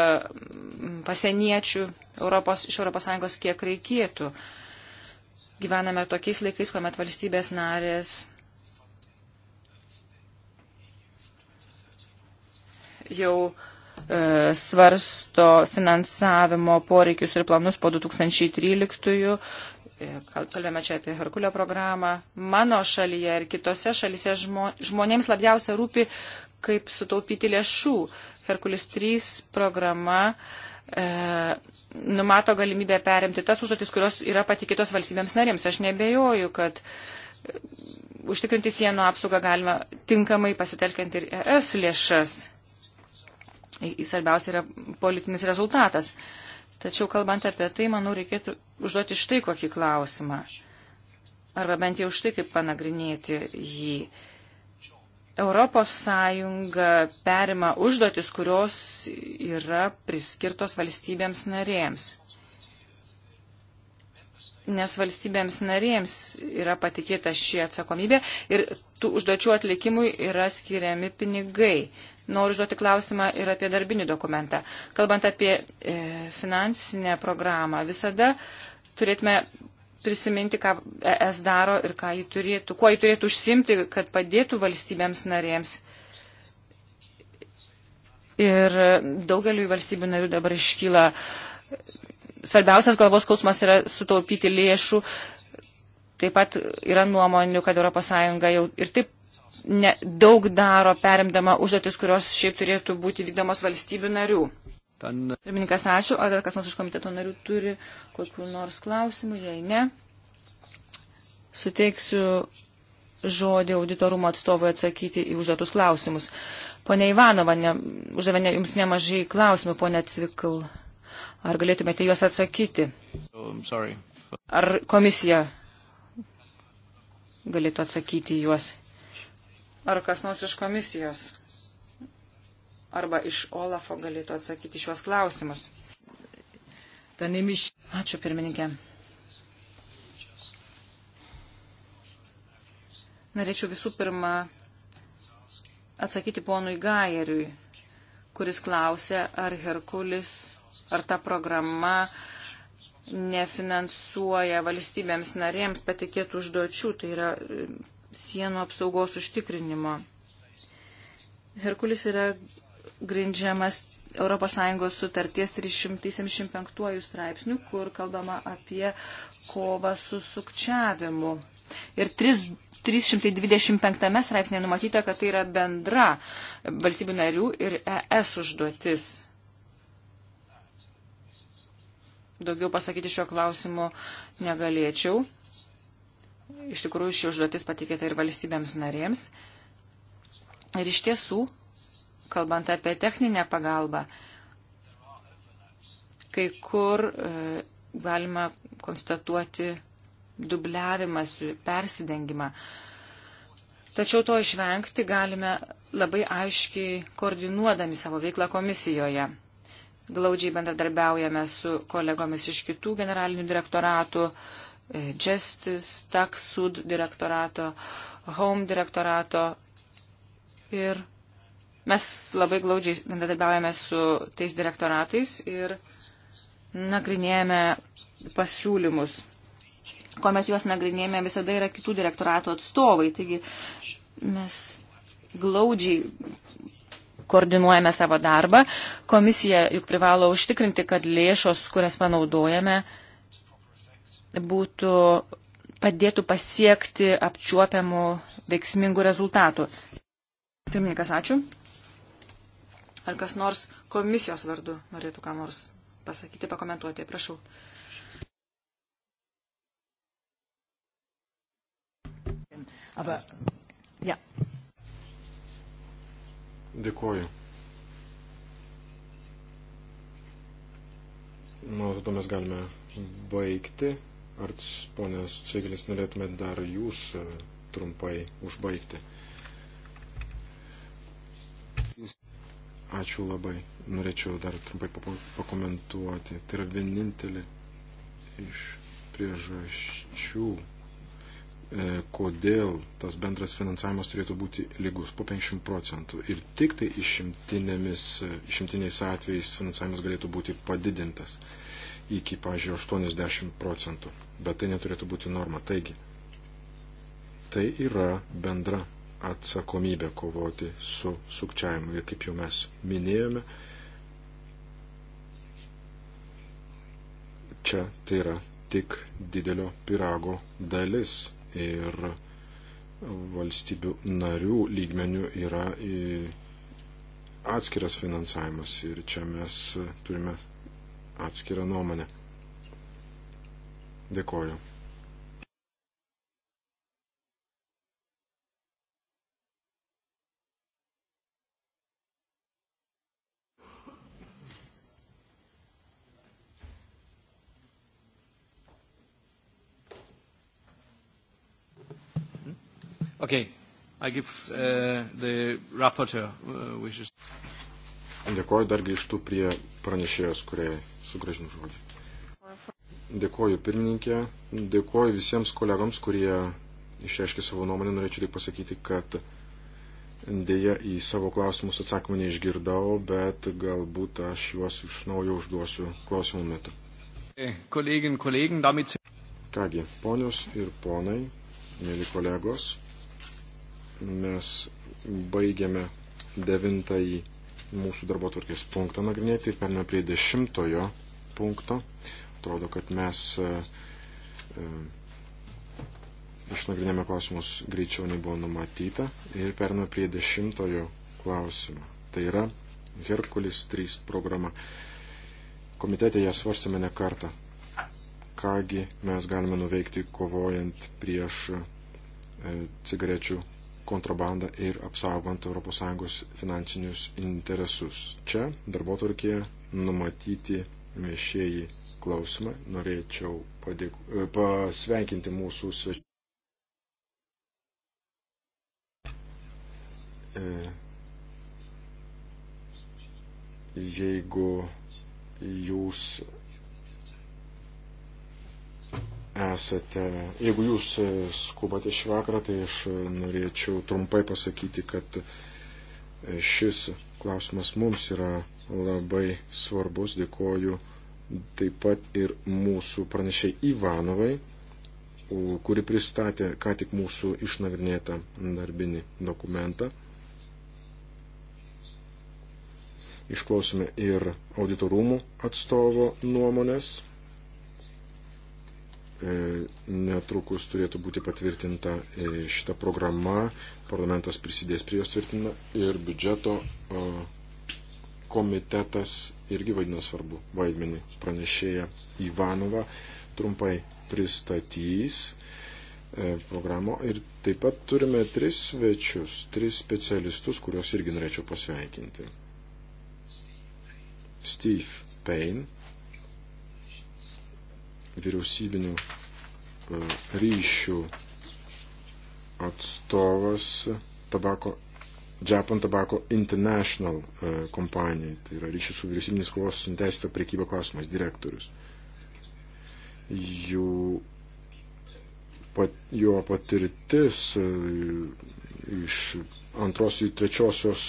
pasieniečių Europos, iš ES, kiek reikėtų. Gyvename tokiais laikais, kuomet valstybės narės jau e, svarsto finansavimo poreikius ir planus po 2013-ųjų. E, kalbėjome čia apie Herkulio programą. Mano šalyje ir kitose šalyse žmo, žmonėms labiausia rūpi, kaip sutaupyti lėšų. Herkulis 3 programa e, numato galimybę perimti tas užduotis, kurios yra patikėtos valstybėms narėms. Aš nebejoju, kad e, užtikrinti sienų apsaugą galima tinkamai pasitelkiant ir ES lėšas. Svarbiausia yra politinis rezultatas. Tačiau kalbant apie tai, manau, reikėtų užduoti štai kokį klausimą. Arba bent jau štai kaip panagrinėti jį. Europos Sąjunga perima užduotis, kurios yra priskirtos valstybėms narėms. Nes valstybėms narėms yra patikėta ši atsakomybė ir tų užduočių atlikimui yra skiriami pinigai. Noriu užduoti klausimą ir apie darbinį dokumentą. Kalbant apie e, finansinę programą, visada turėtume prisiminti, ką ES daro ir ką jį turėtų, kuo jį turėtų užsimti, kad padėtų valstybėms narėms. Ir daugeliu valstybių narių dabar iškyla svarbiausias galvos skausmas yra sutaupyti lėšų. Taip pat yra nuomonių, kad ES jau ir taip ne, daug daro, perimdama užduotis, kurios šiaip turėtų būti vykdomos valstybių narių. Ten... Pirmininkas, ačiū. Ar dar kas nors iš komiteto narių turi kokiu nors klausimu? Jei ne, suteiksiu žodį auditorumo atstovui atsakyti į užduotus klausimus. Pone Ivanova, ne, uždavė ne, jums nemažai klausimų, pone Cvikl. Ar galėtumėte juos atsakyti? Um, Ar komisija galėtų atsakyti juos? Ar kas nors iš komisijos? arba iš Olafo galėtų atsakyti šiuos klausimus. Ačiū pirmininkė. Norėčiau visų pirma atsakyti ponui Gajeriui, kuris klausė, ar Herkulis, ar ta programa nefinansuoja valstybėms narėms patikėtų užduočių, tai yra e, sienų apsaugos užtikrinimo. Herkulis yra grindžiamas ES sutarties 375 straipsnių, kur kalbama apie kovą su sukčiavimu. Ir 3, 325 straipsnėje numatyta, kad tai yra bendra valstybių narių ir ES užduotis. Daugiau pasakyti šio klausimu negalėčiau. Iš tikrųjų, ši užduotis patikėta ir valstybėms narėms. Ir iš tiesų, kalbant apie techninę pagalbą. Kai kur e, galima konstatuoti dubliavimas, persidengimą. Tačiau to išvengti galime labai aiškiai koordinuodami savo veiklą komisijoje. Glaudžiai bendradarbiaujame su kolegomis iš kitų generalinių direktoratų, e, Justice, Tax Sud direktorato, Home direktorato ir Mes labai glaudžiai bendradarbiaujame su tais direktoratais ir nagrinėjame pasiūlymus. Komet juos nagrinėjame, visada yra kitų direktorato atstovai, taigi mes glaudžiai koordinuojame savo darbą. Komisija juk privalo užtikrinti, kad lėšos, kurias panaudojame, būtų padėtų pasiekti apčiuopiamų veiksmingų rezultatų. Pirmininkas, ačiū. Ar kas nors komisijos vardu norėtų ką nors pasakyti, pakomentuoti, prašau. Aber, ja. Dėkuoju. Nu, tada mes galime baigti. Ar ponės Civilis norėtumėt dar jūs e, trumpai užbaigti? Ačiū labai. Norėčiau dar trumpai pakomentuoti. Tai yra vienintelė iš priežasčių, e, kodėl tas bendras finansavimas turėtų būti lygus po 50 procentų. Ir tik tai išimtiniais atvejais finansavimas galėtų būti padidintas iki, pažiūrėjau, 80 procentų. Bet tai neturėtų būti norma. Taigi, tai yra bendra atsakomybę kovoti su sukčiavimu. Ir kaip jau mes minėjome, čia tai yra tik didelio pirago dalis. Ir valstybių narių lygmenių yra atskiras finansavimas. Ir čia mes turime atskirą nuomonę. Dėkoju. Okay. I give uh, the rapporteur uh, wishes. Dėkoju, dar grįžtu prie pranešėjos, kuriai sugražinu žodį. Dėkoju pirmininkė, dėkoju visiems kolegams, kurie išreiškė savo nuomonę. Norėčiau tik pasakyti, kad dėja į savo klausimus atsakymą neišgirdau, bet galbūt aš juos iš naujo užduosiu klausimų metu. Kolegin, kolegin, damit... Kągi, ponios ir ponai, mėly kolegos, mes baigiame devintąjį mūsų darbo tvarkės punktą nagrinėti ir perėmėme prie dešimtojo punkto. Atrodo, kad mes e, e, išnagrinėme klausimus greičiau nei buvo numatyta ir perėmėme prie dešimtojo klausimo. Tai yra Herkulis 3 programa. Komitete ją svarstėme ne kartą. Kągi mes galime nuveikti kovojant prieš e, cigarečių kontrabandą ir apsaugant ES finansinius interesus. Čia darbo tvarkėje numatyti viešieji klausimai. Norėčiau padėku, e, pasveikinti mūsų svečių. E, jeigu jūs esate. Jeigu jūs e, skubate šį vakarą, tai aš e, norėčiau trumpai pasakyti, kad e, šis klausimas mums yra labai svarbus. Dėkoju taip pat ir mūsų pranešiai Ivanovai, kuri pristatė ką tik mūsų išnagrinėtą darbinį dokumentą. Išklausome ir auditorumų atstovo nuomonės E, netrukus turėtų būti patvirtinta e, šita programa, parlamentas prisidės prie jos tvirtinimą ir biudžeto e, komitetas irgi vaidina svarbu vaidmenį. Pranešėja Ivanova trumpai pristatys programą ir taip pat turime tris svečius, tris specialistus, kuriuos irgi norėčiau pasveikinti. Steve Payne vyriausybinių e, ryšių atstovas tabako, Japan Tobacco International e, kompanijai, tai yra ryšių su vyriausybinis kovos su neteisėta priekyba klausimas direktorius. Jų, pat, jo patirtis e, iš antros į trečiosios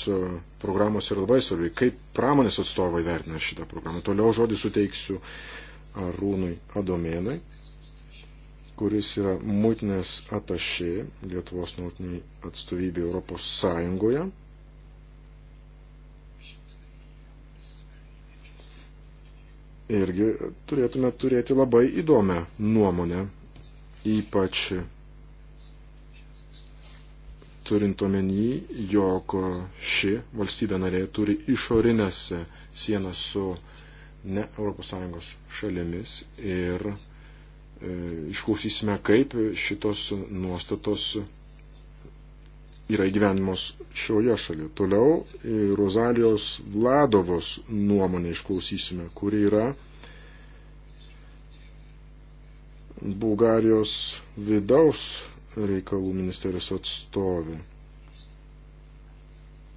programos yra labai svarbi. Kaip pramonės atstovai vertina šitą programą? Toliau žodį suteiksiu Arūnui Adomėnai, kuris yra muitinės atašė Lietuvos nuotiniai atstovybė Europos Sąjungoje. Irgi turėtume turėti labai įdomią nuomonę, ypač turint omeny, jog ši valstybė narė turi išorinės sienas su ne ES šalimis ir e, išklausysime, kaip šitos nuostatos yra įgyvenimos šioje šalyje. Toliau e, Rozalijos Vladovos nuomonę išklausysime, kuri yra Bulgarijos vidaus reikalų ministerijos atstovė.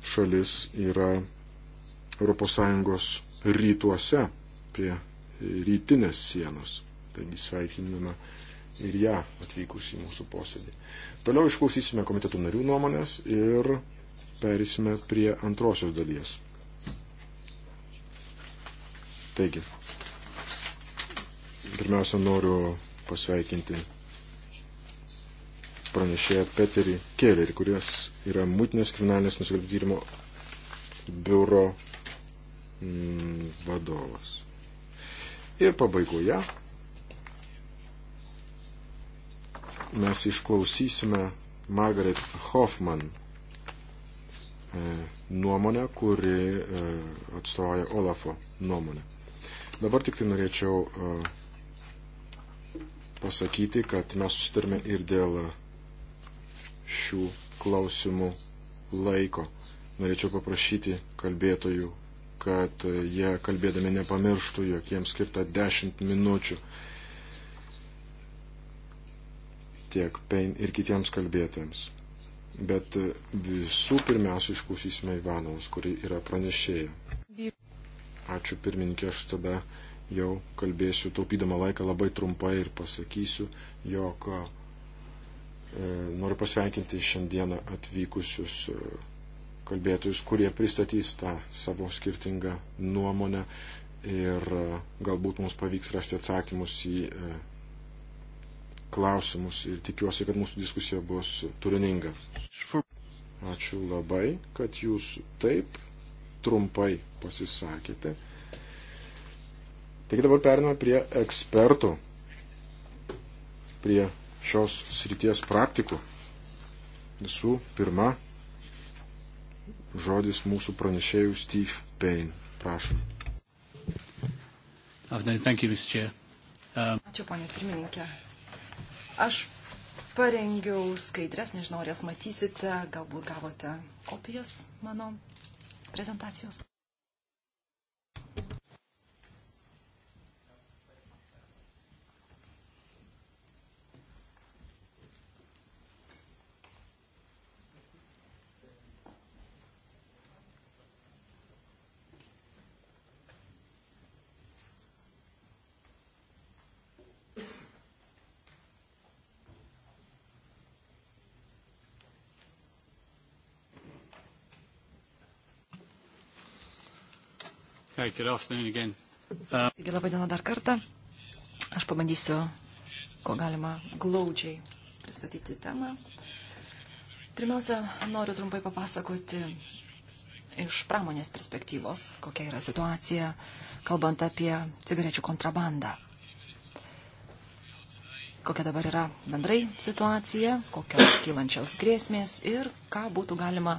Šalis yra ES rytuose, prie rytinės sienos. Taigi sveikinimame ir ją atvykus į mūsų posėdį. Toliau išklausysime komiteto narių nuomonės ir perėsime prie antrosios dalies. Taigi, pirmiausia, noriu pasveikinti pranešėją Peterį Kellerį, kuris yra Mūtinės kriminalinės nusikaltimo biuro Mm, vadovas. Ir pabaigoje mes išklausysime Margaret Hoffman e, nuomonę, kuri e, atstovauja Olafo nuomonę. Dabar tik tai norėčiau e, pasakyti, kad mes susitarime ir dėl šių klausimų laiko. Norėčiau paprašyti kalbėtojų kad jie kalbėdami nepamirštų, jog jiems skirta 10 minučių tiek Pein ir kitiems kalbėtojams. Bet visų pirmiausia išklausysime Ivanovus, kuri yra pranešėja. Ačiū pirmininkė, aš tada jau kalbėsiu taupydama laiką labai trumpai ir pasakysiu, jog e, noriu pasveikinti šiandieną atvykusius e, kalbėtojus, kurie pristatys tą savo skirtingą nuomonę ir e, galbūt mums pavyks rasti atsakymus į e, klausimus ir tikiuosi, kad mūsų diskusija bus turininga. Ačiū labai, kad jūs taip trumpai pasisakėte. Taigi dabar periname prie ekspertų, prie šios srities praktikų. Visų pirma, žodis mūsų pranešėjų Steve Payne. Prašom. Um, Ačiū, ponė pirmininkė. Aš parengiau skaidrės, nežinau, ar jas matysite, galbūt gavote kopijas mano prezentacijos. Okay, good afternoon again. Uh... Taigi, labai diena dar kartą. Aš pabandysiu, ko galima glaudžiai pristatyti temą. Pirmiausia, noriu trumpai papasakoti iš pramonės perspektyvos, kokia yra situacija, kalbant apie cigarečių kontrabandą. Kokia dabar yra bendrai situacija, kokios kylančios grėsmės ir ką būtų galima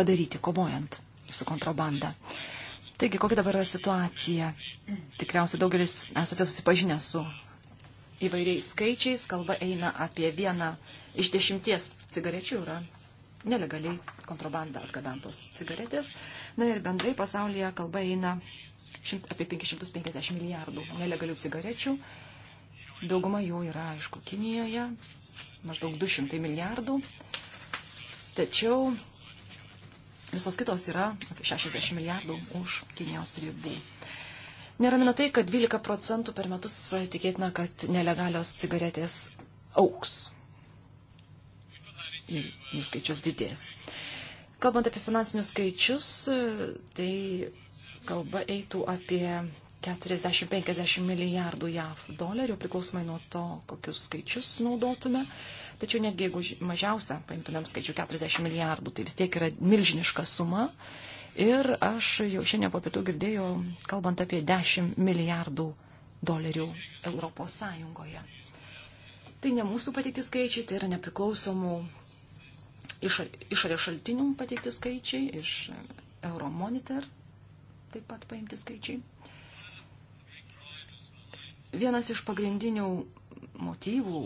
padaryti, kovojant su kontrabanda. Uh, Taigi, kokia dabar yra situacija? Tikriausiai daugelis esate susipažinę su įvairiais skaičiais. Kalba eina apie vieną iš dešimties cigarečių yra nelegaliai kontrabanda atgabentos cigaretės. Na ir bendrai pasaulyje kalba eina šimt, apie 550 milijardų nelegalių cigarečių. Dauguma jų yra, aišku, Kinijoje, maždaug 200 milijardų. Tačiau Visos kitos yra apie 60 milijardų už Kinijos ribų. Neramina tai, kad 12 procentų per metus tikėtina, kad nelegalios cigaretės auks. Ir jų skaičius didės. Kalbant apie finansinius skaičius, tai kalba eitų apie 40-50 milijardų JAV dolerių, priklausomai nuo to, kokius skaičius naudotume. Tačiau netgi jeigu mažiausia, paimtumėm skaičių 40 milijardų, tai vis tiek yra milžiniška suma. Ir aš jau šiandien po pietų girdėjau, kalbant apie 10 milijardų dolerių Europos Sąjungoje. Tai ne mūsų pateikti skaičiai, tai yra nepriklausomų išorės šaltinių pateikti skaičiai, iš Euromonitor taip pat paimti skaičiai. Vienas iš pagrindinių motyvų,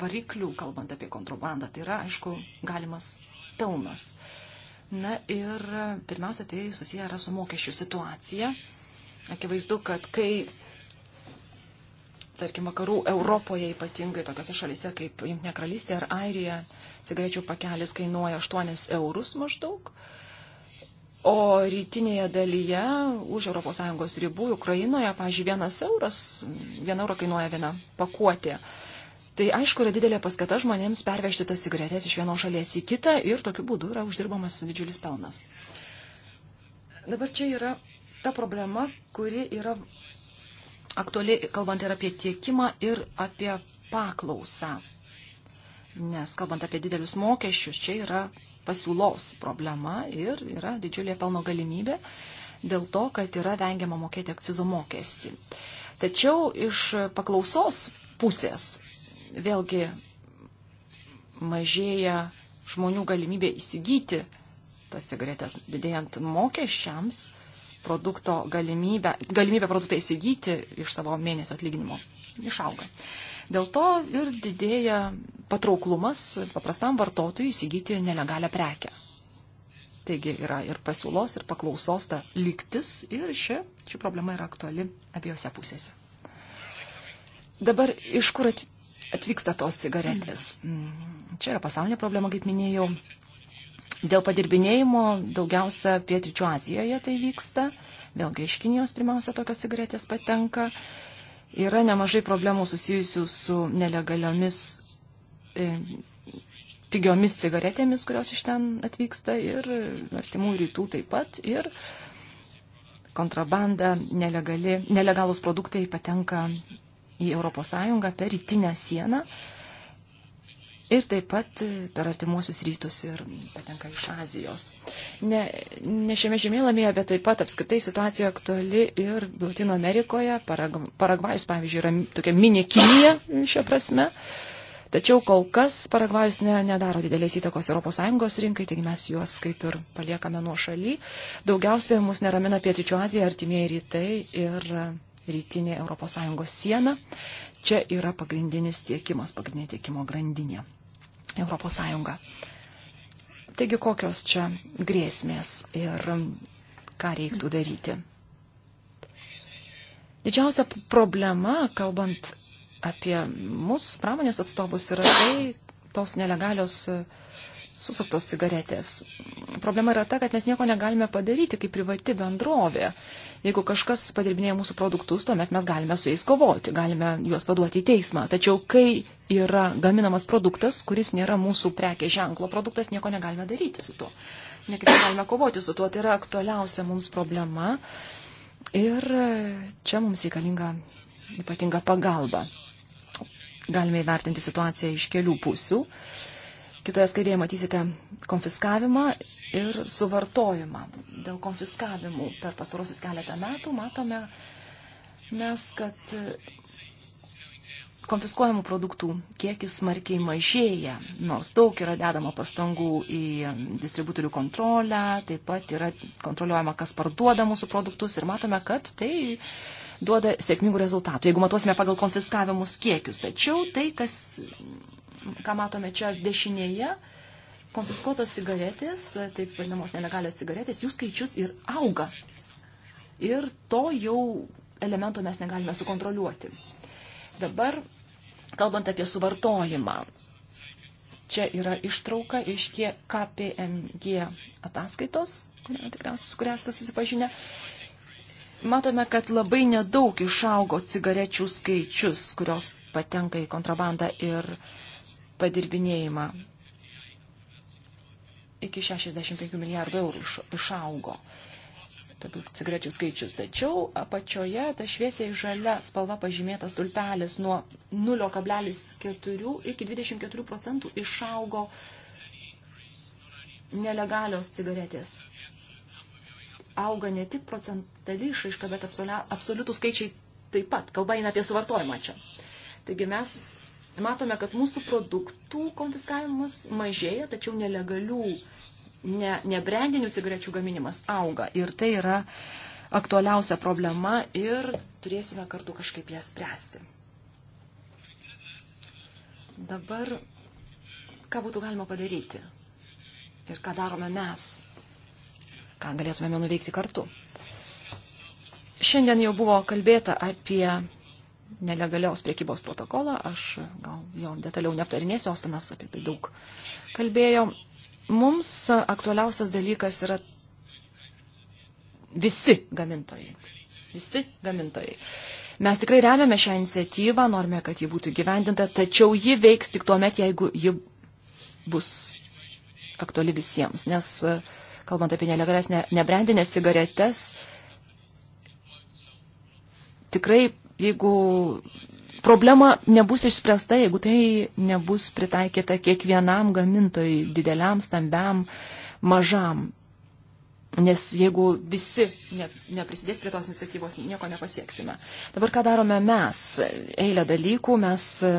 variklių, kalbant apie kontrabandą, tai yra, aišku, galimas pelnas. Na ir pirmiausia, tai susiję yra su mokesčių situacija. Akivaizdu, kad kai, tarkim, vakarų Europoje, ypatingai tokiose šalise kaip Junktinė karalystė ar Airija, cigarečių pakelis kainuoja 8 eurus maždaug, uh, O rytinėje dalyje, už ES ribų, Ukrainoje, pažiūrėjau, vienas euras, viena euro kainuoja viena pakuotė. Tai aišku, yra didelė paskata žmonėms pervežti tas cigaretės iš vienos šalies į kitą ir tokiu būdu yra uždirbamas didžiulis pelnas. Dabar čia yra ta problema, kuri yra aktuali, kalbant ir apie tiekimą, ir apie paklausą. Nes kalbant apie didelius mokesčius, čia yra pasiūlos problema ir yra didžiulė pelno galimybė dėl to, kad yra vengiama mokėti akcizo mokestį. Tačiau iš paklausos pusės vėlgi mažėja žmonių galimybė įsigyti tas cigaretės, didėjant mokesčiams, produkto galimybę, galimybę produktą įsigyti iš savo mėnesio atlyginimo išauga. Dėl to ir didėja patrauklumas paprastam vartotojui įsigyti nelegalią prekę. Taigi yra ir pasiūlos, ir paklausos ta lygtis ir ši, ši problema yra aktuali abiejose pusėse. Dabar iš kur atvyksta tos cigaretės? Mm, čia yra pasaulinė problema, kaip minėjau. Dėl padirbinėjimo daugiausia Pietričio Azijoje tai vyksta. Vėlgi iš Kinijos pirmiausia tokios cigaretės patenka. Uh, Yra nemažai problemų susijusių su nelegaliomis e, pigiomis cigaretėmis, kurios iš ten atvyksta ir artimų rytų taip pat. Ir kontrabanda, nelegali, nelegalus produktai patenka į ES per rytinę sieną. E, ir taip pat per artimuosius rytus ir patenka iš Azijos. Ne, ne šiame žemėlamėje, bet taip pat apskritai situacija aktuali ir Latino Amerikoje. Parag, Paragvajus, pavyzdžiui, yra tokia mini Kinija šia prasme. Tačiau kol kas Paragvajus ne, nedaro didelės įtakos ES rinkai, taigi mes juos kaip ir paliekame nuo šaly. Daugiausiai mus neramina Pietričio Azija, artimieji rytai ir rytinė ES siena. Čia yra pagrindinis tiekimas, pagrindinė tiekimo grandinė. Europos Sąjungą. Taigi kokios čia grėsmės ir ką reiktų daryti? Didžiausia problema, kalbant apie mus, pramonės atstovus, yra tai tos nelegalios uh, susuktos cigaretės. Problema yra ta, kad mes nieko negalime padaryti kaip privati bendrovė. Jeigu kažkas padirbinėja mūsų produktus, tuomet mes galime su jais kovoti, galime juos paduoti į teismą. Tačiau kai yra gaminamas produktas, kuris nėra mūsų prekė ženklo produktas, nieko negalime daryti su tuo. Niekaip negalime kovoti su tuo, tai yra aktualiausia mums problema. Ir čia mums reikalinga ypatinga pagalba. Galime įvertinti situaciją iš kelių pusių. Uh, Kitoje skaidrėje matysite konfiskavimą ir suvartojimą. Dėl konfiskavimų per pastarosius keletą metų matome mes, kad konfiskuojamų produktų kiekis smarkiai mažėja, nors daug yra dedama pastangų į distributorių kontrolę, taip pat yra kontroliuojama, kas parduoda mūsų produktus ir matome, kad tai duoda sėkmingų rezultatų, jeigu matuosime pagal konfiskavimus kiekius. Tačiau tai, kas ką matome čia dešinėje, konfiskuotos cigaretės, taip vadinamos nelegalios cigaretės, jų skaičius ir auga. Ir to jau elemento mes negalime sukontroliuoti. Dabar, kalbant apie suvartojimą, čia yra ištrauka iš KPMG ataskaitos, kurią tikriausiai, kurią esate susipažinę. Matome, kad labai nedaug išaugo cigarečių skaičius, kurios patenka į kontrabandą ir uh, padirbinėjimą. Iki 65 milijardų eurų išaugo tokių cigarečių skaičius. Tačiau apačioje ta šviesiai žalia spalva pažymėtas tulpelis nuo 0,4 iki 24 procentų išaugo nelegalios cigaretės. Auga ne tik procentali išraiška, bet absoliutų skaičiai taip pat. Kalba eina apie suvartojimą čia. Taigi mes matome, kad mūsų produktų konfiskavimas mažėja, tačiau nelegalių, ne, nebrendinių cigarečių gaminimas auga. Ir tai yra aktualiausia problema ir turėsime kartu kažkaip ją spręsti. Dabar, ką būtų galima padaryti ir ką darome mes, ką galėtumėme nuveikti kartu. Šiandien jau buvo kalbėta apie nelegalios priekybos protokolą, aš gal jo detaliau neaptarinėsiu, Ostinas apie tai daug kalbėjo. Mums aktualiausias dalykas yra visi gamintojai. Visi gamintojai. Mes tikrai remiame šią iniciatyvą, norime, kad ji būtų gyvendinta, tačiau ji veiks tik tuo met, jeigu ji bus aktuali visiems. Nes, kalbant apie nelegales, nebrandinės cigaretes, tikrai jeigu problema nebus išspręsta, jeigu tai nebus pritaikyta kiekvienam gamintojui, dideliam, stambiam, mažam. Nes jeigu visi ne, neprisidės prie tos iniciatyvos, nieko nepasieksime. Dabar ką darome mes? Eilę dalykų mes e,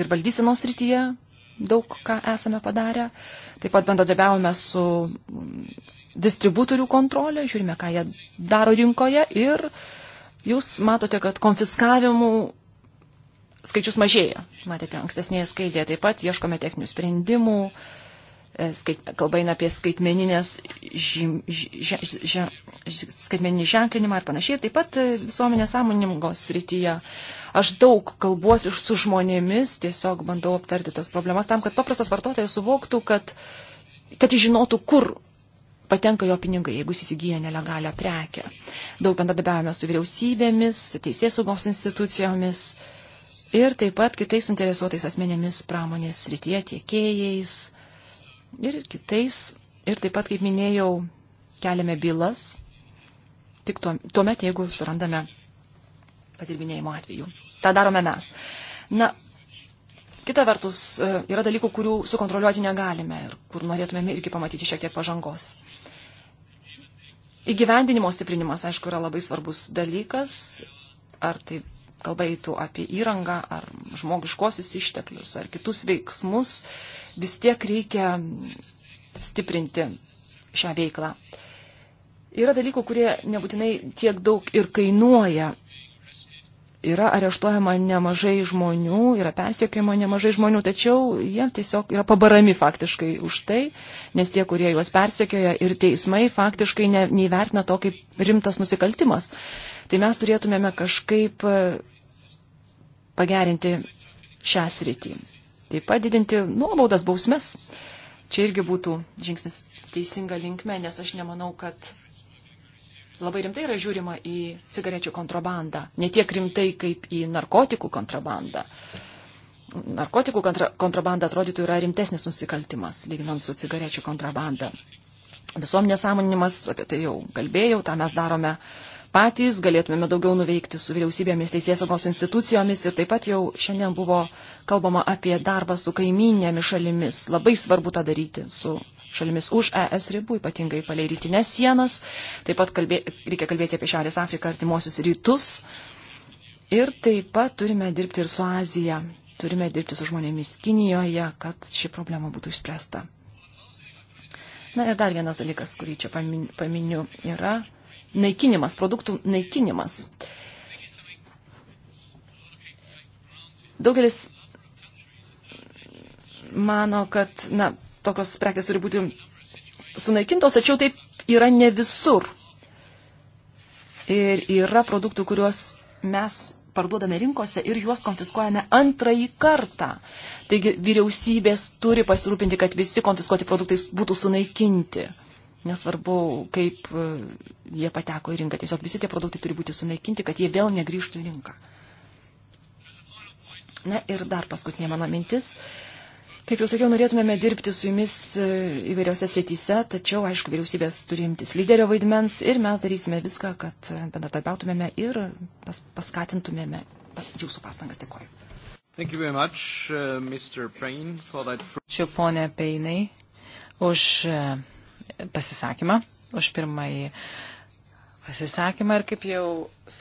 ir valdysenos rytyje daug ką esame padarę. Taip pat bendradarbiavome su distributorių kontrolę, žiūrime, ką jie daro rinkoje ir jūs matote, kad konfiskavimų skaičius mažėja. Matėte, ankstesnėje skaidėje taip pat ieškome techninių sprendimų, e, skait, kalba eina apie skaitmeninės žym, ž, ž, ž, skaitmeninį ženklinimą ir panašiai. Taip pat e, visuomenės sąmoningos srityje aš daug kalbuosi su žmonėmis, tiesiog bandau aptarti tas problemas tam, kad paprastas vartotojas suvoktų, kad, kad žinotų, kur patenka jo pinigai, jeigu jis įsigyja nelegalią prekę. Daug bendradarbiavame su vyriausybėmis, teisės saugos institucijomis ir taip pat kitais interesuotais asmenėmis pramonės srityje, tiekėjais ir kitais. Ir taip pat, kaip minėjau, keliame bylas tik tuomet, jeigu surandame padirbinėjimo atveju. Ta darome mes. Na, Kita vertus, e, yra dalykų, kurių sukontroliuoti negalime ir kur norėtumėme irgi pamatyti šiek tiek pažangos. Įgyvendinimo stiprinimas, aišku, yra labai svarbus dalykas, ar tai kalba eitų apie įrangą, ar žmogiškosius išteklius, ar kitus veiksmus, vis tiek reikia stiprinti šią veiklą. Yra dalykų, kurie nebūtinai tiek daug ir kainuoja, yra areštuojama nemažai žmonių, yra persiekiojama nemažai žmonių, tačiau jie tiesiog yra pabarami faktiškai už tai, nes tie, kurie juos persiekioja ir teismai faktiškai ne, neįvertina to kaip rimtas nusikaltimas. Tai mes turėtumėme kažkaip e, pagerinti šią sritį. Taip pat didinti nuobaudas bausmes. Čia irgi būtų žingsnis teisinga linkme, nes aš nemanau, kad labai rimtai yra žiūrima į cigarečių kontrabandą, ne tiek rimtai kaip į narkotikų kontrabandą. Narkotikų kontra kontrabanda atrodytų yra rimtesnis nusikaltimas, lyginant su cigarečių kontrabanda. Visuomenės sąmoninimas, apie tai jau kalbėjau, tą mes darome patys, galėtumėme daugiau nuveikti su vyriausybėmis, teisėsaugos institucijomis ir taip pat jau šiandien buvo kalbama apie darbą su kaiminėmis šalimis. Labai svarbu tą daryti su šalimis už ES ribų, ypatingai palei rytinės sienas. Taip pat kalbė, reikia kalbėti apie Šiaurės Afriką, artimuosius rytus. Ir taip pat turime dirbti ir su Azija, turime dirbti su žmonėmis Kinijoje, kad ši problema būtų išspręsta. Na ir dar vienas dalykas, kurį čia paminiu, yra naikinimas, produktų naikinimas. Daugelis mano, kad, na, tokios prekės turi būti sunaikintos, tačiau taip yra ne visur. Ir yra produktų, kuriuos mes parduodame rinkose ir juos konfiskuojame antrąjį kartą. Taigi vyriausybės turi pasirūpinti, kad visi konfiskuoti produktai būtų sunaikinti. Nesvarbu, kaip e, jie pateko į rinką. Tiesiog visi tie produktai turi būti sunaikinti, kad jie vėl negrįžtų į rinką. Na ir dar paskutinė mano mintis. Uh, Kaip jau sakiau, norėtumėme dirbti su jumis e, įvairiose srityse, tačiau, aišku, vyriausybės turi imtis lyderio vaidmens ir mes darysime viską, kad e, bendradarbiautumėme ir pas, paskatintumėme jūsų pastangas. Dėkuoju. Uh, Ačiū uh, that... ponė Peinai už e, pasisakymą, už pirmąjį pasisakymą ir kaip jau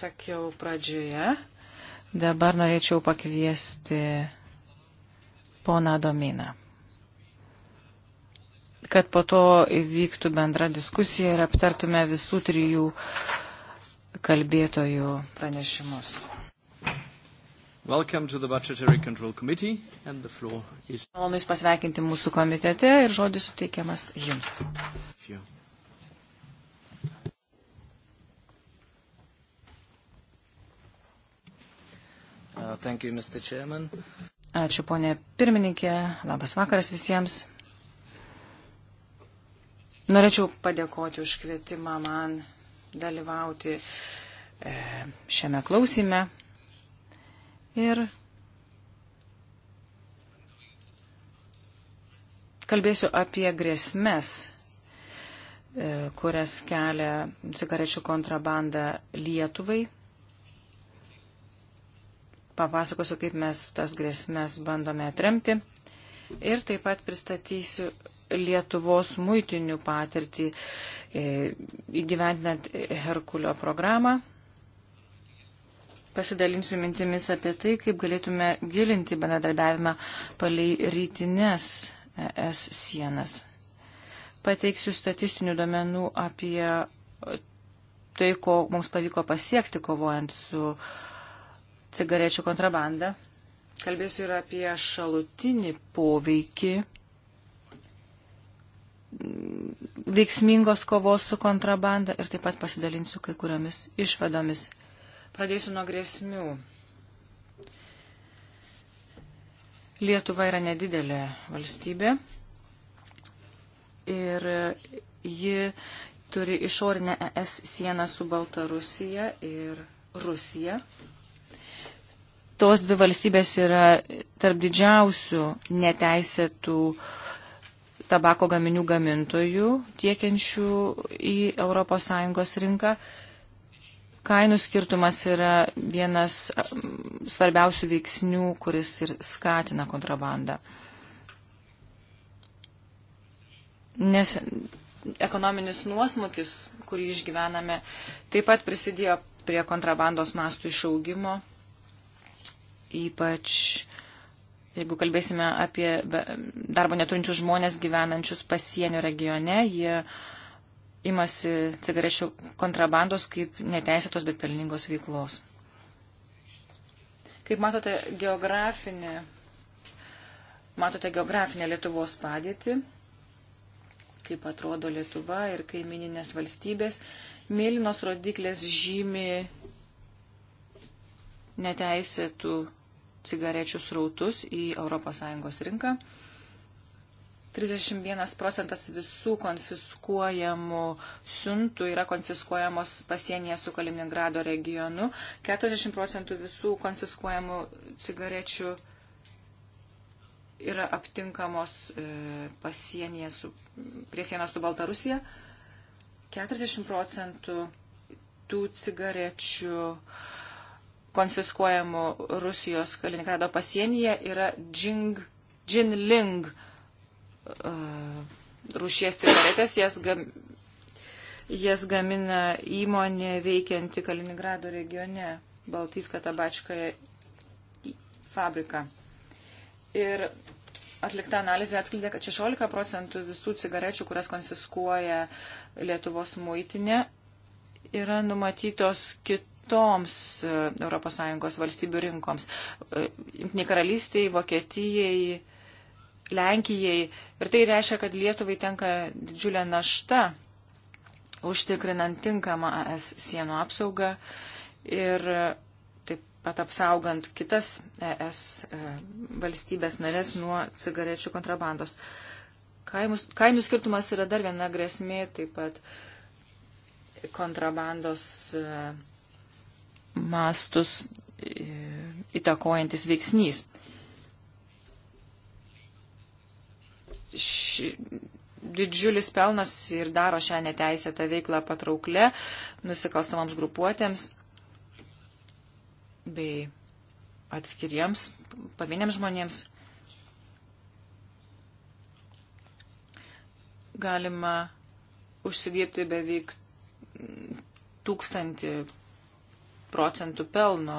sakiau pradžioje, dabar norėčiau pakviesti poną Dominą. Kad po to vyktų bendra diskusija ir aptartume visų trijų kalbėtojų pranešimus. Welcome to the Budgetary Control Committee and the floor is... Malonu Jūs pasveikinti mūsų komitete ir žodis suteikiamas Jums. Uh, thank you, Mr. Chairman. Ačiū, ponė pirmininkė. Labas vakaras visiems. Norėčiau padėkoti už kvietimą man dalyvauti e, šiame klausime. Ir kalbėsiu apie grėsmes, e, kurias kelia cigarečių kontrabanda Lietuvai papasakosiu, kaip mes tas grėsmės bandome atremti ir taip pat pristatysiu Lietuvos muitinių patirtį e, įgyventinant Herkulio programą. Pasidalinsiu mintimis apie tai, kaip galėtume gilinti bendradarbiavimą palei rytinės ES sienas. Pateiksiu statistinių domenų apie tai, ko mums pavyko pasiekti kovojant su uh, cigarečių kontrabandą. Kalbėsiu ir apie šalutinį poveikį veiksmingos kovos su kontrabanda ir taip pat pasidalinsiu kai kuriomis išvadomis. Pradėsiu nuo grėsmių. Lietuva yra nedidelė valstybė ir ji turi išorinę ES sieną su Baltarusija ir Rusija tos dvi valstybės yra tarp didžiausių neteisėtų tabako gaminių gamintojų tiekiančių į ES rinką. Kainų skirtumas yra vienas mm, svarbiausių veiksnių, kuris ir skatina kontrabandą. Nes ekonominis nuosmukis, kurį išgyvename, taip pat prisidėjo prie kontrabandos mastų išaugimo ypač jeigu kalbėsime apie darbo neturinčius žmonės gyvenančius pasienio regione, jie imasi cigarečių kontrabandos kaip neteisėtos, bet pelningos veiklos. Kaip matote geografinę, matote geografinę Lietuvos padėtį, kaip atrodo Lietuva ir kaimininės valstybės, mėlynos rodiklės žymi neteisėtų cigarečių srautus į ES rinką. 31 procentas visų konfiskuojamų siuntų yra konfiskuojamos pasienyje su Kaliningrado regionu, 40 procentų visų konfiskuojamų cigarečių yra aptinkamos e, pasienyje su, prie sienos su Baltarusija, 40 procentų tų cigarečių uh, konfiskuojamų Rusijos Kaliningrado pasienyje yra džing, džinling uh, rūšies cigaretės, jas, gam, jas gamina įmonė veikianti Kaliningrado regione, Baltijska tabačkoje fabriką. Ir atlikta analizė atskleidė, kad 16 procentų visų cigarečių, kurias konfiskuoja Lietuvos muitinė, yra numatytos kit, kitoms ES valstybių rinkoms. E, Junkiniai karalystiai, Vokietijai, Lenkijai. Ir tai reiškia, kad Lietuvai tenka didžiulė našta užtikrinant tinkamą ES sienų apsaugą ir e, taip pat apsaugant kitas ES e, valstybės narės nuo cigarečių kontrabandos. Kaimus, kainų skirtumas yra dar viena grėsmė, taip pat kontrabandos mastus e, įtakojantis veiksnys. Ši, didžiulis pelnas ir daro šią neteisėtą veiklą patrauklę nusikalstamoms grupuotėms bei atskiriems pavieniams žmonėms. Galima užsidirbti beveik tūkstantį procentų pelno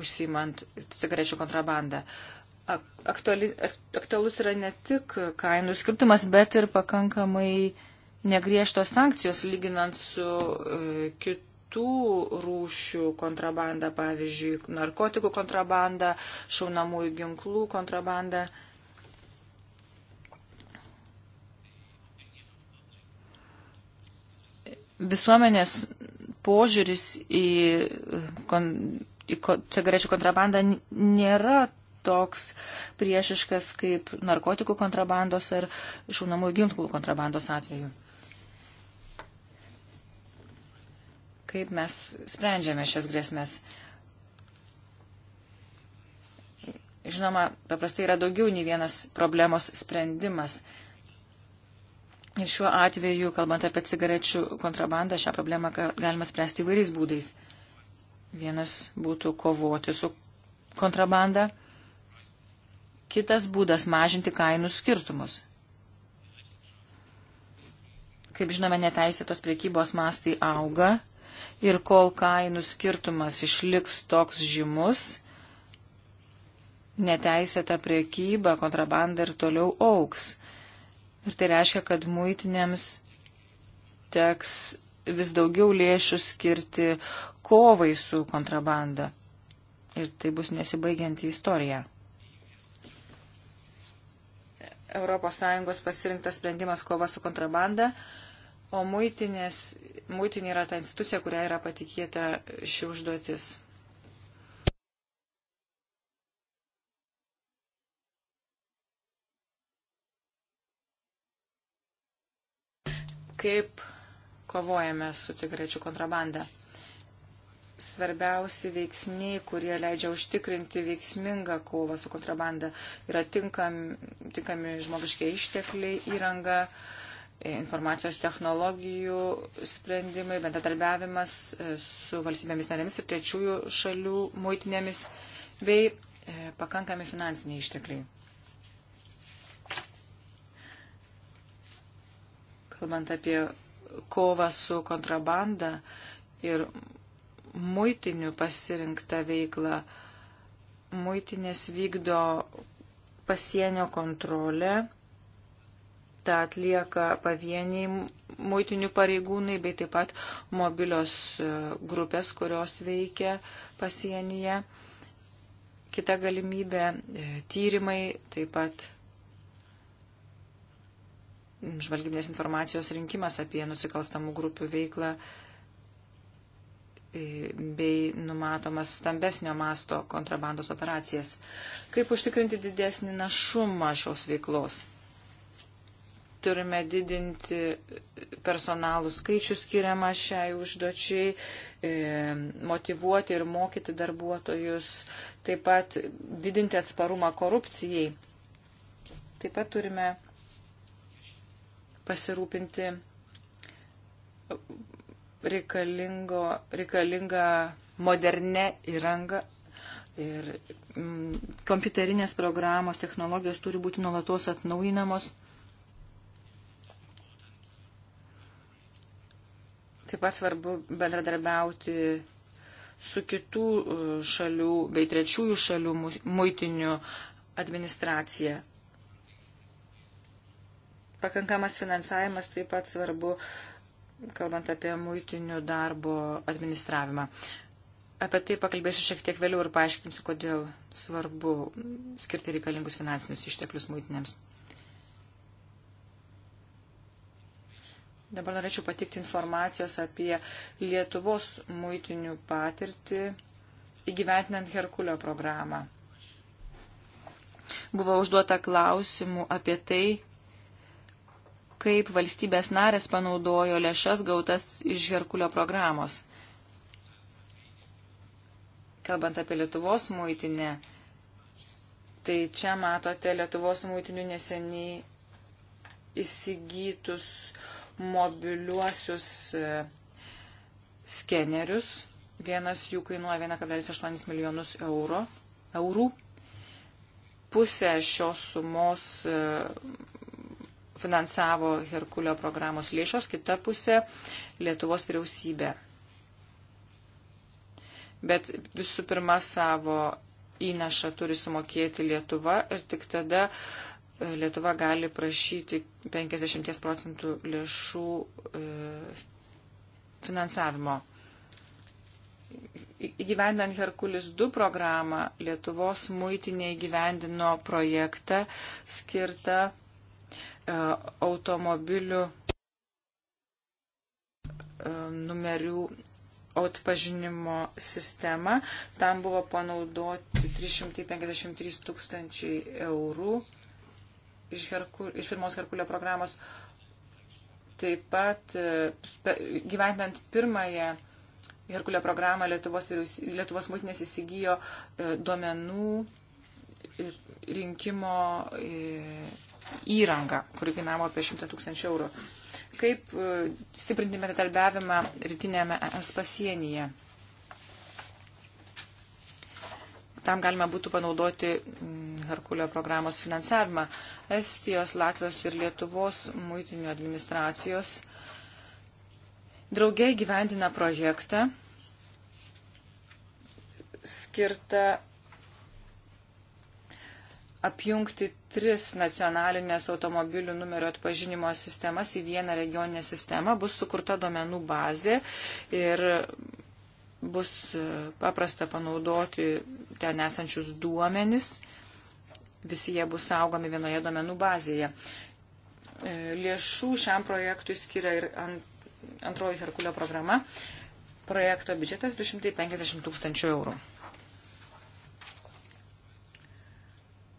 užsimant cigarečių kontrabandą. Aktuali, aktualus yra ne tik kainų skirtumas, bet ir pakankamai negriežtos sankcijos lyginant su e, kitų rūšių kontrabanda, pavyzdžiui, narkotikų kontrabanda, šaunamųjų ginklų kontrabanda. Visuomenės požiūris į, kon, į cigarečių kontrabandą nėra toks priešiškas kaip narkotikų kontrabandos ar šaunamųjų ginklų kontrabandos atveju. Kaip mes sprendžiame šias grėsmės? Žinoma, paprastai yra daugiau nei vienas problemos sprendimas. Ir šiuo atveju, kalbant apie cigarečių kontrabandą, šią problemą galima spręsti įvairiais būdais. Vienas būtų kovoti su kontrabanda, kitas būdas mažinti kainų skirtumus. Kaip žinome, neteisėtos priekybos mastai auga ir kol kainų skirtumas išliks toks žymus, neteisėta priekyba, kontrabanda ir toliau auks Ir tai reiškia, kad muitinėms teks vis daugiau lėšų skirti kovai su kontrabanda. Ir tai bus nesibaigianti istorija. ES pasirinktas sprendimas kova su kontrabanda, o muitinės, muitinė yra ta institucija, kuria yra patikėta ši užduotis. kaip kovojame su cigarečių kontrabanda. Svarbiausi veiksniai, kurie leidžia užtikrinti veiksmingą kovą su kontrabanda, yra tinkam, tinkami žmogiškiai ištekliai, įranga, e, informacijos technologijų sprendimai, bendradarbiavimas e, su valstybėmis narėmis ir trečiųjų šalių muitinėmis bei e, pakankami finansiniai ištekliai. kalbant apie kovą su kontrabanda ir muitinių pasirinktą veiklą. Muitinės vykdo pasienio kontrolę, tą atlieka pavieniai muitinių pareigūnai, bei taip pat mobilios e, grupės, kurios veikia pasienyje. Kita galimybė e, - tyrimai, taip pat žvalgybinės informacijos rinkimas apie nusikalstamų grupių veiklą e, bei numatomas stambesnio masto kontrabandos operacijas. Kaip užtikrinti didesnį našumą šios veiklos? Turime didinti personalų skaičių skiriamą šiai užduočiai, e, motivuoti ir mokyti darbuotojus, taip pat didinti atsparumą korupcijai. Taip pat turime pasirūpinti reikalinga modernė įranga ir mm, kompiuterinės programos, technologijos turi būti nuolatos atnaujinamos. Taip pat svarbu bendradarbiauti su kitų e, šalių bei trečiųjų šalių muitinių administracija. Pakankamas finansavimas taip pat svarbu, kalbant apie muitinių darbo administravimą. Apie tai pakalbėsiu šiek tiek vėliau ir paaiškinsiu, kodėl svarbu skirti reikalingus finansinius išteklius muitinėms. Dabar norėčiau patikti informacijos apie Lietuvos muitinių patirtį įgyventinant Herkulio programą. Buvo užduota klausimų apie tai, kaip valstybės narės panaudojo lėšas gautas iš Herkulio programos. Kalbant apie Lietuvos muitinę, tai čia matote Lietuvos muitinių neseniai įsigytus mobiliuosius e, skenerius. Vienas jų kainuoja 1,8 milijonus euro, eurų. Pusė šios sumos e, finansavo Herkulio programos lėšos, kita pusė Lietuvos vyriausybė. Bet visų pirma savo įnašą turi sumokėti Lietuva ir tik tada e, Lietuva gali prašyti 50 procentų lėšų e, finansavimo. Įgyvendant Herkulis 2 programą, Lietuvos muitinė įgyvendino projektą skirtą E, automobilių e, numerių atpažinimo sistemą. Tam buvo panaudoti 353 tūkstančiai eurų iš, Herkul, iš pirmos Herkulio programos. Taip pat e, gyventant pirmąją Herkulio programą Lietuvos, Lietuvos mutinės įsigijo duomenų rinkimo e, įrangą, kuri kainavo apie 100 tūkstančių eurų. Kaip e, stiprinti bendradarbiavimą rytinėme ES pasienyje? Tam galima būtų panaudoti mm, Herkulio programos finansavimą. Estijos, Latvijos ir Lietuvos muitinių administracijos draugiai gyvendina projektą skirtą apjungti tris nacionalinės automobilių numerio atpažinimo sistemas į vieną regioninę sistemą, bus sukurta domenų bazė ir bus e, paprasta panaudoti ten esančius duomenis, visi jie bus saugomi vienoje domenų bazėje. E, lėšų šiam projektui skiria ir antroji Herkulio programa. Projekto biudžetas 250 tūkstančių eurų.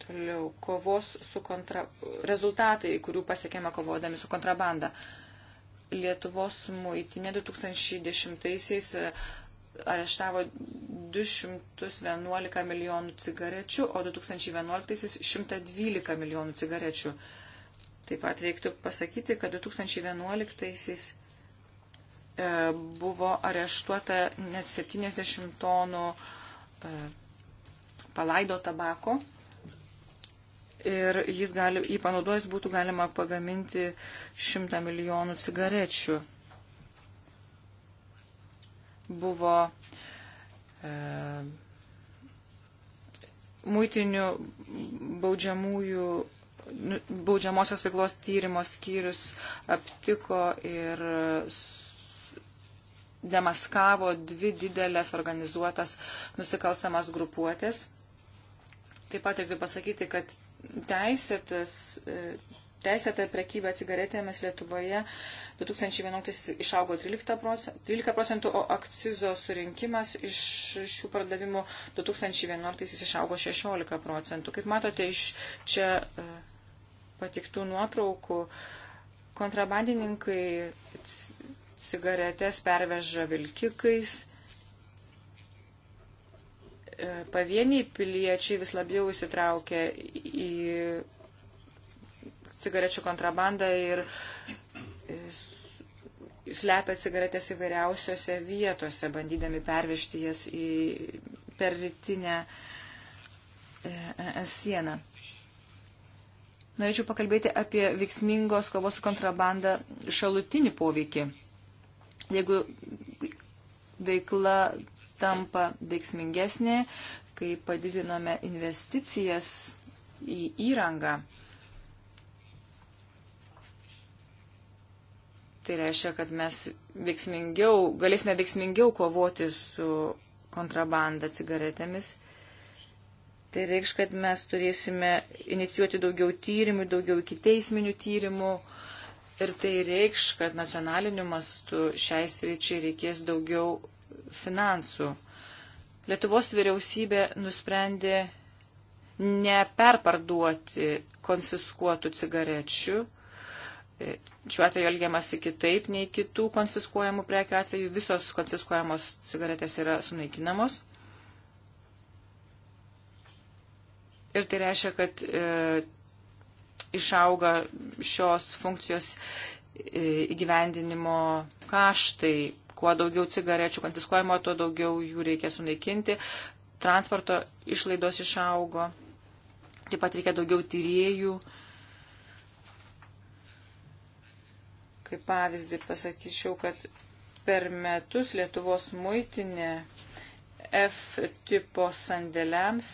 Toliau, kovos su kontra... rezultatai, kurių pasiekėme kovodami su kontrabanda. Lietuvos muitinė 2010-aisiais e, areštavo 211 milijonų cigarečių, o 2011-aisiais 112 milijonų cigarečių. Taip pat reiktų pasakyti, kad 2011-aisiais e, buvo areštuota net 70 tonų e, palaido tabako ir jis gali, jį panaudojus būtų galima pagaminti 100 milijonų cigarečių. Buvo e, muitinių baudžiamųjų nu, baudžiamosios veiklos tyrimo skyrius aptiko ir demaskavo dvi didelės organizuotas nusikalstamas grupuotės. Taip pat reikia pasakyti, kad teisėtas, e, teisėta prekyba cigaretėmis Lietuvoje 2011 išaugo 13 procentų, 13 procentų, o akcizo surinkimas iš šių pardavimų 2011 išaugo 16 procentų. Kaip matote iš čia e, patiktų nuotraukų, kontrabandininkai cigaretės perveža vilkikais E, pavieniai piliečiai vis labiau įsitraukia į cigarečių kontrabandą ir e, slepia cigaretės įvairiausiose vietose, bandydami pervežti jas į per rytinę e, sieną. Norėčiau pakalbėti apie veiksmingos kovos su kontrabanda šalutinį poveikį. Jeigu veikla tampa veiksmingesnė, kai padidinome investicijas į įrangą. Tai reiškia, kad mes veiksmingiau, galėsime veiksmingiau kovoti su kontrabanda cigaretėmis. Tai reikš, kad mes turėsime inicijuoti daugiau tyrimų, daugiau iki teisminių tyrimų. Ir tai reikš, kad nacionaliniu mastu šiais ryčiai reikės daugiau finansų. Lietuvos vyriausybė nusprendė neperparduoti konfiskuotų cigarečių. E, šiuo atveju elgiamasi kitaip nei kitų konfiskuojamų prekių atveju. Visos konfiskuojamos cigaretės yra sunaikinamos. Ir tai reiškia, kad e, išauga šios funkcijos e, įgyvendinimo kaštai kuo daugiau cigarečių konfiskuojama, tuo daugiau jų reikia sunaikinti, transporto išlaidos išaugo, taip pat reikia daugiau tyriejų. Kaip pavyzdį pasakyčiau, kad per metus Lietuvos muitinė F tipo sandėliams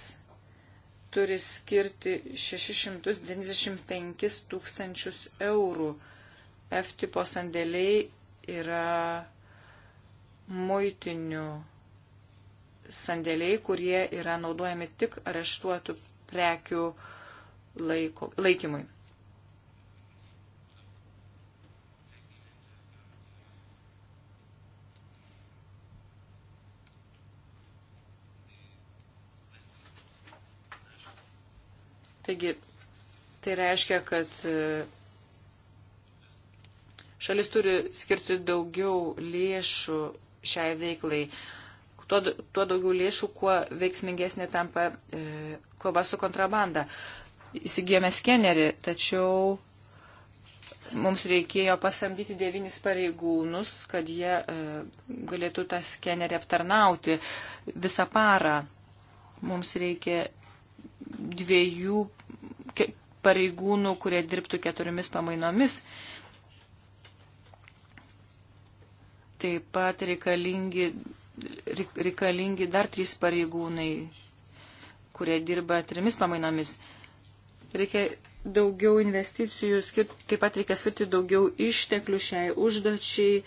turi skirti 695 tūkstančius eurų. F tipo sandėliai yra muitinių sandėliai, kurie yra naudojami tik areštuotų prekių laiko, laikymui. Taigi, tai reiškia, kad e, šalis turi skirti daugiau lėšų šiai veiklai. Tuo, tuo daugiau lėšų, kuo veiksmingesnė tampa e, kova su kontrabanda. Įsigijome skenerį, tačiau mums reikėjo pasamdyti devynis pareigūnus, kad jie e, galėtų tą skenerį aptarnauti visą parą. Mums reikia dviejų pareigūnų, kurie dirbtų keturiomis pamainomis. Taip pat reikalingi, reikalingi dar trys pareigūnai, kurie dirba trimis pamainomis. Reikia daugiau investicijų, taip pat reikia skirti daugiau išteklių šiai užduočiai,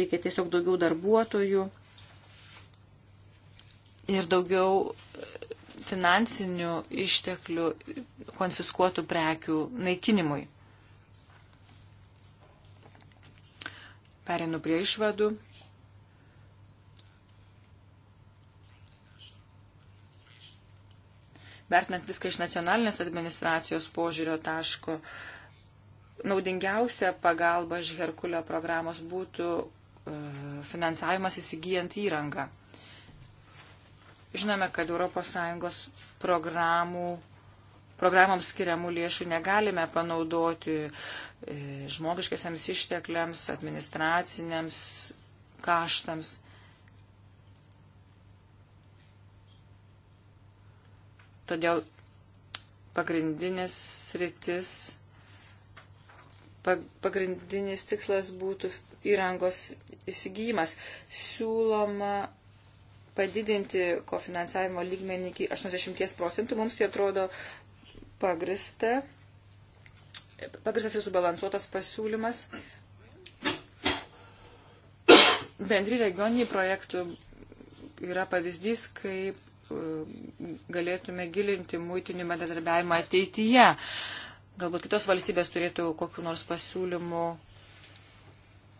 reikia tiesiog daugiau darbuotojų ir daugiau finansinių išteklių konfiskuotų prekių naikinimui. Perinu prie išvadų. Vertinant viską iš nacionalinės administracijos požiūrio taško, naudingiausia pagalba iš Herkulio programos būtų e, finansavimas įsigijant įrangą. Žinome, kad ES programų, programoms skiriamų lėšų negalime panaudoti E, žmogiškiasiams ištekliams, administraciniams kaštams. Todėl pagrindinis rytis, pagrindinis tikslas būtų įrangos įsigijimas. Siūloma padidinti kofinansavimo lygmenį iki 80 procentų. Mums tai atrodo pagrista pagristas ir subalansuotas pasiūlymas. Bendri regioniniai projektų yra pavyzdys, kaip e, galėtume gilinti muitinių bendradarbiavimą ateityje. Galbūt kitos valstybės turėtų kokiu nors pasiūlymu,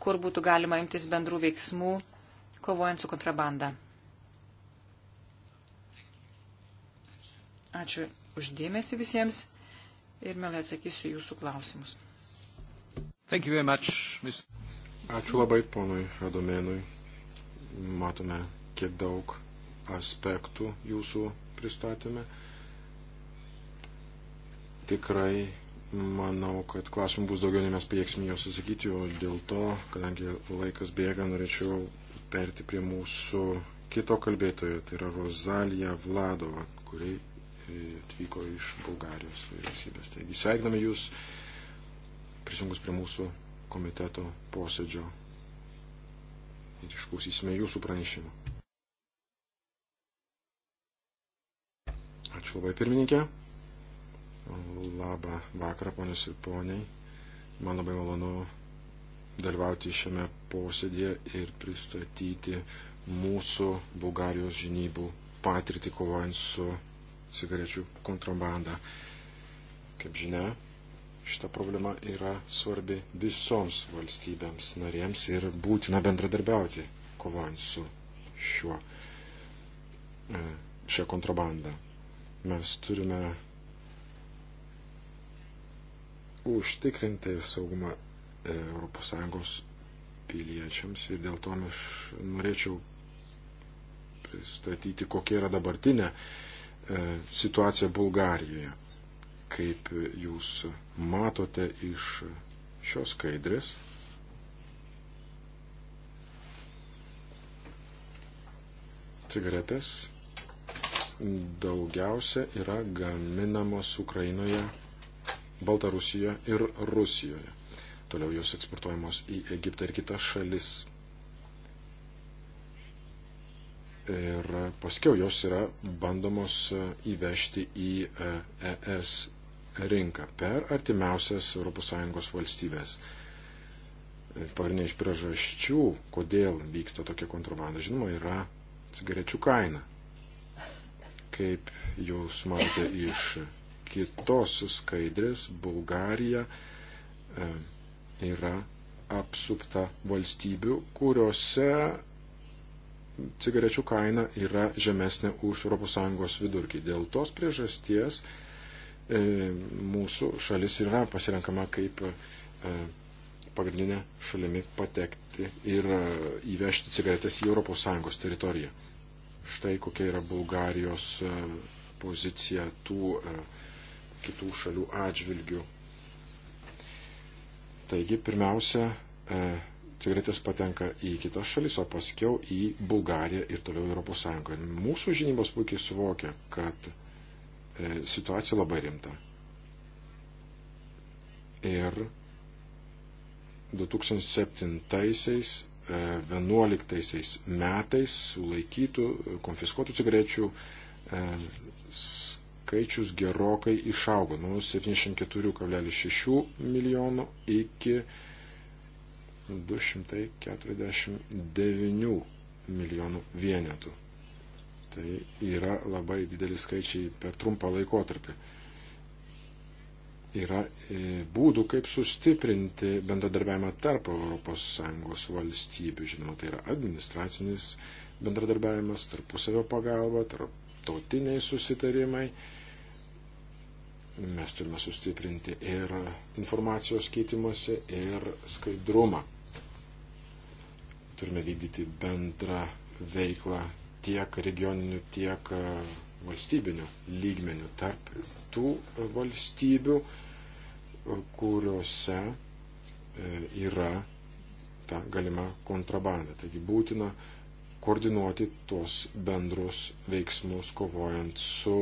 kur būtų galima imtis bendrų veiksmų, kovojant su kontrabanda. Ačiū uždėmesi visiems ir mielai atsakysiu jūsų klausimus. Much, Mr. Ačiū labai ponui Adomėnui. Matome, kiek daug aspektų jūsų pristatėme. Tikrai manau, kad klausimų bus daugiau, nei mes pajėgsime juos atsakyti, o dėl to, kadangi laikas bėga, norėčiau perti prie mūsų kito kalbėtojo, tai yra Rozalija Vladova, kuri atvyko iš Bulgarijos vyriausybės. Taigi sveikiname Jūs prisijungus prie mūsų komiteto posėdžio ir išklausysime Jūsų pranešimą. Ačiū labai pirmininkė. Labą vakarą, ponius ir poniai. Man labai malonu dalyvauti šiame posėdėje ir pristatyti mūsų Bulgarijos žinybų patirtį kovojant su cigarečių kontrabandą. Kaip žinia, šita problema yra svarbi visoms valstybėms narėms ir būtina bendradarbiauti, kovojant su šiuo, e, šią kontrabandą. Mes turime užtikrinti saugumą ES piliečiams ir dėl to aš norėčiau pristatyti, kokia yra dabartinė E, situaciją Bulgarijoje. Kaip jūs matote iš šios skaidrės, cigaretės daugiausia yra gaminamos Ukrainoje, Baltarusijoje ir Rusijoje. Toliau jos eksportuojamos į Egiptą ir kitas šalis. ir paskiau jos yra bandomos įvežti į ES e rinką per artimiausias ES valstybės. Pagrindinė iš priežasčių, kodėl vyksta tokia kontrabanda, žinoma, yra cigarečių kaina. Kaip jūs matote iš kitos skaidrės, Bulgarija e, yra apsupta valstybių, kuriuose cigarečių kaina yra žemesnė už ES vidurkį. Dėl tos priežasties e, mūsų šalis yra pasirenkama kaip e, pagrindinė šalimi patekti ir e, įvežti cigaretės į ES teritoriją. Štai kokia yra Bulgarijos pozicija tų kitų šalių atžvilgių. Taigi, pirmiausia, cigaretės patenka į kitas šalis, o paskiau į Bulgariją ir toliau Europos Sąjungoje. Mūsų žinybos puikiai suvokia, kad e, situacija labai rimta. Ir 2007-2011 e, metais sulaikytų, konfiskuotų cigarečių e, skaičius gerokai išaugo nuo 74,6 milijonų iki 249 milijonų vienetų. Tai yra labai didelis skaičiai per trumpą laikotarpį. Yra e, būdų, kaip sustiprinti bendradarbiavimą tarp ES valstybių. Žinoma, tai yra administracinis bendradarbiavimas, tarpusavio pagalba, tarptautiniai susitarimai. Mes turime sustiprinti ir informacijos keitimuose, ir skaidrumą turime vykdyti bendrą veiklą tiek regioninių, tiek e, valstybinių lygmenių tarp tų valstybių, e, kuriuose e, yra ta galima kontrabanda. Taigi būtina koordinuoti tuos bendrus veiksmus, kovojant su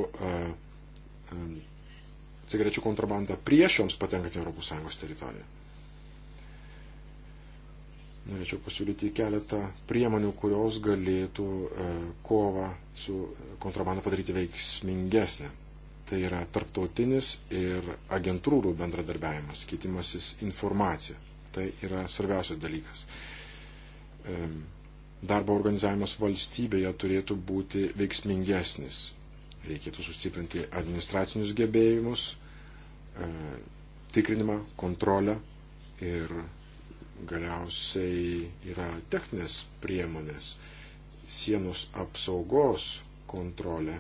cigarečių kontrabanda prieš joms patenkant į ES teritoriją norėčiau pasiūlyti keletą priemonių, kurios galėtų e, kovą su kontrabanda padaryti veiksmingesnę. Tai yra tarptautinis ir agentūrų bendradarbiavimas, keitimasis informacija. Tai yra svarbiausias dalykas. E, darbo organizavimas valstybėje turėtų būti veiksmingesnis. Reikėtų sustiprinti administracinius gebėjimus, e, tikrinimą, kontrolę ir galiausiai yra techninės priemonės, sienos apsaugos kontrolė,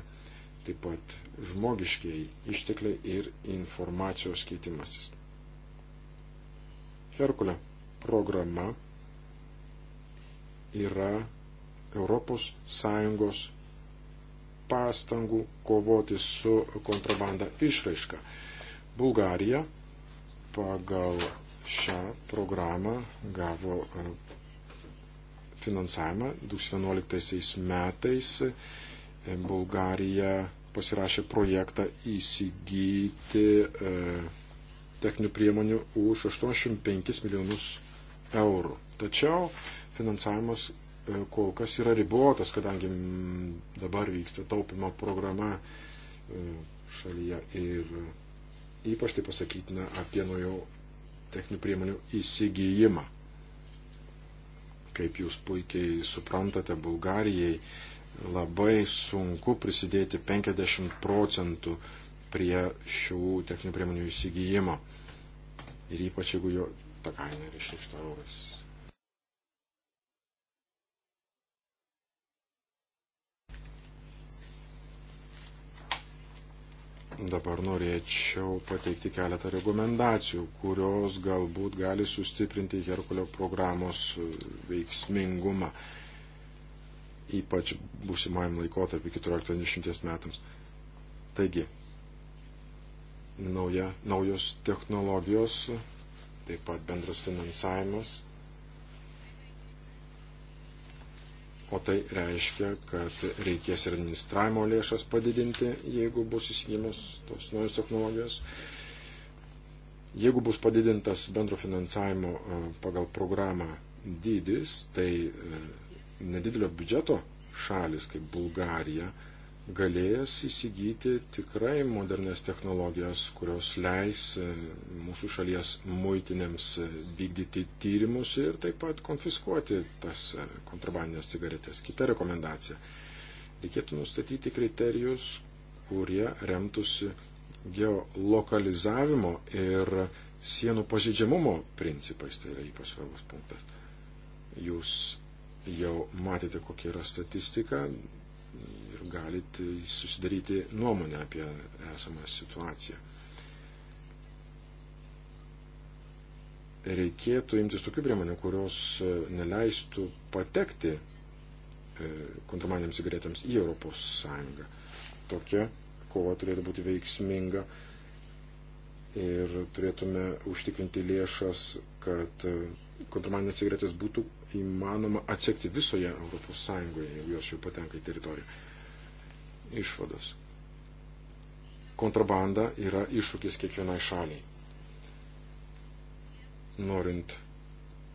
taip pat žmogiškiai ištekliai ir informacijos keitimasis. Herkulė programa yra ES pastangų kovoti su kontrabanda išraiška. Bulgarija pagal šią programą gavo e, finansavimą 2011 metais. E, Bulgarija pasirašė projektą įsigyti e, techninių priemonių už 85 milijonus eurų. Tačiau finansavimas kol kas yra ribotas, kadangi dabar vyksta taupimo programa šalyje ir ypač tai pasakytina apie naujo techninių priemonių įsigijimą. Kaip jūs puikiai suprantate, Bulgarijai labai sunku prisidėti 50 procentų prie šių techninių priemonių įsigijimo. Ir ypač jeigu jo ta kaina yra išreikšta eurais. Dabar norėčiau pateikti keletą rekomendacijų, kurios galbūt gali sustiprinti Herkulio programos veiksmingumą, ypač būsimajam laikotarpį 14-20 metams. Taigi, nauja, naujos technologijos, taip pat bendras finansavimas o tai reiškia, kad reikės ir administravimo lėšas padidinti, jeigu bus įsigijimas tos naujos technologijos. Jeigu bus padidintas bendro finansavimo e, pagal programą dydis, tai e, nedidelio biudžeto šalis kaip Bulgarija galės įsigyti tikrai modernes technologijas, kurios leis e, mūsų šalies muitinėms e, vykdyti tyrimus ir taip pat konfiskuoti tas e, kontrabandinės cigaretės. Kita rekomendacija. Reikėtų nustatyti kriterijus, kurie remtųsi geolokalizavimo ir sienų pažydžiamumo principais. Tai yra ypač svarbus punktas. Jūs jau matėte, kokia yra statistika ir galite susidaryti nuomonę apie esamą situaciją. Reikėtų imtis tokių priemonių, kurios e, neleistų patekti e, kontrabandiniams cigaretėms į Europos Sąjungą. Tokia kova turėtų būti veiksminga ir turėtume užtikrinti lėšas, kad e, kontrabandinės cigaretės būtų įmanoma atsekti visoje Europos Sąjungoje, jeigu jos jau patenka į teritoriją. Išvados. Kontrabanda yra iššūkis kiekvienai šaliai. Norint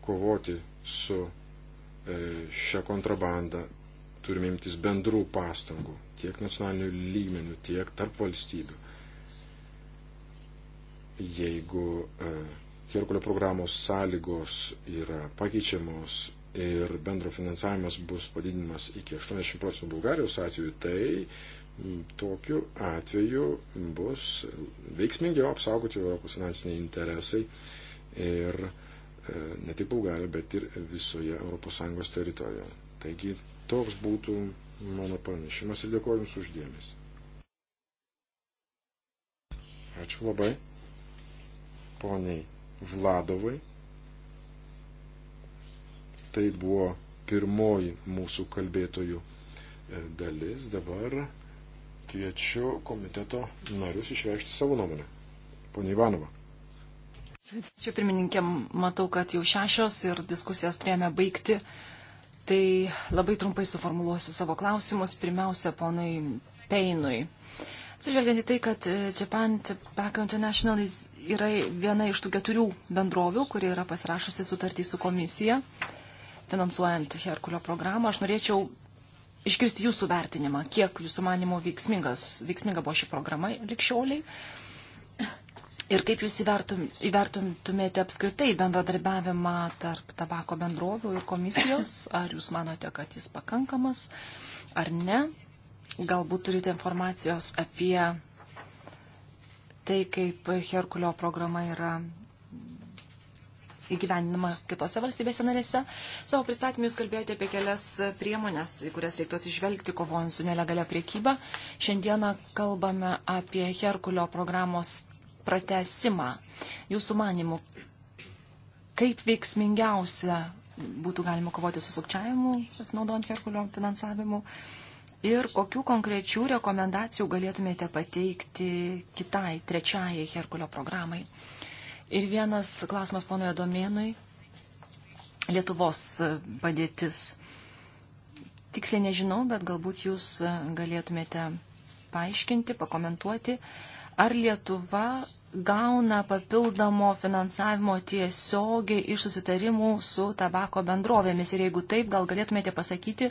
kovoti su e, šią kontrabandą turime imtis bendrų pastangų tiek nacionalinių lygmenių, tiek tarp valstybių. Jeigu uh, Herkulio programos sąlygos yra pakeičiamos ir bendro finansavimas bus padidinimas iki 80 procentų Bulgarijos atveju, tai tokiu atveju bus veiksmingiau apsaugoti Europos finansiniai interesai ir e, ne tik Bulgarijoje, bet ir visoje ES teritorijoje. Taigi toks būtų mano pranešimas ir dėkoju Jums uždėmesi. Ačiū labai, poniai Vladovai. Tai buvo pirmoji mūsų kalbėtojų e, dalis. Dabar kviečiu komiteto narius išreikšti savo nuomonę. Pone Ivanova. Čia pirmininkė, matau, kad jau šešios ir diskusijas turėjome baigti. Tai labai trumpai suformuluosiu savo klausimus. Pirmiausia, ponui Peinui. Atsižvelgiant į tai, kad e, Japan Tobacco International yra viena iš tų keturių bendrovių, kurie yra pasirašusi sutartį su komisija, finansuojant Herkulio programą, aš norėčiau išgirsti jūsų vertinimą, kiek jūsų manimo veiksminga buvo ši programa likščioliai ir kaip jūs įvertum, įvertumtumėte apskritai bendradarbiavimą tarp tabako bendrovių ir komisijos, ar jūs manote, kad jis pakankamas ar ne Galbūt turite informacijos apie tai, kaip Herkulio programa yra įgyvendinama kitose valstybėse narėse. Savo pristatymį jūs kalbėjote apie kelias priemonės, į kurias reiktų atsižvelgti kovojant su nelegalia priekyba. Šiandieną kalbame apie Herkulio programos pratesimą. Jūsų manimų, kaip veiksmingiausia būtų galima kovoti su sukčiavimu, pasinaudojant Herkulio finansavimu ir kokių konkrečių rekomendacijų galėtumėte pateikti kitai, trečiajai Herkulio programai. Ir vienas klausimas ponoje Domėnui. Lietuvos padėtis. Tiksliai nežinau, bet galbūt jūs galėtumėte paaiškinti, pakomentuoti, ar Lietuva gauna papildomo finansavimo tiesiogiai iš susitarimų su tabako bendrovėmis. Ir jeigu taip, gal galėtumėte pasakyti,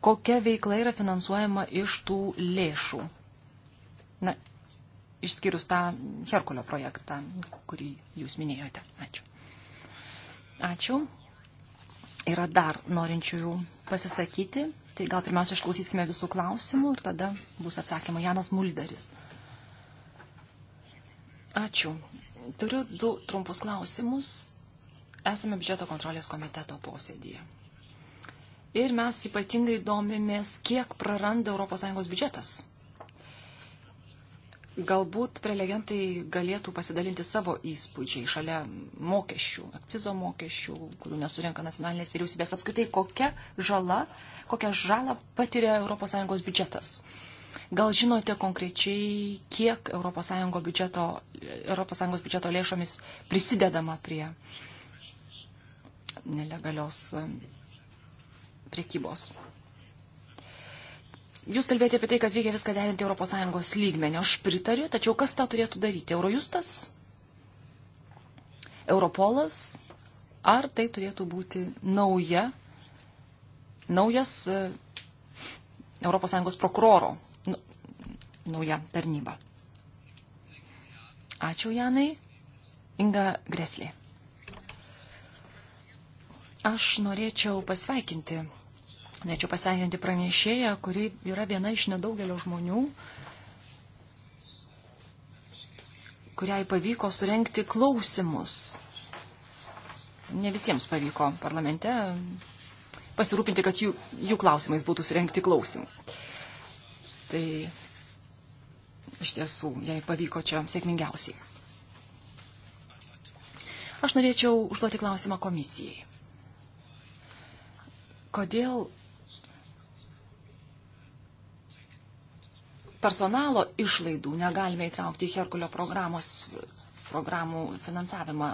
kokia veikla yra finansuojama iš tų lėšų. Na, išskyrus tą Herkulio projektą, kurį jūs minėjote. Ačiū. Ačiū. Yra dar norinčiųjų pasisakyti. Tai gal pirmiausia išklausysime visų klausimų ir tada bus atsakymai Janas Mulderis. Ačiū. Turiu du trumpus klausimus. Esame biudžeto kontrolės komiteto posėdėje. Ir mes ypatingai domimės, kiek praranda ES biudžetas. Galbūt prelegentai galėtų pasidalinti savo įspūdžiai šalia mokesčių, akcizo mokesčių, kurių nesurenka nacionalinės vyriausybės. Apskaitai, kokia žala, kokią žalą patiria ES biudžetas. Gal žinote konkrečiai, kiek ES biudžeto, ES biudžeto lėšomis prisidedama prie nelegalios priekybos. Jūs kalbėjote apie tai, kad reikia viską derinti ES lygmenį. Aš pritariu, tačiau kas tą turėtų daryti? Eurojustas? Europolas? Ar tai turėtų būti nauja, naujas ES prokuroro nu, nauja tarnyba? Ačiū, Janai. Inga Greslė. Aš norėčiau pasveikinti Norėčiau pasveikinti pranešėją, kuri yra viena iš nedaugelio žmonių, kuriai pavyko surenkti klausimus. Ne visiems pavyko parlamente pasirūpinti, kad jų, jų klausimais būtų surenkti klausimai. Tai iš tiesų, jai pavyko čia sėkmingiausiai. Aš norėčiau užduoti klausimą komisijai. Kodėl personalo išlaidų negalime įtraukti į Herkulio programos programų finansavimą.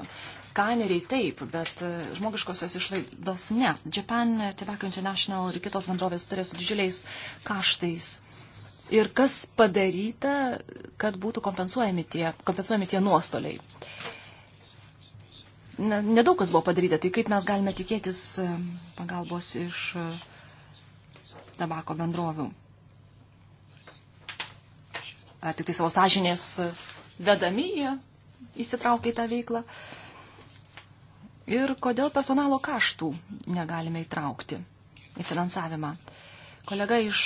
Skaneriai taip, bet e, žmogiškosios išlaidos ne. Japan Tobacco International ir kitos bendrovės sutarė su didžiuliais kaštais. Ir kas padaryta, kad būtų kompensuojami tie, kompensuojami tie nuostoliai. Nedaug kas buvo padaryta, tai kaip mes galime tikėtis e, pagalbos iš e, tabako bendrovių ar tik tai savo sąžinės vedami jie įsitraukia į tą veiklą. Ir kodėl personalo kaštų negalime įtraukti į finansavimą. Kolega iš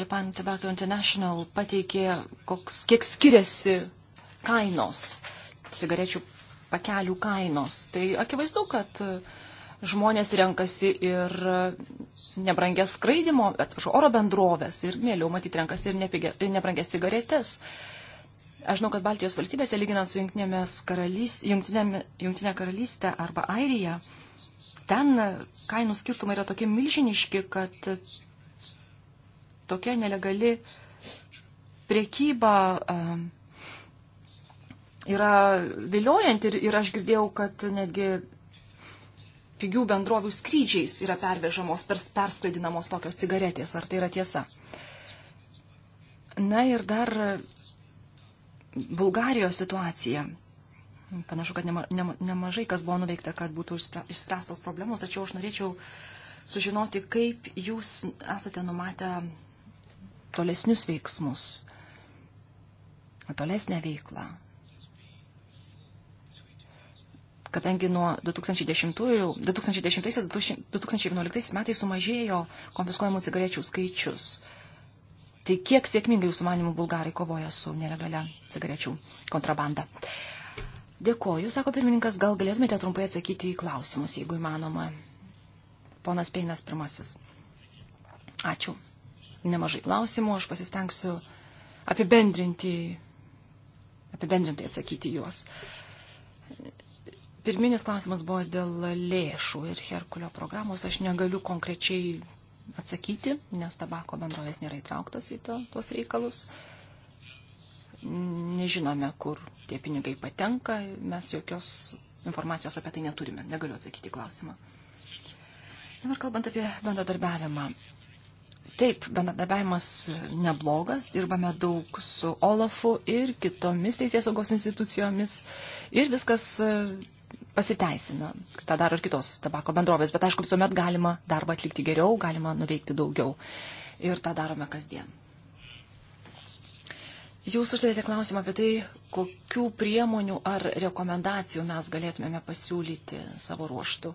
Japan Tobacco International pateikė, koks, kiek skiriasi kainos, cigarečių pakelių kainos. Tai akivaizdu, kad uh, žmonės renkasi ir nebrangės skraidimo, atsiprašau, oro bendrovės ir mėliau matyti renkasi ir, nepigė, ir nebrangės cigaretės. Aš žinau, kad Baltijos valstybėse, lyginant su karalys, jungtinė, jungtinė karalystė arba Airija, ten kainų skirtumai yra tokie milžiniški, kad tokia nelegali priekyba yra viliojant ir, ir aš girdėjau, kad netgi pigių bendrovių skrydžiais yra pervežamos, pers, perskraidinamos tokios cigaretės. Ar tai yra tiesa? Na ir dar Bulgarijos situacija. Panašu, kad nema, nema, nemažai kas buvo nuveikta, kad būtų išspręstos problemos, tačiau aš norėčiau sužinoti, kaip jūs esate numatę tolesnius veiksmus, tolesnę veiklą. kadangi nuo 2010-2011 metais sumažėjo konfiskuojamų cigarečių skaičius. Tai kiek sėkmingai jūsų manimų bulgarai kovoja su nelegalia cigarečių kontrabanda? Dėkoju, sako pirmininkas, gal galėtumėte trumpai atsakyti į klausimus, jeigu įmanoma. Ponas Peinas pirmasis. Ačiū. Nemažai klausimų, aš pasistengsiu apibendrinti, apibendrintai atsakyti juos. Uh, Pirminis klausimas buvo dėl lėšų ir Herkulio programos. Aš negaliu konkrečiai atsakyti, nes tabako bendrovės nėra įtrauktas į to, tuos reikalus. Nežinome, kur tie pinigai patenka, mes jokios informacijos apie tai neturime. Negaliu atsakyti klausimą. Dabar kalbant apie bendradarbiavimą. Taip, bendradarbiavimas neblogas, dirbame daug su Olafu ir kitomis teisės saugos institucijomis ir viskas pasiteisina. Ta daro ir kitos tabako bendrovės, bet aišku, visuomet galima darbą atlikti geriau, galima nuveikti daugiau. Ir tą darome kasdien. Jūs uždavėte klausimą apie tai, kokių priemonių ar rekomendacijų mes galėtumėme pasiūlyti savo ruoštų.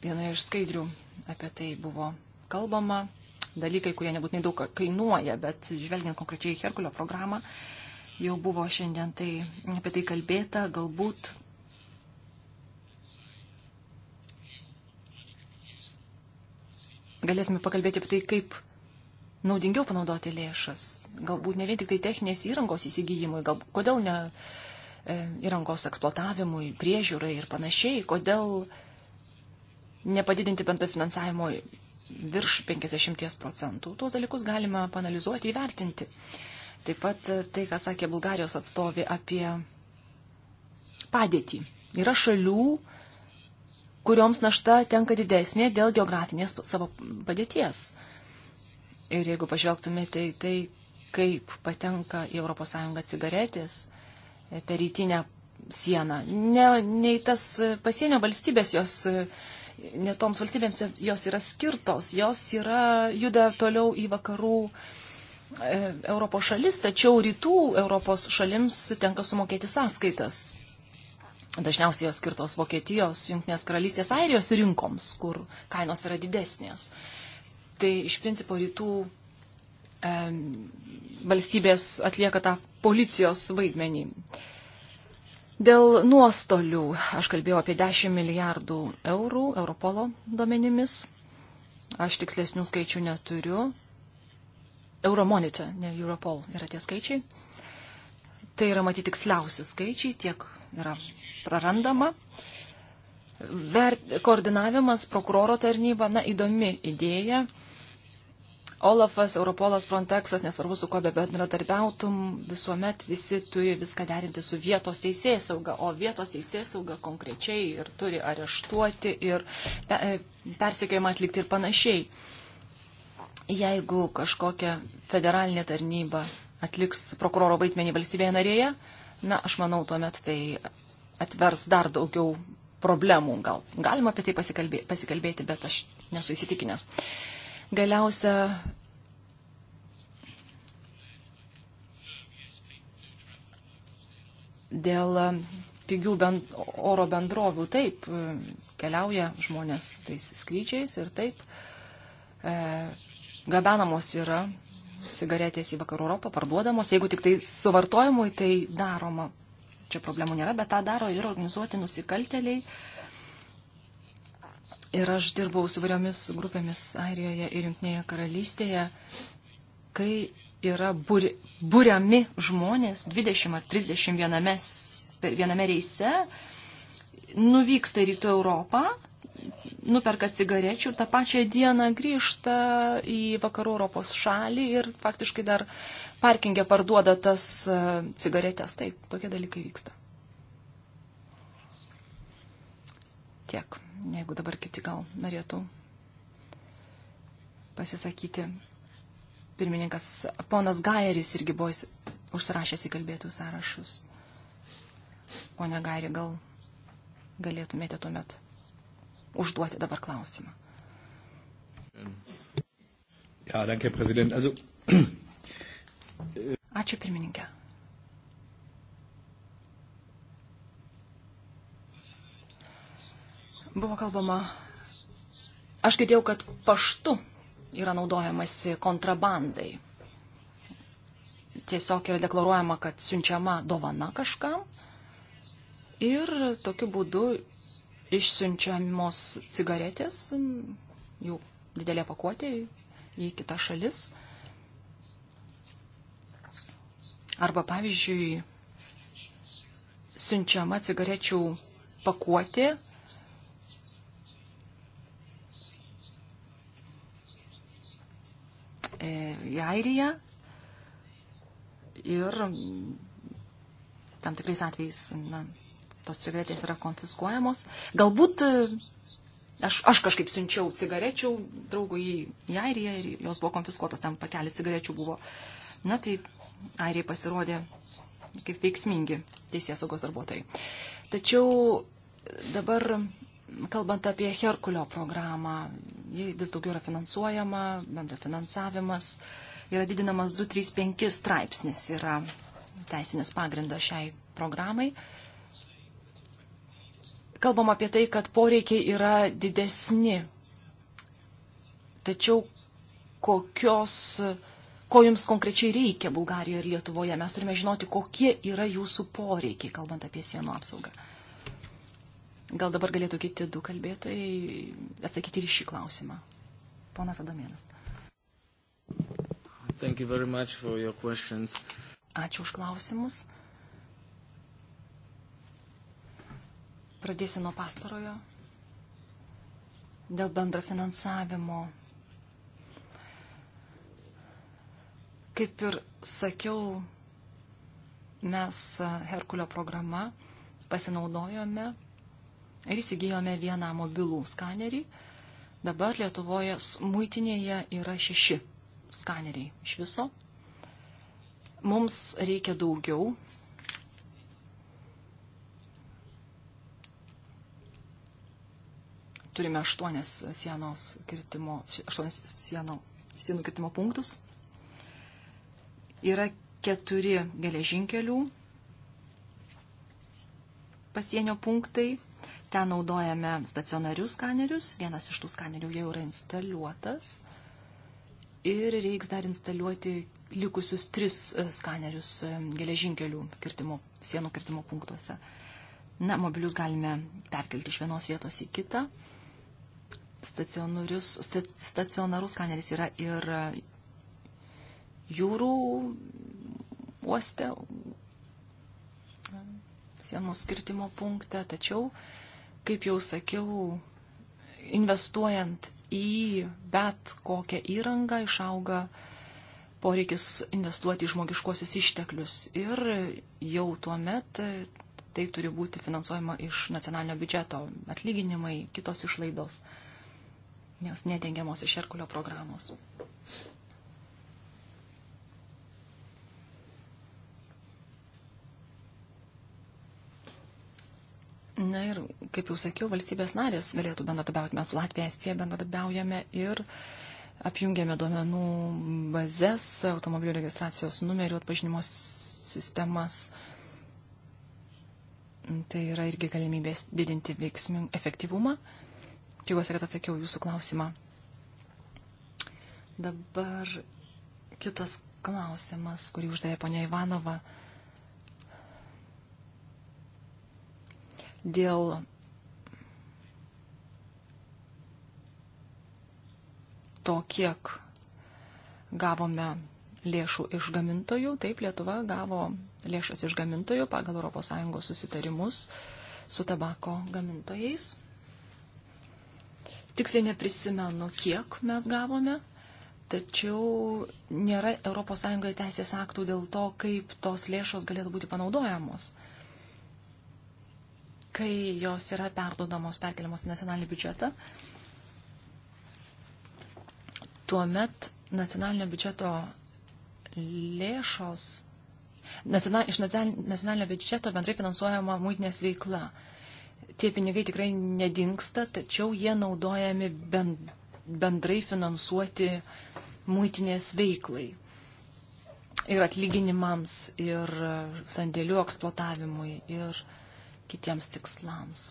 Viena iš skaidrių apie tai buvo kalbama. Dalykai, kurie nebūtinai daug kainuoja, bet žvelgiant konkrečiai į Herkulio programą, uh, jau buvo šiandien tai, apie tai kalbėta, galbūt galėtume pakalbėti apie tai, kaip naudingiau panaudoti lėšas. Galbūt ne vien tik tai techninės įrangos įsigijimui, gal, kodėl ne e, įrangos eksploatavimui, priežiūrai ir panašiai, kodėl nepadidinti bendro finansavimo virš 50 procentų. Tuos dalykus galima panalizuoti, įvertinti. E, Taip pat tai, ką sakė Bulgarijos atstovė apie padėtį. Yra šalių, kurioms našta tenka didesnė dėl geografinės savo padėties. Ir jeigu pažvelgtumėte į tai, kaip patenka į ES cigaretės e, per rytinę sieną, ne, ne į tas pasienio valstybės jos e, ne toms valstybėms jos yra skirtos, jos yra, juda toliau į vakarų E, Europos šalis, tačiau rytų Europos šalims tenka sumokėti sąskaitas. Dažniausiai jos skirtos Vokietijos, Junktinės karalystės, Airijos rinkoms, kur kainos yra didesnės. Tai iš principo rytų e, valstybės atlieka tą policijos vaidmenį. Dėl nuostolių, aš kalbėjau apie 10 milijardų eurų Europolo duomenimis, aš tikslesnių skaičių neturiu, Euromonitor, ne Europol yra tie skaičiai. Tai yra matyti tiksliausi skaičiai, tiek yra prarandama. Ver, koordinavimas prokuroro tarnyba, na, įdomi idėja. Olafas, Europolas, Frontexas, nesvarbu su kuo bendradarbiautum, visuomet visi turi viską derinti su vietos teisėsauga, o vietos teisėsauga konkrečiai ir turi areštuoti ir e, persekiojimą atlikti ir panašiai jeigu kažkokia federalinė tarnyba atliks prokuroro vaidmenį valstybėje narėje, na, aš manau, tuomet tai atvers dar daugiau problemų. Gal galima apie tai pasikalbėti, pasikalbėti bet aš nesu įsitikinęs. Galiausia, dėl pigių bend, oro bendrovių taip keliauja žmonės tais skrydžiais ir taip e, gabenamos yra cigaretės į vakarų Europą, parduodamos. Jeigu tik tai suvartojimui, tai daroma. Čia problemų nėra, bet tą daro ir organizuoti nusikalteliai. Ir aš dirbau su variomis grupėmis Airijoje ir Junktinėje karalystėje, kai yra buri, buriami žmonės 20 ar 30 viename, viename reise, nuvyksta į Rytų Europą, nuperka cigarečių ir tą pačią dieną grįžta į vakarų Europos šalį ir faktiškai dar parkingė parduoda tas e, cigaretės. Taip, tokie dalykai vyksta. Tiek, jeigu dabar kiti gal norėtų pasisakyti. Pirmininkas ponas Gajeris irgi buvo užsirašęs į kalbėtų sąrašus. Pone Gairi, gal galėtumėte tuomet užduoti dabar klausimą. Ja, danke, prezident. Also... Ačiū pirmininkė. Buvo kalbama, aš girdėjau, kad paštu yra naudojamasi kontrabandai. Tiesiog yra deklaruojama, kad siunčiama dovana kažkam ir tokiu būdu išsiunčiamos cigaretės, jų didelė pakuotė į kitas šalis. Arba, pavyzdžiui, siunčiama cigarečių pakuotė e, į Airiją ir tam tikrais atvejais na, tos cigaretės yra konfiskuojamos. Galbūt e, aš, aš kažkaip siunčiau cigarečių draugui į, į Airiją ir jos buvo konfiskuotos, ten pakelis cigarečių buvo. Na tai Airijai pasirodė kaip veiksmingi teisės saugos darbuotojai. Tačiau dabar, kalbant apie Herkulio programą, ji vis daugiau yra finansuojama, bendra finansavimas yra didinamas 235 straipsnis, yra teisinės pagrindas šiai programai kalbam apie tai, kad poreikiai yra didesni. Tačiau kokios, ko jums konkrečiai reikia Bulgarijoje ir Lietuvoje? Mes turime žinoti, kokie yra jūsų poreikiai, kalbant apie sienų apsaugą. Gal dabar galėtų kiti du kalbėtojai atsakyti ir šį klausimą. Ponas Adamėnas. Ačiū už klausimus. Pradėsiu nuo pastarojo. Dėl bendro finansavimo. Kaip ir sakiau, mes Herkulio programą pasinaudojome ir įsigijome vieną mobilų skanerį. Dabar Lietuvoje muitinėje yra šeši skaneriai iš viso. Mums reikia daugiau turime aštuonis sienos kirtimo, aštuonis sieno, sienų kirtimo punktus. Yra keturi geležinkelių pasienio punktai. Ten naudojame stacionarius skanerius. Vienas iš tų skanerių jau yra instaliuotas. Ir reiks dar instaliuoti likusius tris e, skanerius e, geležinkelių kirtimo, sienų kirtimo punktuose. Na, mobilius galime perkelti iš vienos vietos į kitą stacionarus skaneris yra ir jūrų uoste, sienų skirtimo punkte, tačiau, kaip jau sakiau, investuojant į bet kokią įrangą išauga poreikis investuoti į žmogiškuosius išteklius ir jau tuo met tai turi būti finansuojama iš nacionalinio biudžeto, atlyginimai, kitos išlaidos. Uh, nes nedengiamos iš Herkulio programos. Na ir, kaip jau sakiau, valstybės narės galėtų bendradarbiauti. Mes su Latvija Estija bendradarbiaujame ir apjungiame duomenų bazės, automobilių registracijos numerių atpažinimo sistemas. Tai yra irgi galimybės didinti veiksming efektyvumą. Tikiuosi, kad atsakiau jūsų klausimą. Dabar kitas klausimas, kurį uždavė ponia Ivanova. Dėl to, kiek gavome lėšų iš gamintojų, taip Lietuva gavo lėšas iš gamintojų pagal ES susitarimus su tabako gamintojais. Tiksliai neprisimenu, kiek mes gavome, tačiau nėra ES teisės aktų dėl to, kaip tos lėšos galėtų būti panaudojamos, kai jos yra perdodamos, perkeliamos į nacionalinį biudžetą. Tuomet nacionalinio biudžeto lėšos, nacional, iš nacionalinio biudžeto bendrai finansuojama muitinės veikla tie pinigai tikrai nedingsta, tačiau jie naudojami bendrai finansuoti muitinės veiklai ir atlyginimams, ir sandėlių eksploatavimui, ir kitiems tikslams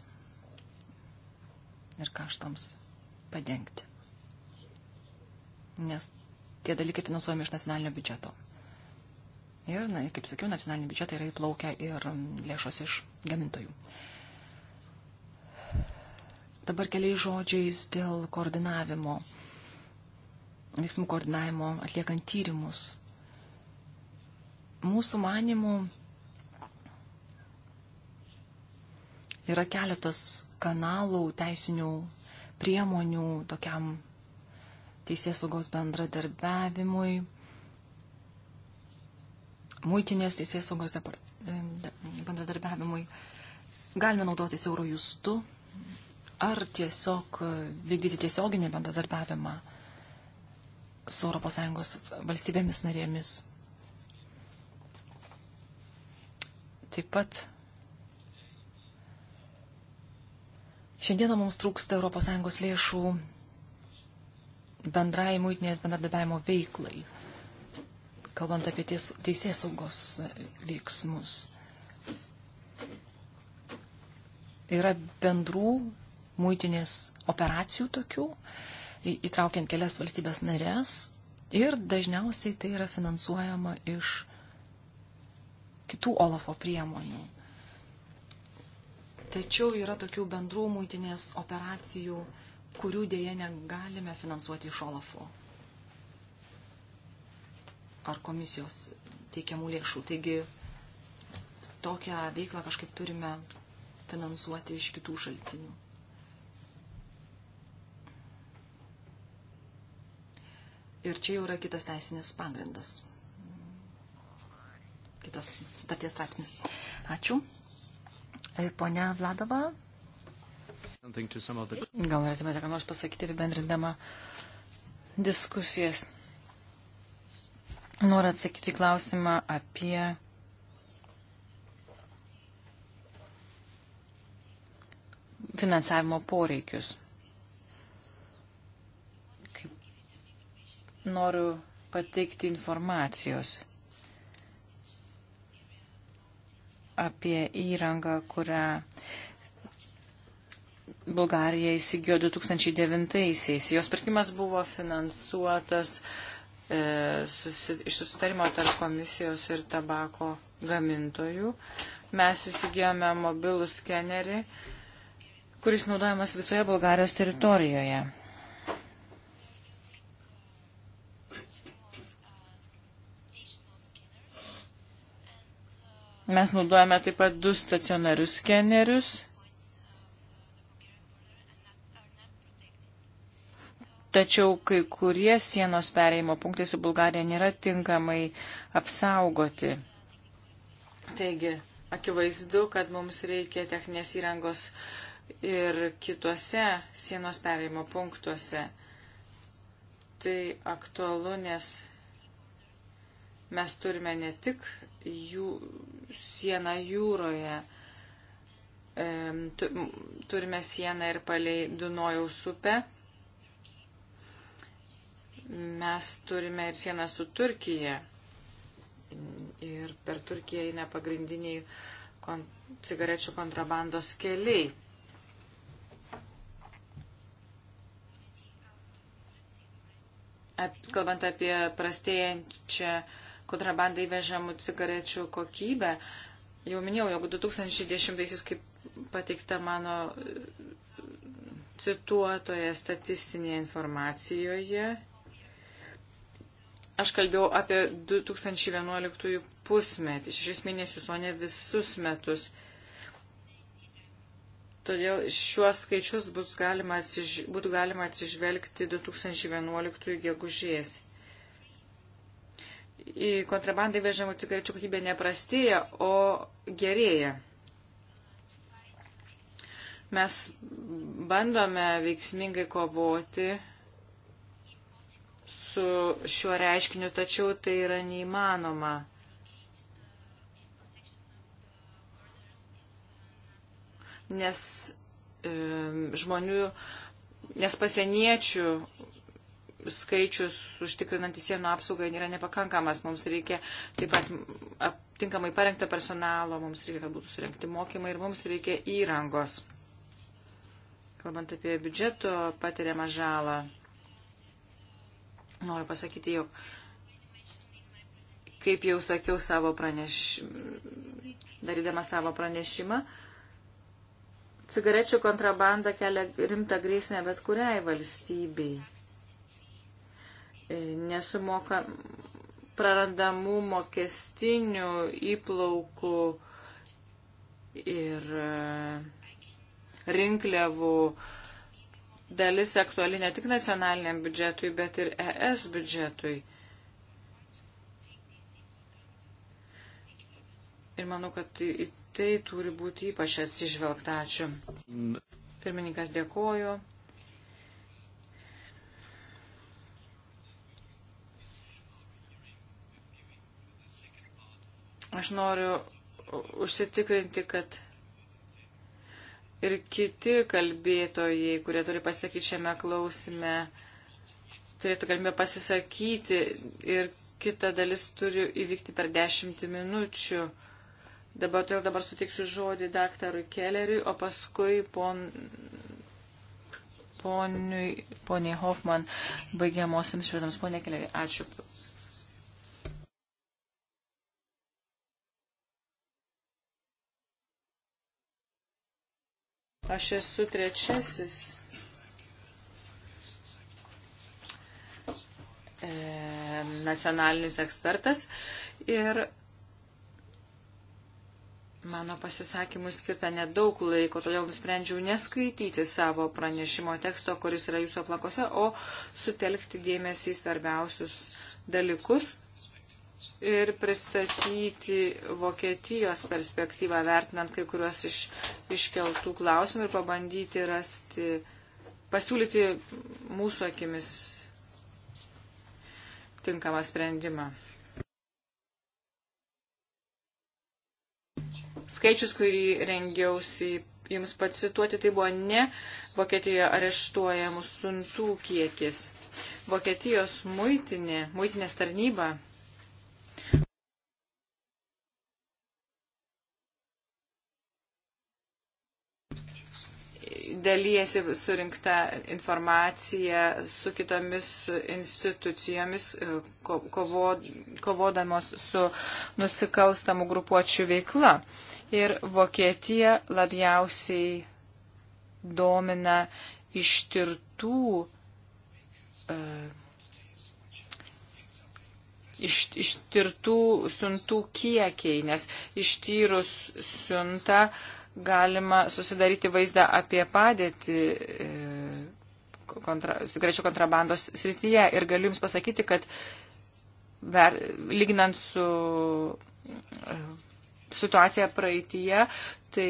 ir kaštams padengti. Nes tie dalykai finansuojami iš nacionalinio biudžeto. Ir, na, kaip sakiau, nacionalinį biudžetą yra įplaukę ir lėšos iš gamintojų. Uh, Dabar keliais žodžiais dėl koordinavimo, veiksmų koordinavimo atliekant tyrimus. Mūsų manimų yra keletas kanalų, teisinių priemonių tokiam teisės saugos bendradarbiavimui, muitinės teisės saugos e, bendradarbiavimui. Galime naudotis Eurojustu, ar tiesiog e, vykdyti tiesioginį bendradarbiavimą su ES valstybėmis narėmis. Taip pat šiandieną mums trūksta ES lėšų bendrai muitinės bendradarbiavimo veiklai, kalbant apie teisės saugos veiksmus. Yra bendrų muitinės operacijų tokių, įtraukiant kelias valstybės narės ir dažniausiai tai yra finansuojama iš kitų Olafo priemonių. Tačiau yra tokių bendrų muitinės operacijų, kurių dėje negalime finansuoti iš Olafo ar komisijos teikiamų lėšų. Taigi tokią veiklą kažkaip turime finansuoti iš kitų šaltinių. Ir čia jau yra kitas teisinis pagrindas. Kitas sutarties straipsnis. Ačiū. E, Pone Vladova. Gal norėtumėte ką nors pasakyti, apibendrindama diskusijas. Noriu atsakyti klausimą apie finansavimo poreikius. noriu pateikti informacijos apie įrangą, kurią Bulgarija įsigijo 2009-aisiais. Jos pirkimas buvo finansuotas e, susi, iš susitarimo tarp komisijos ir tabako gamintojų. Mes įsigijome mobilų skenerį, kuris naudojamas visoje Bulgarijos teritorijoje. Mes naudojame taip pat du stacionarius skenerius. Tačiau kai kurie sienos pereimo punktai su Bulgarija nėra tinkamai apsaugoti. Taigi, akivaizdu, kad mums reikia techninės įrangos ir kituose sienos pereimo punktuose. Tai aktualu, nes mes turime ne tik jų sieną jūroje. Turime sieną ir palei Dunojaus upę. Mes turime ir sieną su Turkija. Ir per Turkiją eina pagrindiniai kon cigarečių kontrabandos keliai. Kalbant apie prastėjančią kontrabandai vežamų cigarečių kokybę. Jau minėjau, jog 2010-aisiais, kaip pateikta mano cituotoje statistinėje informacijoje, aš kalbėjau apie 2011 pusmetį, šešis mėnesius, o ne visus metus. Todėl šiuos skaičius bus galima atsiž... būtų galima atsižvelgti 2011 gegužės kontrabandai vežamų cigarečių kokybė neprastėja, o gerėja. Mes bandome veiksmingai kovoti su šiuo reiškiniu, tačiau tai yra neįmanoma. Nes e, žmonių, nes pasieniečių skaičius užtikrinantis sienų apsaugą yra nepakankamas. Mums reikia taip pat tinkamai parengto personalo, mums reikia, kad būtų surinkti mokymai ir mums reikia įrangos. Kalbant apie biudžeto patiriamą žalą, noriu pasakyti, jog kaip jau sakiau savo praneš... darydama savo pranešimą, cigarečių kontrabanda kelia rimtą grėsmę bet kuriai valstybei. E, nesumoka prarandamų mokestinių įplaukų ir e, rinkliavų dalis aktuali ne tik nacionaliniam biudžetui, bet ir ES biudžetui. Ir manau, kad į tai turi būti ypač atsižvelgta. Ačiū. Mm. Pirmininkas dėkoju. Aš noriu užsitikrinti, kad ir kiti kalbėtojai, kurie turi pasakyti šiame klausime, turėtų galimybę pasisakyti ir kita dalis turi įvykti per dešimt minučių. Dabar todėl dabar sutiksiu žodį daktarui Kelleriui, o paskui pon, poniui, poniai Hoffman baigiamosiams švedams. Pone Kelleri, ačiū Aš esu trečiasis. E, nacionalinis ekspertas ir mano pasisakymui skirta nedaug laiko, todėl nusprendžiau neskaityti savo pranešimo teksto, kuris yra jūsų aplakose, o sutelkti dėmesį į svarbiausius dalykus ir pristatyti Vokietijos perspektyvą, vertinant kai kuriuos iš, iškeltų klausimų ir pabandyti rasti, pasiūlyti mūsų akimis tinkamą sprendimą. Skaičius, kurį rengiausi jums pacituoti, tai buvo ne Vokietijoje areštuojamų suntų kiekis. Vokietijos muitinė, muitinės tarnyba dalyjasi surinkta informacija su kitomis institucijomis, e, ko, kovo, kovodamos su nusikalstamų grupuočių veikla. Ir Vokietija labiausiai domina ištirtų. E, iš, ištirtų siuntų kiekiai, nes ištyrus siuntą galima susidaryti vaizdą apie padėtį e, kontra, cigarečių kontrabandos srityje. Ir galiu Jums pasakyti, kad ver, lyginant su e, situacija praeitie, tai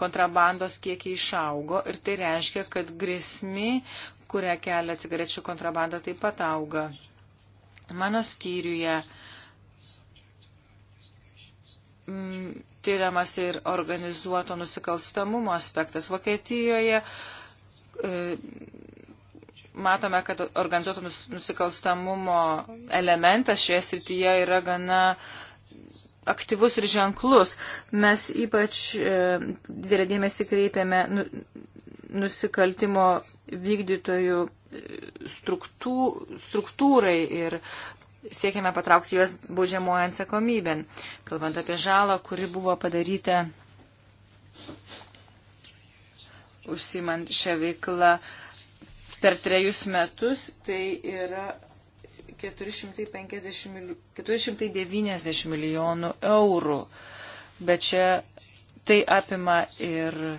kontrabandos kiekiai išaugo ir tai reiškia, kad grėsmi, kurią kelia cigarečių kontrabanda, taip pat auga. Mano skyriuje mm, tyriamas ir organizuoto nusikalstamumo aspektas. Vokietijoje e, matome, kad organizuoto nusikalstamumo elementas šioje srityje yra gana aktyvus ir ženklus. Mes ypač e, didelį dėmesį kreipiame nu-, nusikaltimo vykdytojų e, struktūrai ir siekiame patraukti juos baudžiamojo atsakomybėn. Kalbant apie žalą, kuri buvo padaryta užsimant šią veiklą per trejus metus, tai yra 450 mil... 490 milijonų eurų. Bet čia tai apima ir e,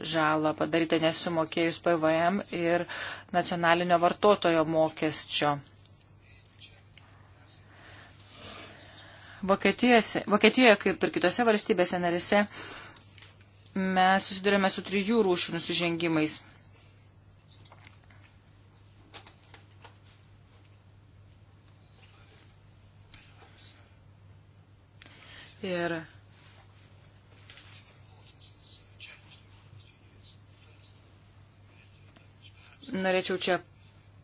žalą padarytą nesumokėjus PVM ir nacionalinio vartotojo mokesčio. Vokietijose, Vokietijoje, kaip ir kitose valstybėse narise, mes susidurėme su trijų rūšių nusižengimais. Ir norėčiau čia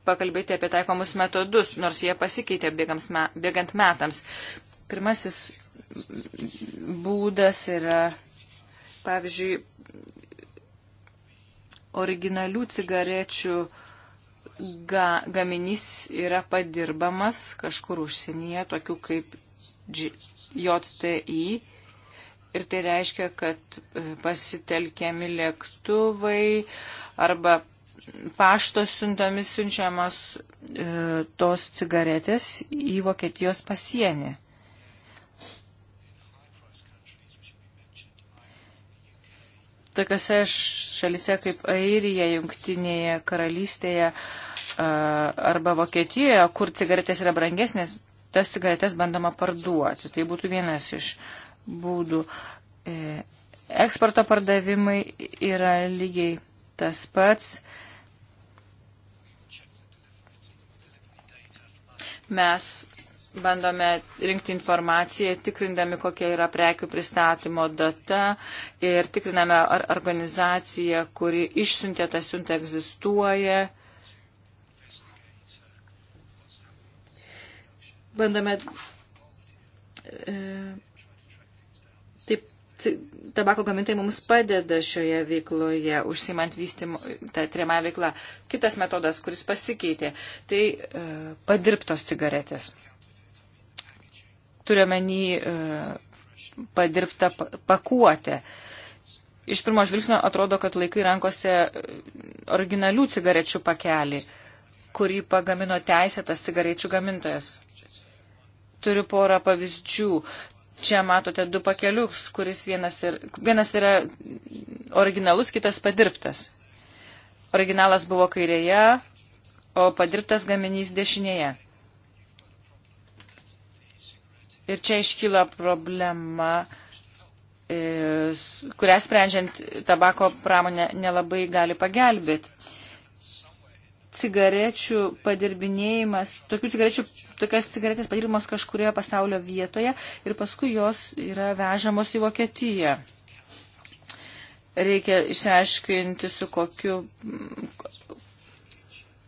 pakalbėti apie taikomus metodus, nors jie pasikeitė bėgams, me, bėgant metams. Pirmasis būdas yra, pavyzdžiui, originalių cigarečių ga, gaminys yra padirbamas kažkur užsienyje, tokių kaip JTI. Ir tai reiškia, kad e, pasitelkiami lėktuvai arba pašto siuntomis siunčiamas e, tos cigaretės į Vokietijos pasienį. Tokiose šalise kaip Airija, Junktinėje karalystėje arba Vokietijoje, kur cigaretės yra brangesnės, tas cigaretės bandoma parduoti. Tai būtų vienas iš būdų. E, eksporto pardavimai yra lygiai tas pats. Mes bandome rinkti informaciją, tikrindami, kokia yra prekių pristatymo data ir tikriname, ar organizacija, kuri išsiuntė tą siuntą, egzistuoja. Bandome e, taip tabako gamintojai mums padeda šioje veikloje, užsimant vystimo, tą tremą veiklą. Kitas metodas, kuris pasikeitė, tai e, padirbtos cigaretės turiuomenį e, padirbtą pakuotę. Iš pirmo žvilgsnio atrodo, kad laikai rankose e, originalių cigarečių pakelį, kurį pagamino teisėtas cigarečių gamintojas. Turiu porą pavyzdžių. Čia matote du pakelius, kuris vienas, ir, vienas yra originalus, kitas padirbtas. Originalas buvo kairėje, o padirbtas gaminys dešinėje. Ir čia iškyla problema, e, kurią sprendžiant tabako pramonė nelabai gali pagelbėti. Cigarečių padirbinėjimas, tokių cigarečių, tokias cigaretės padirbamos kažkurioje pasaulio vietoje ir paskui jos yra vežamos į Vokietiją. Reikia išsiaiškinti, su kokiu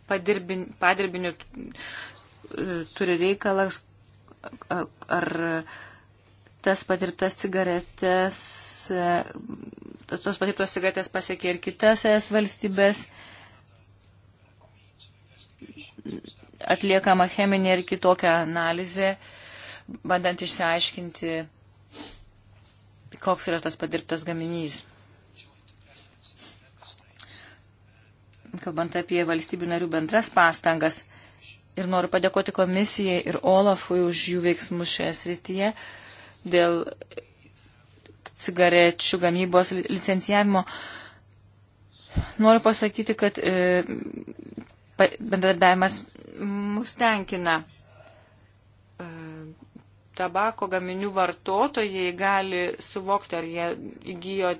padirbin, padirbiniu e, turi reikalas, ar tas patirtas cigaretės, tos patirtos cigaretės pasiekė ir kitas es valstybės, atliekama cheminė ir kitokia analizė, bandant išsiaiškinti, koks yra tas padirbtas gaminys. Kalbant apie valstybių narių bendras pastangas, ir noriu padėkoti komisijai ir Olafui už jų veiksmus šioje srityje dėl cigarečių gamybos licencijavimo. Noriu pasakyti, kad e, bendradarbiavimas mus tenkina. E, tabako gaminių vartotojai gali suvokti, ar jie įgyjo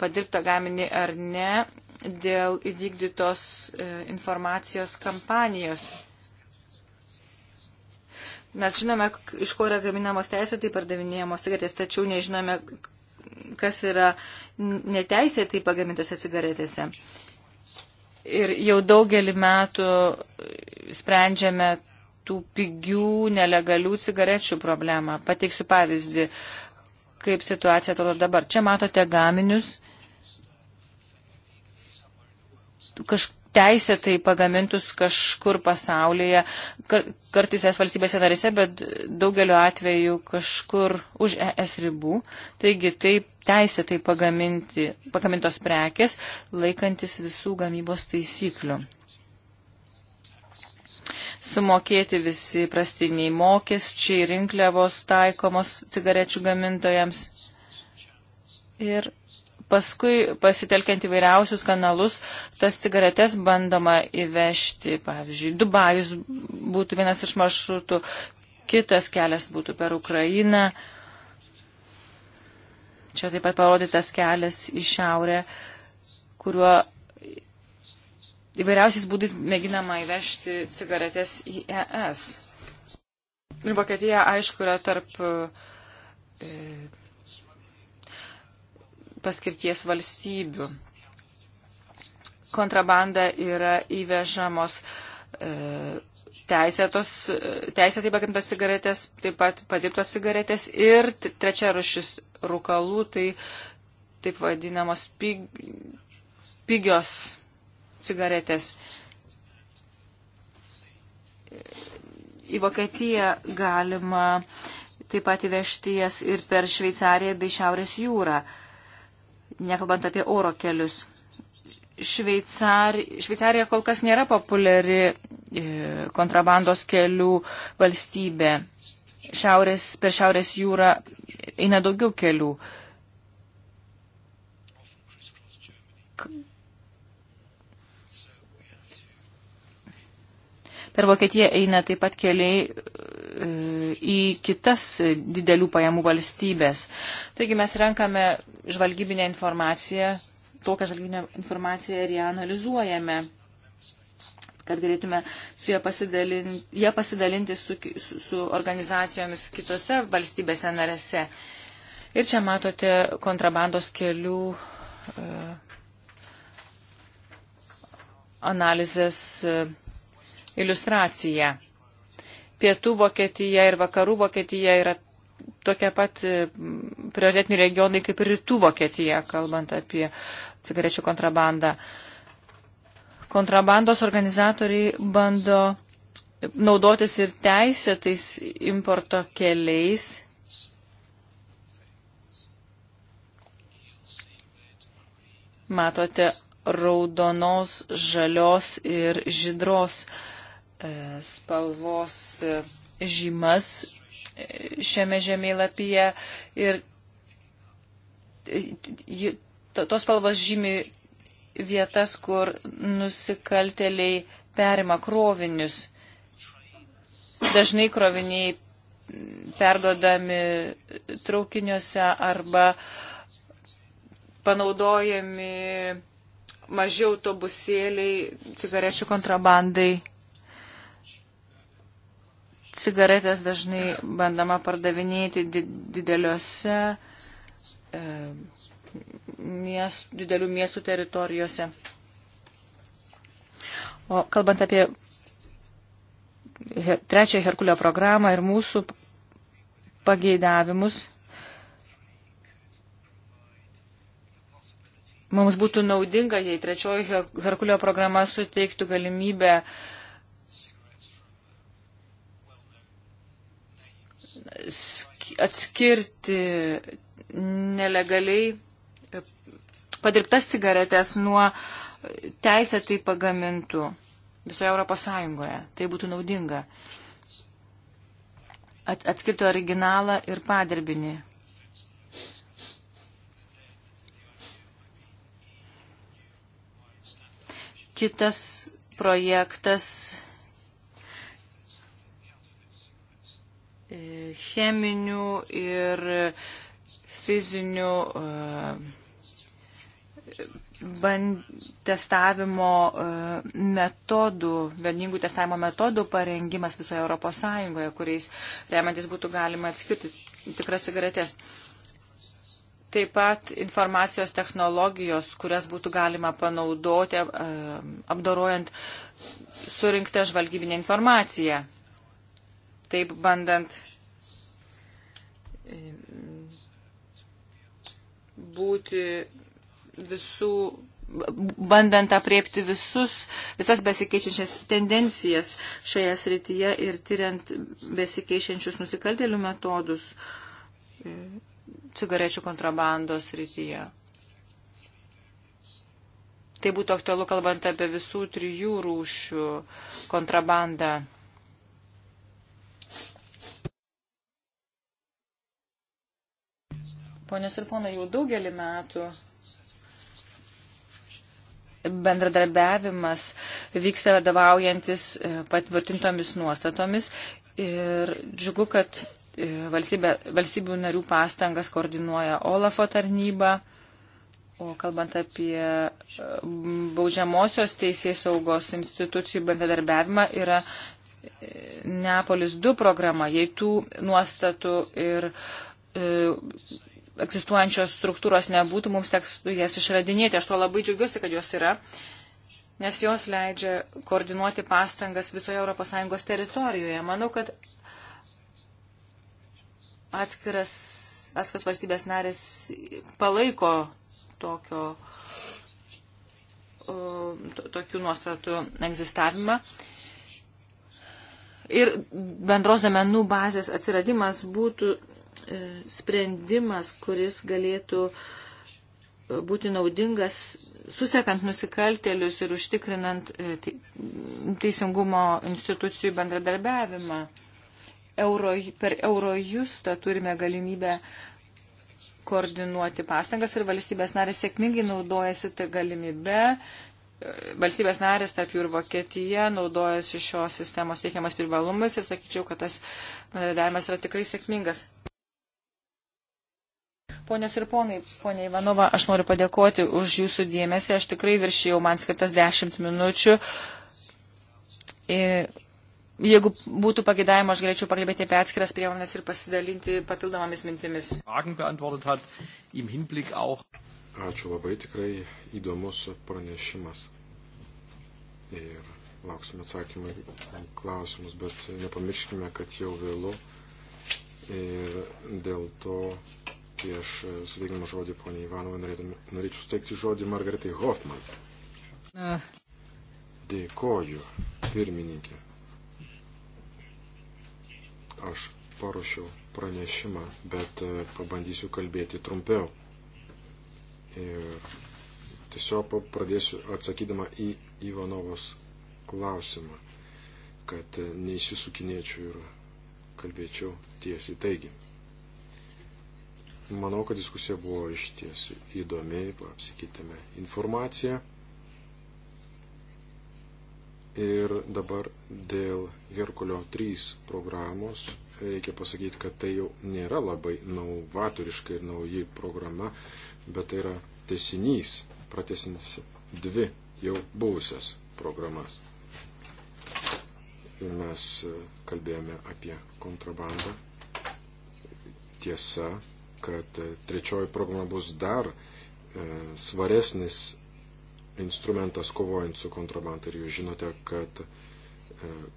padirbtą gaminį ar ne dėl įvykdytos e, informacijos kampanijos. Mes žinome, iš ko yra gaminamos teisėtai pardavinėjamos cigaretės, tačiau nežinome, kas yra neteisėtai pagamintose cigaretėse. Ir jau daugelį metų sprendžiame tų pigių, nelegalių cigarečių problemą. Pateiksiu pavyzdį, kaip situacija atrodo dabar. Čia matote gaminius, kaž, teisėtai pagamintus kažkur pasaulyje, kartais es valstybėse narise, bet daugeliu atveju kažkur už es ribų. Taigi taip teisėtai pagaminti, pagamintos prekes, laikantis visų gamybos taisyklių. Sumokėti visi prastiniai mokesčiai, rinkliavos taikomos cigarečių gamintojams. Ir paskui pasitelkiant įvairiausius kanalus tas cigaretes bandoma įvežti. Pavyzdžiui, Dubajus būtų vienas iš maršrutų, kitas kelias būtų per Ukrainą. Čia taip pat parodytas kelias į šiaurę, kuriuo įvairiausiais būdais mėginama įvežti cigaretės į ES. Ir Vokietija, aišku, yra tarp. E, paskirties valstybių. Kontrabanda yra įvežamos e, teisėtos, teisėtai pagamtos cigaretės, taip pat padirbtos cigaretės ir trečia rušis rūkalų, tai taip vadinamos pig, pigios cigaretės. Į Vokietiją galima taip pat įvežti jas ir per Šveicariją bei Šiaurės jūrą. E, nekalbant apie oro kelius. Šveicar, Šveicarija kol kas nėra populiari e, kontrabandos kelių valstybė. Šiaurės, per Šiaurės jūrą eina daugiau kelių. Per Vokietiją eina taip pat keliai, E, į kitas didelių pajamų valstybės. Taigi mes renkame žvalgybinę informaciją, tokią žvalgybinę informaciją ir ją analizuojame kad galėtume su ją pasidalinti, ją pasidalinti su, su, su organizacijomis kitose valstybėse narėse. Ir čia matote kontrabandos kelių e, analizės e, iliustraciją pietų Vokietija ir vakarų Vokietija yra tokia pat e, prioritetiniai regionai kaip ir rytų Vokietija, kalbant apie cigarečių kontrabandą. Kontrabandos organizatoriai bando naudotis ir teisėtais importo keliais. Matote raudonos, žalios ir žydros uh, E, spalvos e, žymas e, šiame žemėlapyje ir tos spalvos žymi vietas, kur nusikalteliai perima krovinius. Dažnai kroviniai perdodami traukiniuose arba panaudojami mažiau autobusėliai cigarečių kontrabandai cigaretės dažnai bandama pardavinėti dideliuose e, miest, didelių miestų teritorijose. O kalbant apie trečią Herkulio programą ir mūsų pageidavimus, mums būtų naudinga, jei trečioji Herkulio programa suteiktų galimybę uh, atskirti nelegaliai e, padirbtas cigaretės nuo teisėtai pagamintų visoje Europos Sąjungoje. Tai būtų naudinga. At, atskirti originalą ir padirbinį. Kitas projektas E, cheminių ir fizinių e, testavimo e, metodų, vieningų testavimo metodų parengimas visoje Europos Sąjungoje, kuriais remantis būtų galima atskirti tikras cigaretės. Taip pat informacijos technologijos, kurias būtų galima panaudoti, apdorojant surinktą žvalgybinę informaciją taip bandant būti visų bandant apriepti visus, visas besikeičiančias tendencijas šioje srityje ir tyriant besikeičiančius nusikaltėlių metodus e, cigarečių kontrabandos srityje. Tai būtų aktualu kalbant apie visų trijų rūšių kontrabandą. Ponios ir ponai, jau daugelį metų bendradarbiavimas vyksta vadovaujantis e, patvirtintomis nuostatomis ir džiugu, kad e, valstybė, valstybių narių pastangas koordinuoja Olafo tarnyba. O kalbant apie e, baudžiamosios teisės saugos institucijų bendradarbiavimą, yra Neapolis 2 programa. Jei tų nuostatų ir egzistuojančios struktūros nebūtų, mums teks jas išradinėti. Aš tuo labai džiaugiuosi, kad jos yra, nes jos leidžia koordinuoti pastangas visoje ES teritorijoje. Manau, kad atskiras, atskiras valstybės narės palaiko tokio, tokių nuostatų egzistavimą. Ir bendros domenų bazės atsiradimas būtų E, sprendimas, kuris galėtų e, būti naudingas, susekant nusikaltelius ir užtikrinant e, teisingumo institucijų bendradarbiavimą. Euro, per Eurojustą turime galimybę koordinuoti pastangas ir valstybės narės sėkmingai naudojasi tą galimybę valstybės narės, tarp jų ir Vokietija, naudojasi šios sistemos teikiamas privalumas ir sakyčiau, kad tas bendradarbiavimas yra tikrai sėkmingas. Ponios ir ponai, ponia Ivanova, aš noriu padėkoti už jūsų dėmesį. Aš tikrai viršėjau man skirtas 10 minučių. Jeigu būtų pagėdavimo, aš galėčiau pakalbėti apie atskiras priemonės ir pasidalinti papildomomis mintimis. Ačiū labai, tikrai įdomus pranešimas. Ir lauksime atsakymą į klausimus, bet nepamirškime, kad jau vėlu ir dėl to prieš e, suteikimą žodį poniai Ivanovai norėčiau suteikti žodį Margaritai Hoffman. Na. Dėkoju, pirmininkė. Aš paruošiau pranešimą, bet e, pabandysiu kalbėti trumpiau. Ir tiesiog pradėsiu atsakydama į Ivanovos klausimą, kad e, neįsisukinėčiau ir kalbėčiau tiesiai taigi. Manau, kad diskusija buvo iš ties įdomi, apsikeitėme informaciją. Ir dabar dėl Herkulio 3 programos reikia pasakyti, kad tai jau nėra labai novatoriška ir nauji programa, bet tai yra tesinys, pratesinys dvi jau buvusias programas. Ir mes kalbėjome apie kontrabandą. Tiesa, kad e, trečioji programa bus dar e, svaresnis instrumentas kovojant su kontrabanda. Ir jūs žinote, kad e,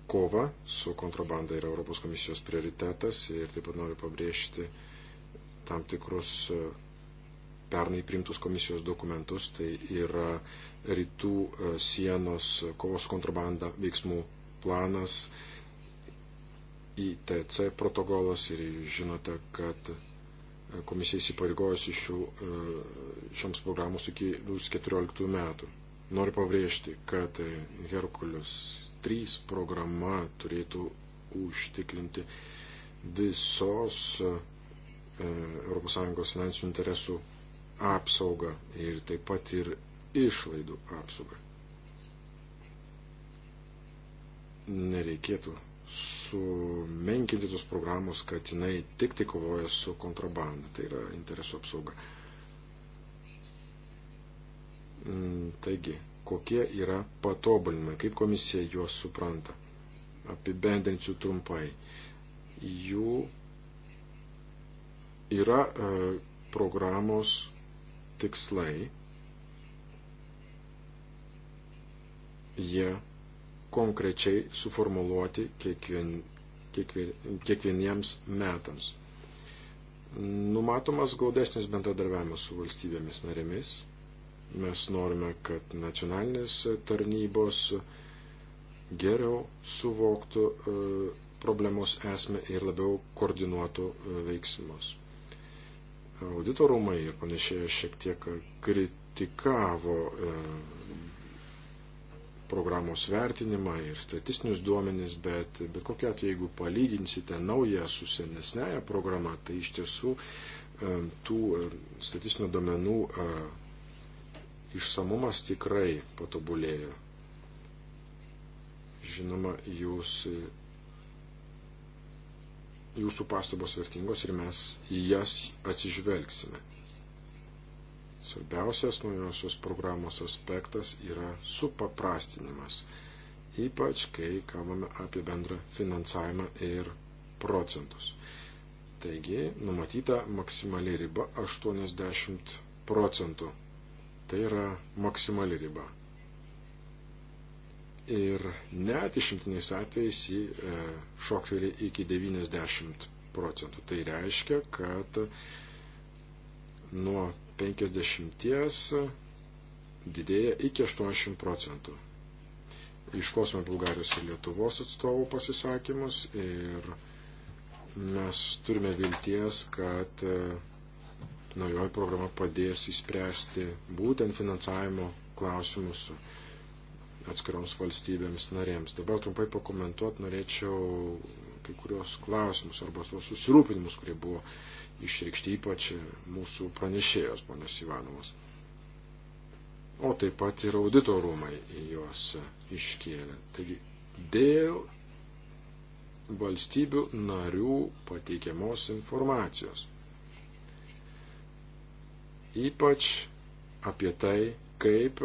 kova su kontrabanda yra Europos komisijos prioritetas ir taip pat noriu pabrėžti tam tikrus pernai primtus komisijos dokumentus. Tai yra rytų sienos kovos kontrabanda veiksmų planas, ITC protokolas ir žinote, kad komisija įsipareigojusi e, šioms programos iki 2014 metų. Noriu pabrėžti, kad e, Herkulius 3 programa turėtų užtikrinti visos ES finansinių interesų apsaugą ir taip pat ir išlaidų apsaugą. Nereikėtų sumenkinti tos programos, kad jinai tik tai kovoja su kontrabanda, tai yra interesų apsauga. Mm, taigi, kokie yra patobulinimai, kaip komisija juos supranta. Apibendrinsiu trumpai. Jų yra e, programos tikslai. Jie konkrečiai suformuluoti kiekvien, kiekvien, kiekvieniems metams. Numatomas gaudesnis bendradarbiavimas su valstybėmis narėmis. Mes norime, kad nacionalinės tarnybos geriau suvoktų e, problemos esmę ir labiau koordinuotų e, veiksmus. Auditorumai ir panašiai šiek tiek kritikavo e, programos vertinimą ir statistinius duomenis, bet bet kokia atveju, jeigu palyginsite naują su senesnėje programa, tai iš tiesų e, tų e, statistinių duomenų e, išsamumas tikrai patobulėjo. Žinoma, jūs, jūsų pastabos vertingos ir mes į jas atsižvelgsime. Svarbiausias naujosios programos aspektas yra supaprastinimas, ypač kai kalbame apie bendrą finansavimą ir procentus. Taigi numatyta maksimali riba 80 procentų. Tai yra maksimali riba. Ir net išimtiniais atvejais jį e, šoktelė iki 90 procentų. Tai reiškia, kad nuo 50 didėja iki 80 procentų. Išklausome Bulgarijos ir Lietuvos atstovų pasisakymus ir mes turime vilties, kad e, naujoji programa padės įspręsti būtent finansavimo klausimus atskiroms valstybėms narėms. Dabar trumpai pakomentuoti norėčiau kai kurios klausimus arba tos susirūpinimus, kurie buvo uh, išreikšti ypač mūsų pranešėjos, ponios Ivanovos. O taip pat ir audito rūmai juos iškėlė. Taigi, dėl valstybių narių pateikiamos informacijos. Ypač apie tai, kaip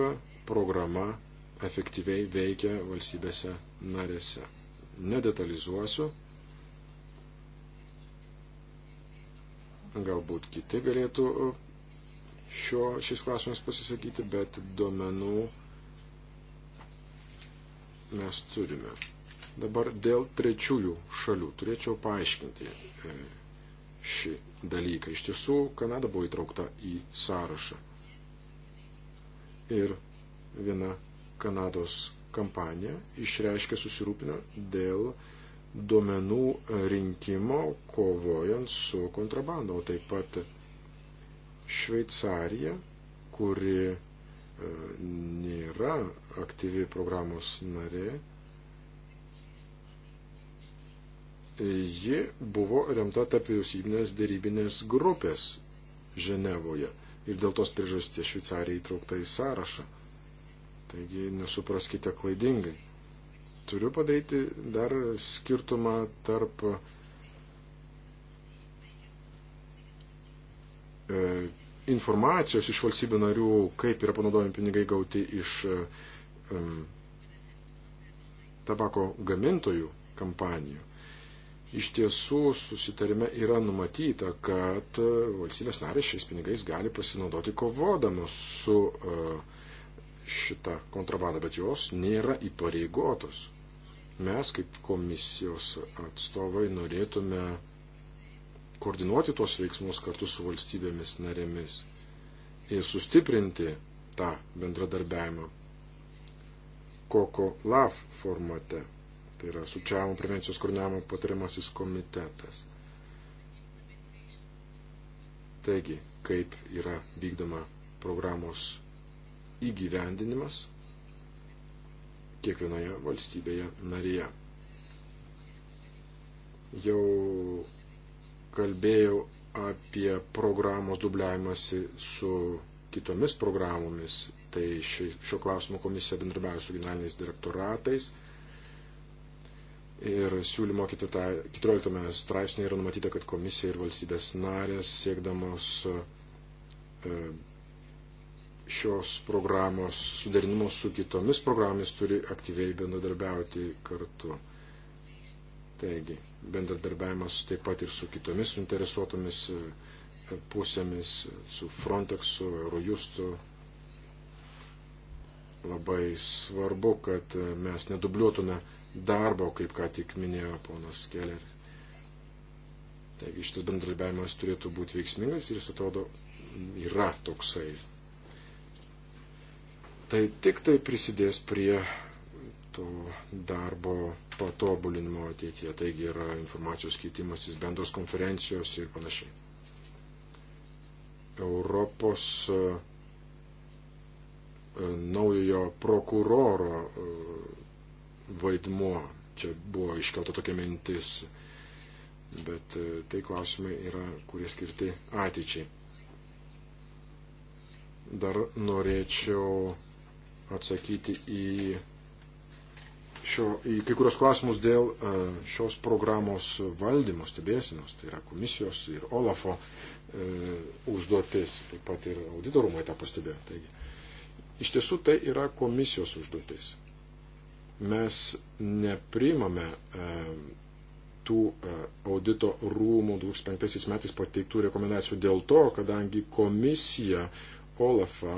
programa efektyviai veikia valstybėse narėse. Nedetalizuosiu, Galbūt kiti galėtų e, šio, šiais klausimais pasisakyti, bet duomenų mes turime. Dabar dėl trečiųjų šalių turėčiau paaiškinti e, šį dalyką. Iš tiesų, Kanada buvo įtraukta į sąrašą. Ir viena Kanados kompanija išreiškė susirūpinę dėl uh, duomenų rinkimo kovojant su kontrabando, o taip pat Šveicarija, kuri e, nėra aktyvi programos narė, ji buvo remta tarp vyriausybinės dėrybinės grupės Ženevoje ir dėl tos priežasties Šveicarija įtraukta į sąrašą. Taigi nesupraskite klaidingai. Turiu padaryti dar skirtumą tarp e, informacijos iš valstybių narių, kaip yra panaudojami pinigai gauti iš e, tabako gamintojų kampanijų. Iš tiesų susitarime yra numatyta, kad valstybės narės šiais pinigais gali pasinaudoti kovodamos su e, šita kontrabanda, bet jos nėra įpareigotos Mes kaip komisijos atstovai norėtume koordinuoti tos veiksmus kartu su valstybėmis narėmis ir sustiprinti tą bendradarbiavimą Koko LAF formate, tai yra sučiavimo prevencijos koordinavimo patariamasis komitetas. Taigi, kaip yra vykdoma programos įgyvendinimas kiekvienoje valstybėje narėje. Jau kalbėjau apie programos dubliavimąsi su kitomis programomis, tai šio klausimo komisija bendrabiavo su generaliniais direktoratais. Ir siūlymo 14 straipsnėje yra numatyta, kad komisija ir valstybės narės siekdamos e, šios programos sudarinimo su kitomis programomis turi aktyviai bendradarbiauti kartu. Taigi, bendradarbiavimas taip pat ir su kitomis suinteresuotomis e, pusėmis, su Frontexu, Eurojustu. Labai svarbu, kad e, mes nedubliuotume darbo, kaip ką tik minėjo ponas Kelleris. Taigi šitas bendradarbiavimas turėtų būti veiksmingas ir jis atrodo yra toksai tai tik tai prisidės prie to darbo patobulinimo ateityje. Taigi yra informacijos keitimasis, bendros konferencijos ir panašiai. Europos e, e, naujojo prokuroro e, vaidmuo. Čia buvo iškelta tokia mintis, bet tai klausimai yra, kurie skirti ateičiai. Dar norėčiau atsakyti į, šio, į kai kurios klausimus dėl e, šios programos valdymo, stebėsinos, tai yra komisijos ir Olafo e, užduotis, taip pat ir auditorumai tą pastebėjo. Taigi, iš tiesų tai yra komisijos užduotis. Mes nepriimame e, tų e, audito rūmų 2005 metais pateiktų rekomendacijų dėl to, kadangi komisija Olafą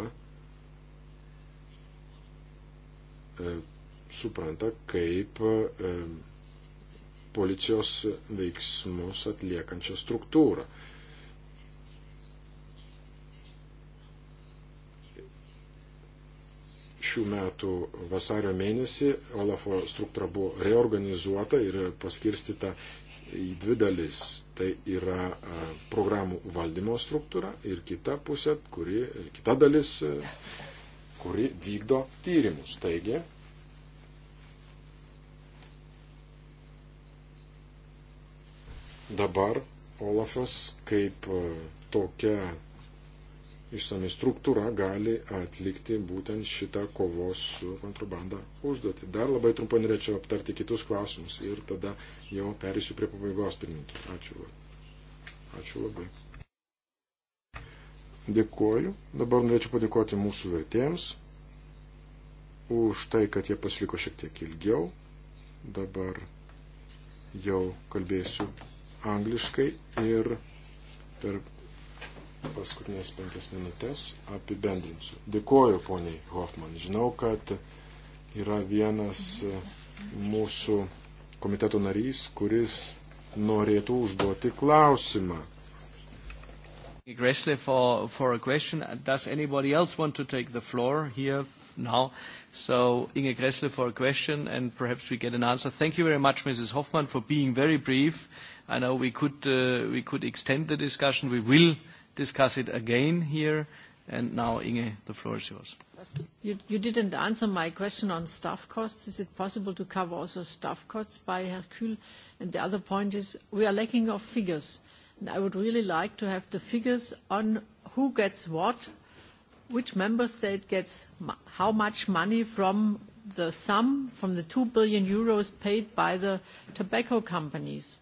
E, supranta, kaip e, policijos veiksmus atliekančią struktūrą. Šių metų vasario mėnesį Olafo struktūra buvo reorganizuota ir paskirstita į dvi dalis. Tai yra e, programų valdymo struktūra ir kita pusė, kuri, kita dalis kuri vykdo tyrimus. Taigi, dabar Olafas kaip e, tokia išsami struktūra gali atlikti būtent šitą kovos su kontrabanda užduotį. Dar labai trumpai norėčiau aptarti kitus klausimus ir tada jau perėsiu prie pabaigos pirmininkė. Ačiū. Ačiū labai. Dėkuoju. Dabar norėčiau padėkoti mūsų vertėjams už tai, kad jie pasiliko šiek tiek ilgiau. Dabar jau kalbėsiu angliškai ir per paskutinės penkias minutės apibendrinsiu. Dėkuoju poniai Hoffman. Žinau, kad yra vienas mūsų komiteto narys, kuris norėtų užduoti klausimą. Gressle for, for a question. Does anybody else want to take the floor here now? So Inge Gressle for a question, and perhaps we get an answer. Thank you very much, Mrs. Hoffmann, for being very brief. I know we could, uh, we could extend the discussion. We will discuss it again here. And now, Inge, the floor is yours. You, you didn't answer my question on staff costs. Is it possible to cover also staff costs by Hercule? And the other point is, we are lacking of figures And I would really like to have the figures on who gets what, which member state gets how much money from the sum, from the 2 billion euros paid by the tobacco companies.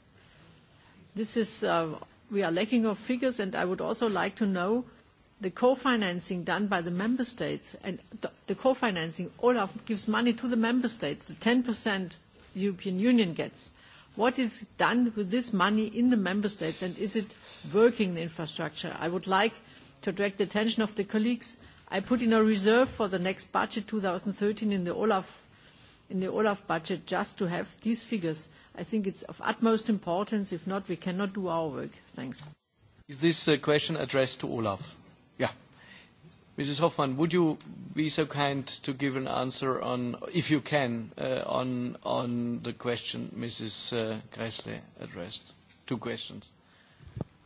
This is, uh, we are lacking of figures, and I would also like to know the co-financing done by the member states and the, the co-financing, Olaf gives money to the member states, the 10% European Union gets. What is done with this money in the member states, and is it working, the infrastructure? I would like to direct the attention of the colleagues. I put in a reserve for the next budget, 2013, in the Olaf, in the Olaf budget, just to have these figures. I think it's of utmost importance. If not, we cannot do our work. Thanks. Is this uh, question addressed to Olaf? Mrs. Hoffmann, would you be so kind to give an answer on, if you can, uh, on, on the question Mrs. Uh, Gressle addressed? Two questions.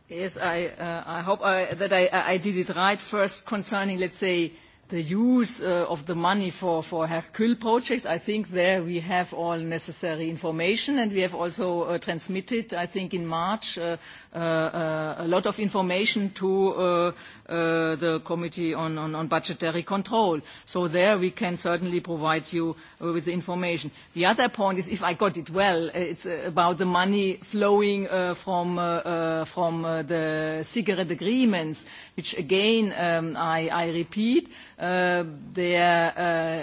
Yes, I, uh, I hope I, that I, I did it right. First, concerning, let's say, the use uh, of the money for, for Hercule project, I think there we have all necessary information, and we have also uh, transmitted, I think in March, uh, Uh, uh, a lot of information to uh, uh, the Committee on, on, on Budgetary Control. So there we can certainly provide you uh, with information. The other point is, if I got it well, it's about the money flowing uh, from, uh, uh, from uh, the cigarette agreements, which again, um, I, I repeat, uh, there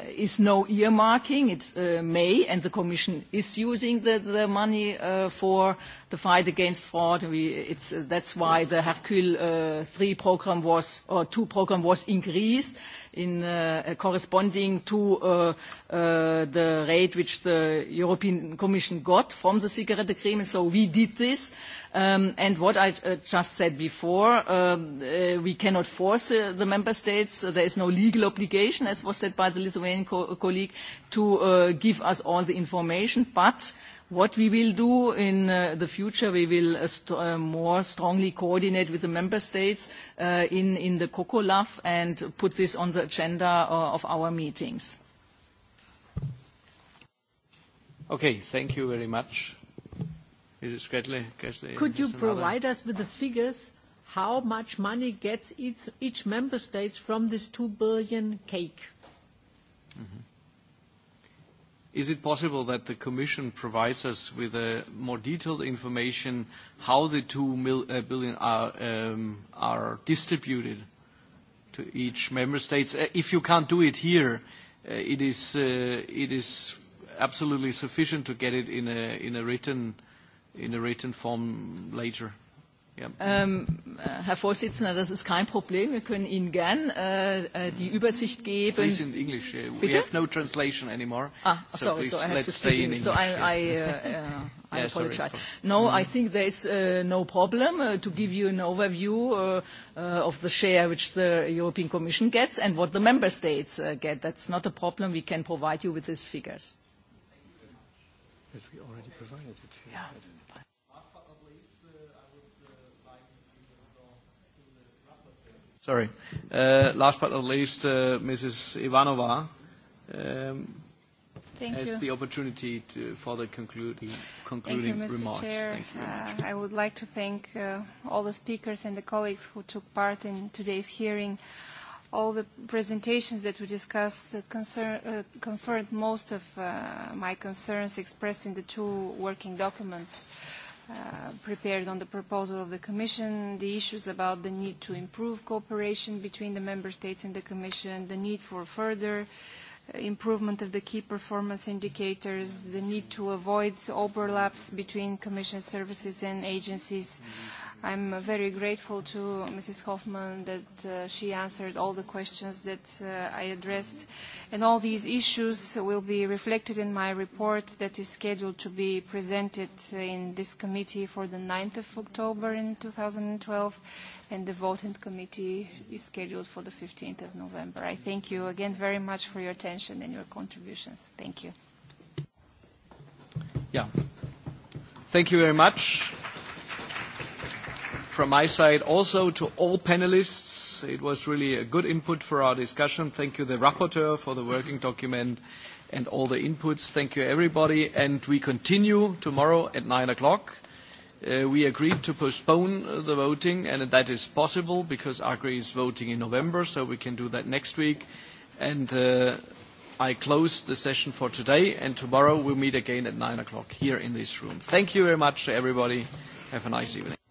uh, is no earmarking. It's uh, May, and the Commission is using the, the money uh, for uh, the fight against fraud. We, it's, uh, that's why the Hercule uh, 3 program was, or 2 program was increased in uh, uh, corresponding to uh, uh, the rate which the European Commission got from the cigarette agreement. So we did this. Um, and what I uh, just said before, um, uh, we cannot force uh, the member states. Uh, there is no legal obligation, as was said by the Lithuanian co colleague, to uh, give us all the information. But uh, What we will do in uh, the future, we will uh, st uh, more strongly coordinate with the member states uh, in, in the COCOLAF and put this on the agenda uh, of our meetings. Okay, thank you very much. Mrs. Gretler, Gretler Could you provide another? us with the figures how much money gets each, each member state from this 2 billion cake? Mm-hmm. Is it possible that the Commission provides us with uh, more detailed information how the 2 uh, billion are, um, are distributed to each member states? Uh, if you can't do it here, it is, uh, it is absolutely sufficient to get it in a, in a, written, in a written form later. Ja. Ähm, äh, Herr Vorsitzender, das ist kein Problem. Wir können Ihnen gern äh, äh die Übersicht geben. Please in English. Bitte? We Bitte? have no translation anymore. Ah, so sorry, please, so I have let's to stay in English. So I, yes. I, uh, uh, I yeah, apologize. Sorry. No, I think there is uh, no problem uh, to give you an overview uh, uh, of the share which the European Commission gets and what the member states uh, get. That's not a problem. We can provide you with these figures. Sorry. Uh, last but not least, uh, Mrs. Ivanova. Um, Thank as you. the opportunity to, for the concluding, concluding thank you, Mr. remarks. Chair. Thank you. Uh, I would like to thank uh, all the speakers and the colleagues who took part in today's hearing. All the presentations that we discussed uh, concern, uh, confirmed most of uh, my concerns expressed in the two working documents. Uh, uh, prepared on the proposal of the Commission, the issues about the need to improve cooperation between the Member States and the Commission, the need for further uh, improvement of the key performance indicators, the need to avoid overlaps between Commission services and agencies, mm-hmm I'm very grateful to Mrs. Hoffman that uh, she answered all the questions that uh, I addressed. And all these issues will be reflected in my report that is scheduled to be presented uh, in this committee for the 9th of October in 2012. And the vote in committee is scheduled for the 15th of November. I thank you again very much for your attention and your contributions. Thank you. Yeah. Thank you very much from my side also to all panelists. It was really a good input for our discussion. Thank you, the rapporteur, for the working document and all the inputs. Thank you, everybody. And we continue tomorrow at 9 o'clock. Uh, we agreed to postpone the voting, and that is possible because Agri is voting in November, so we can do that next week. And uh, I close the session for today, and tomorrow we'll meet again at 9 o'clock here in this room. Thank you very much to everybody. Have a nice evening.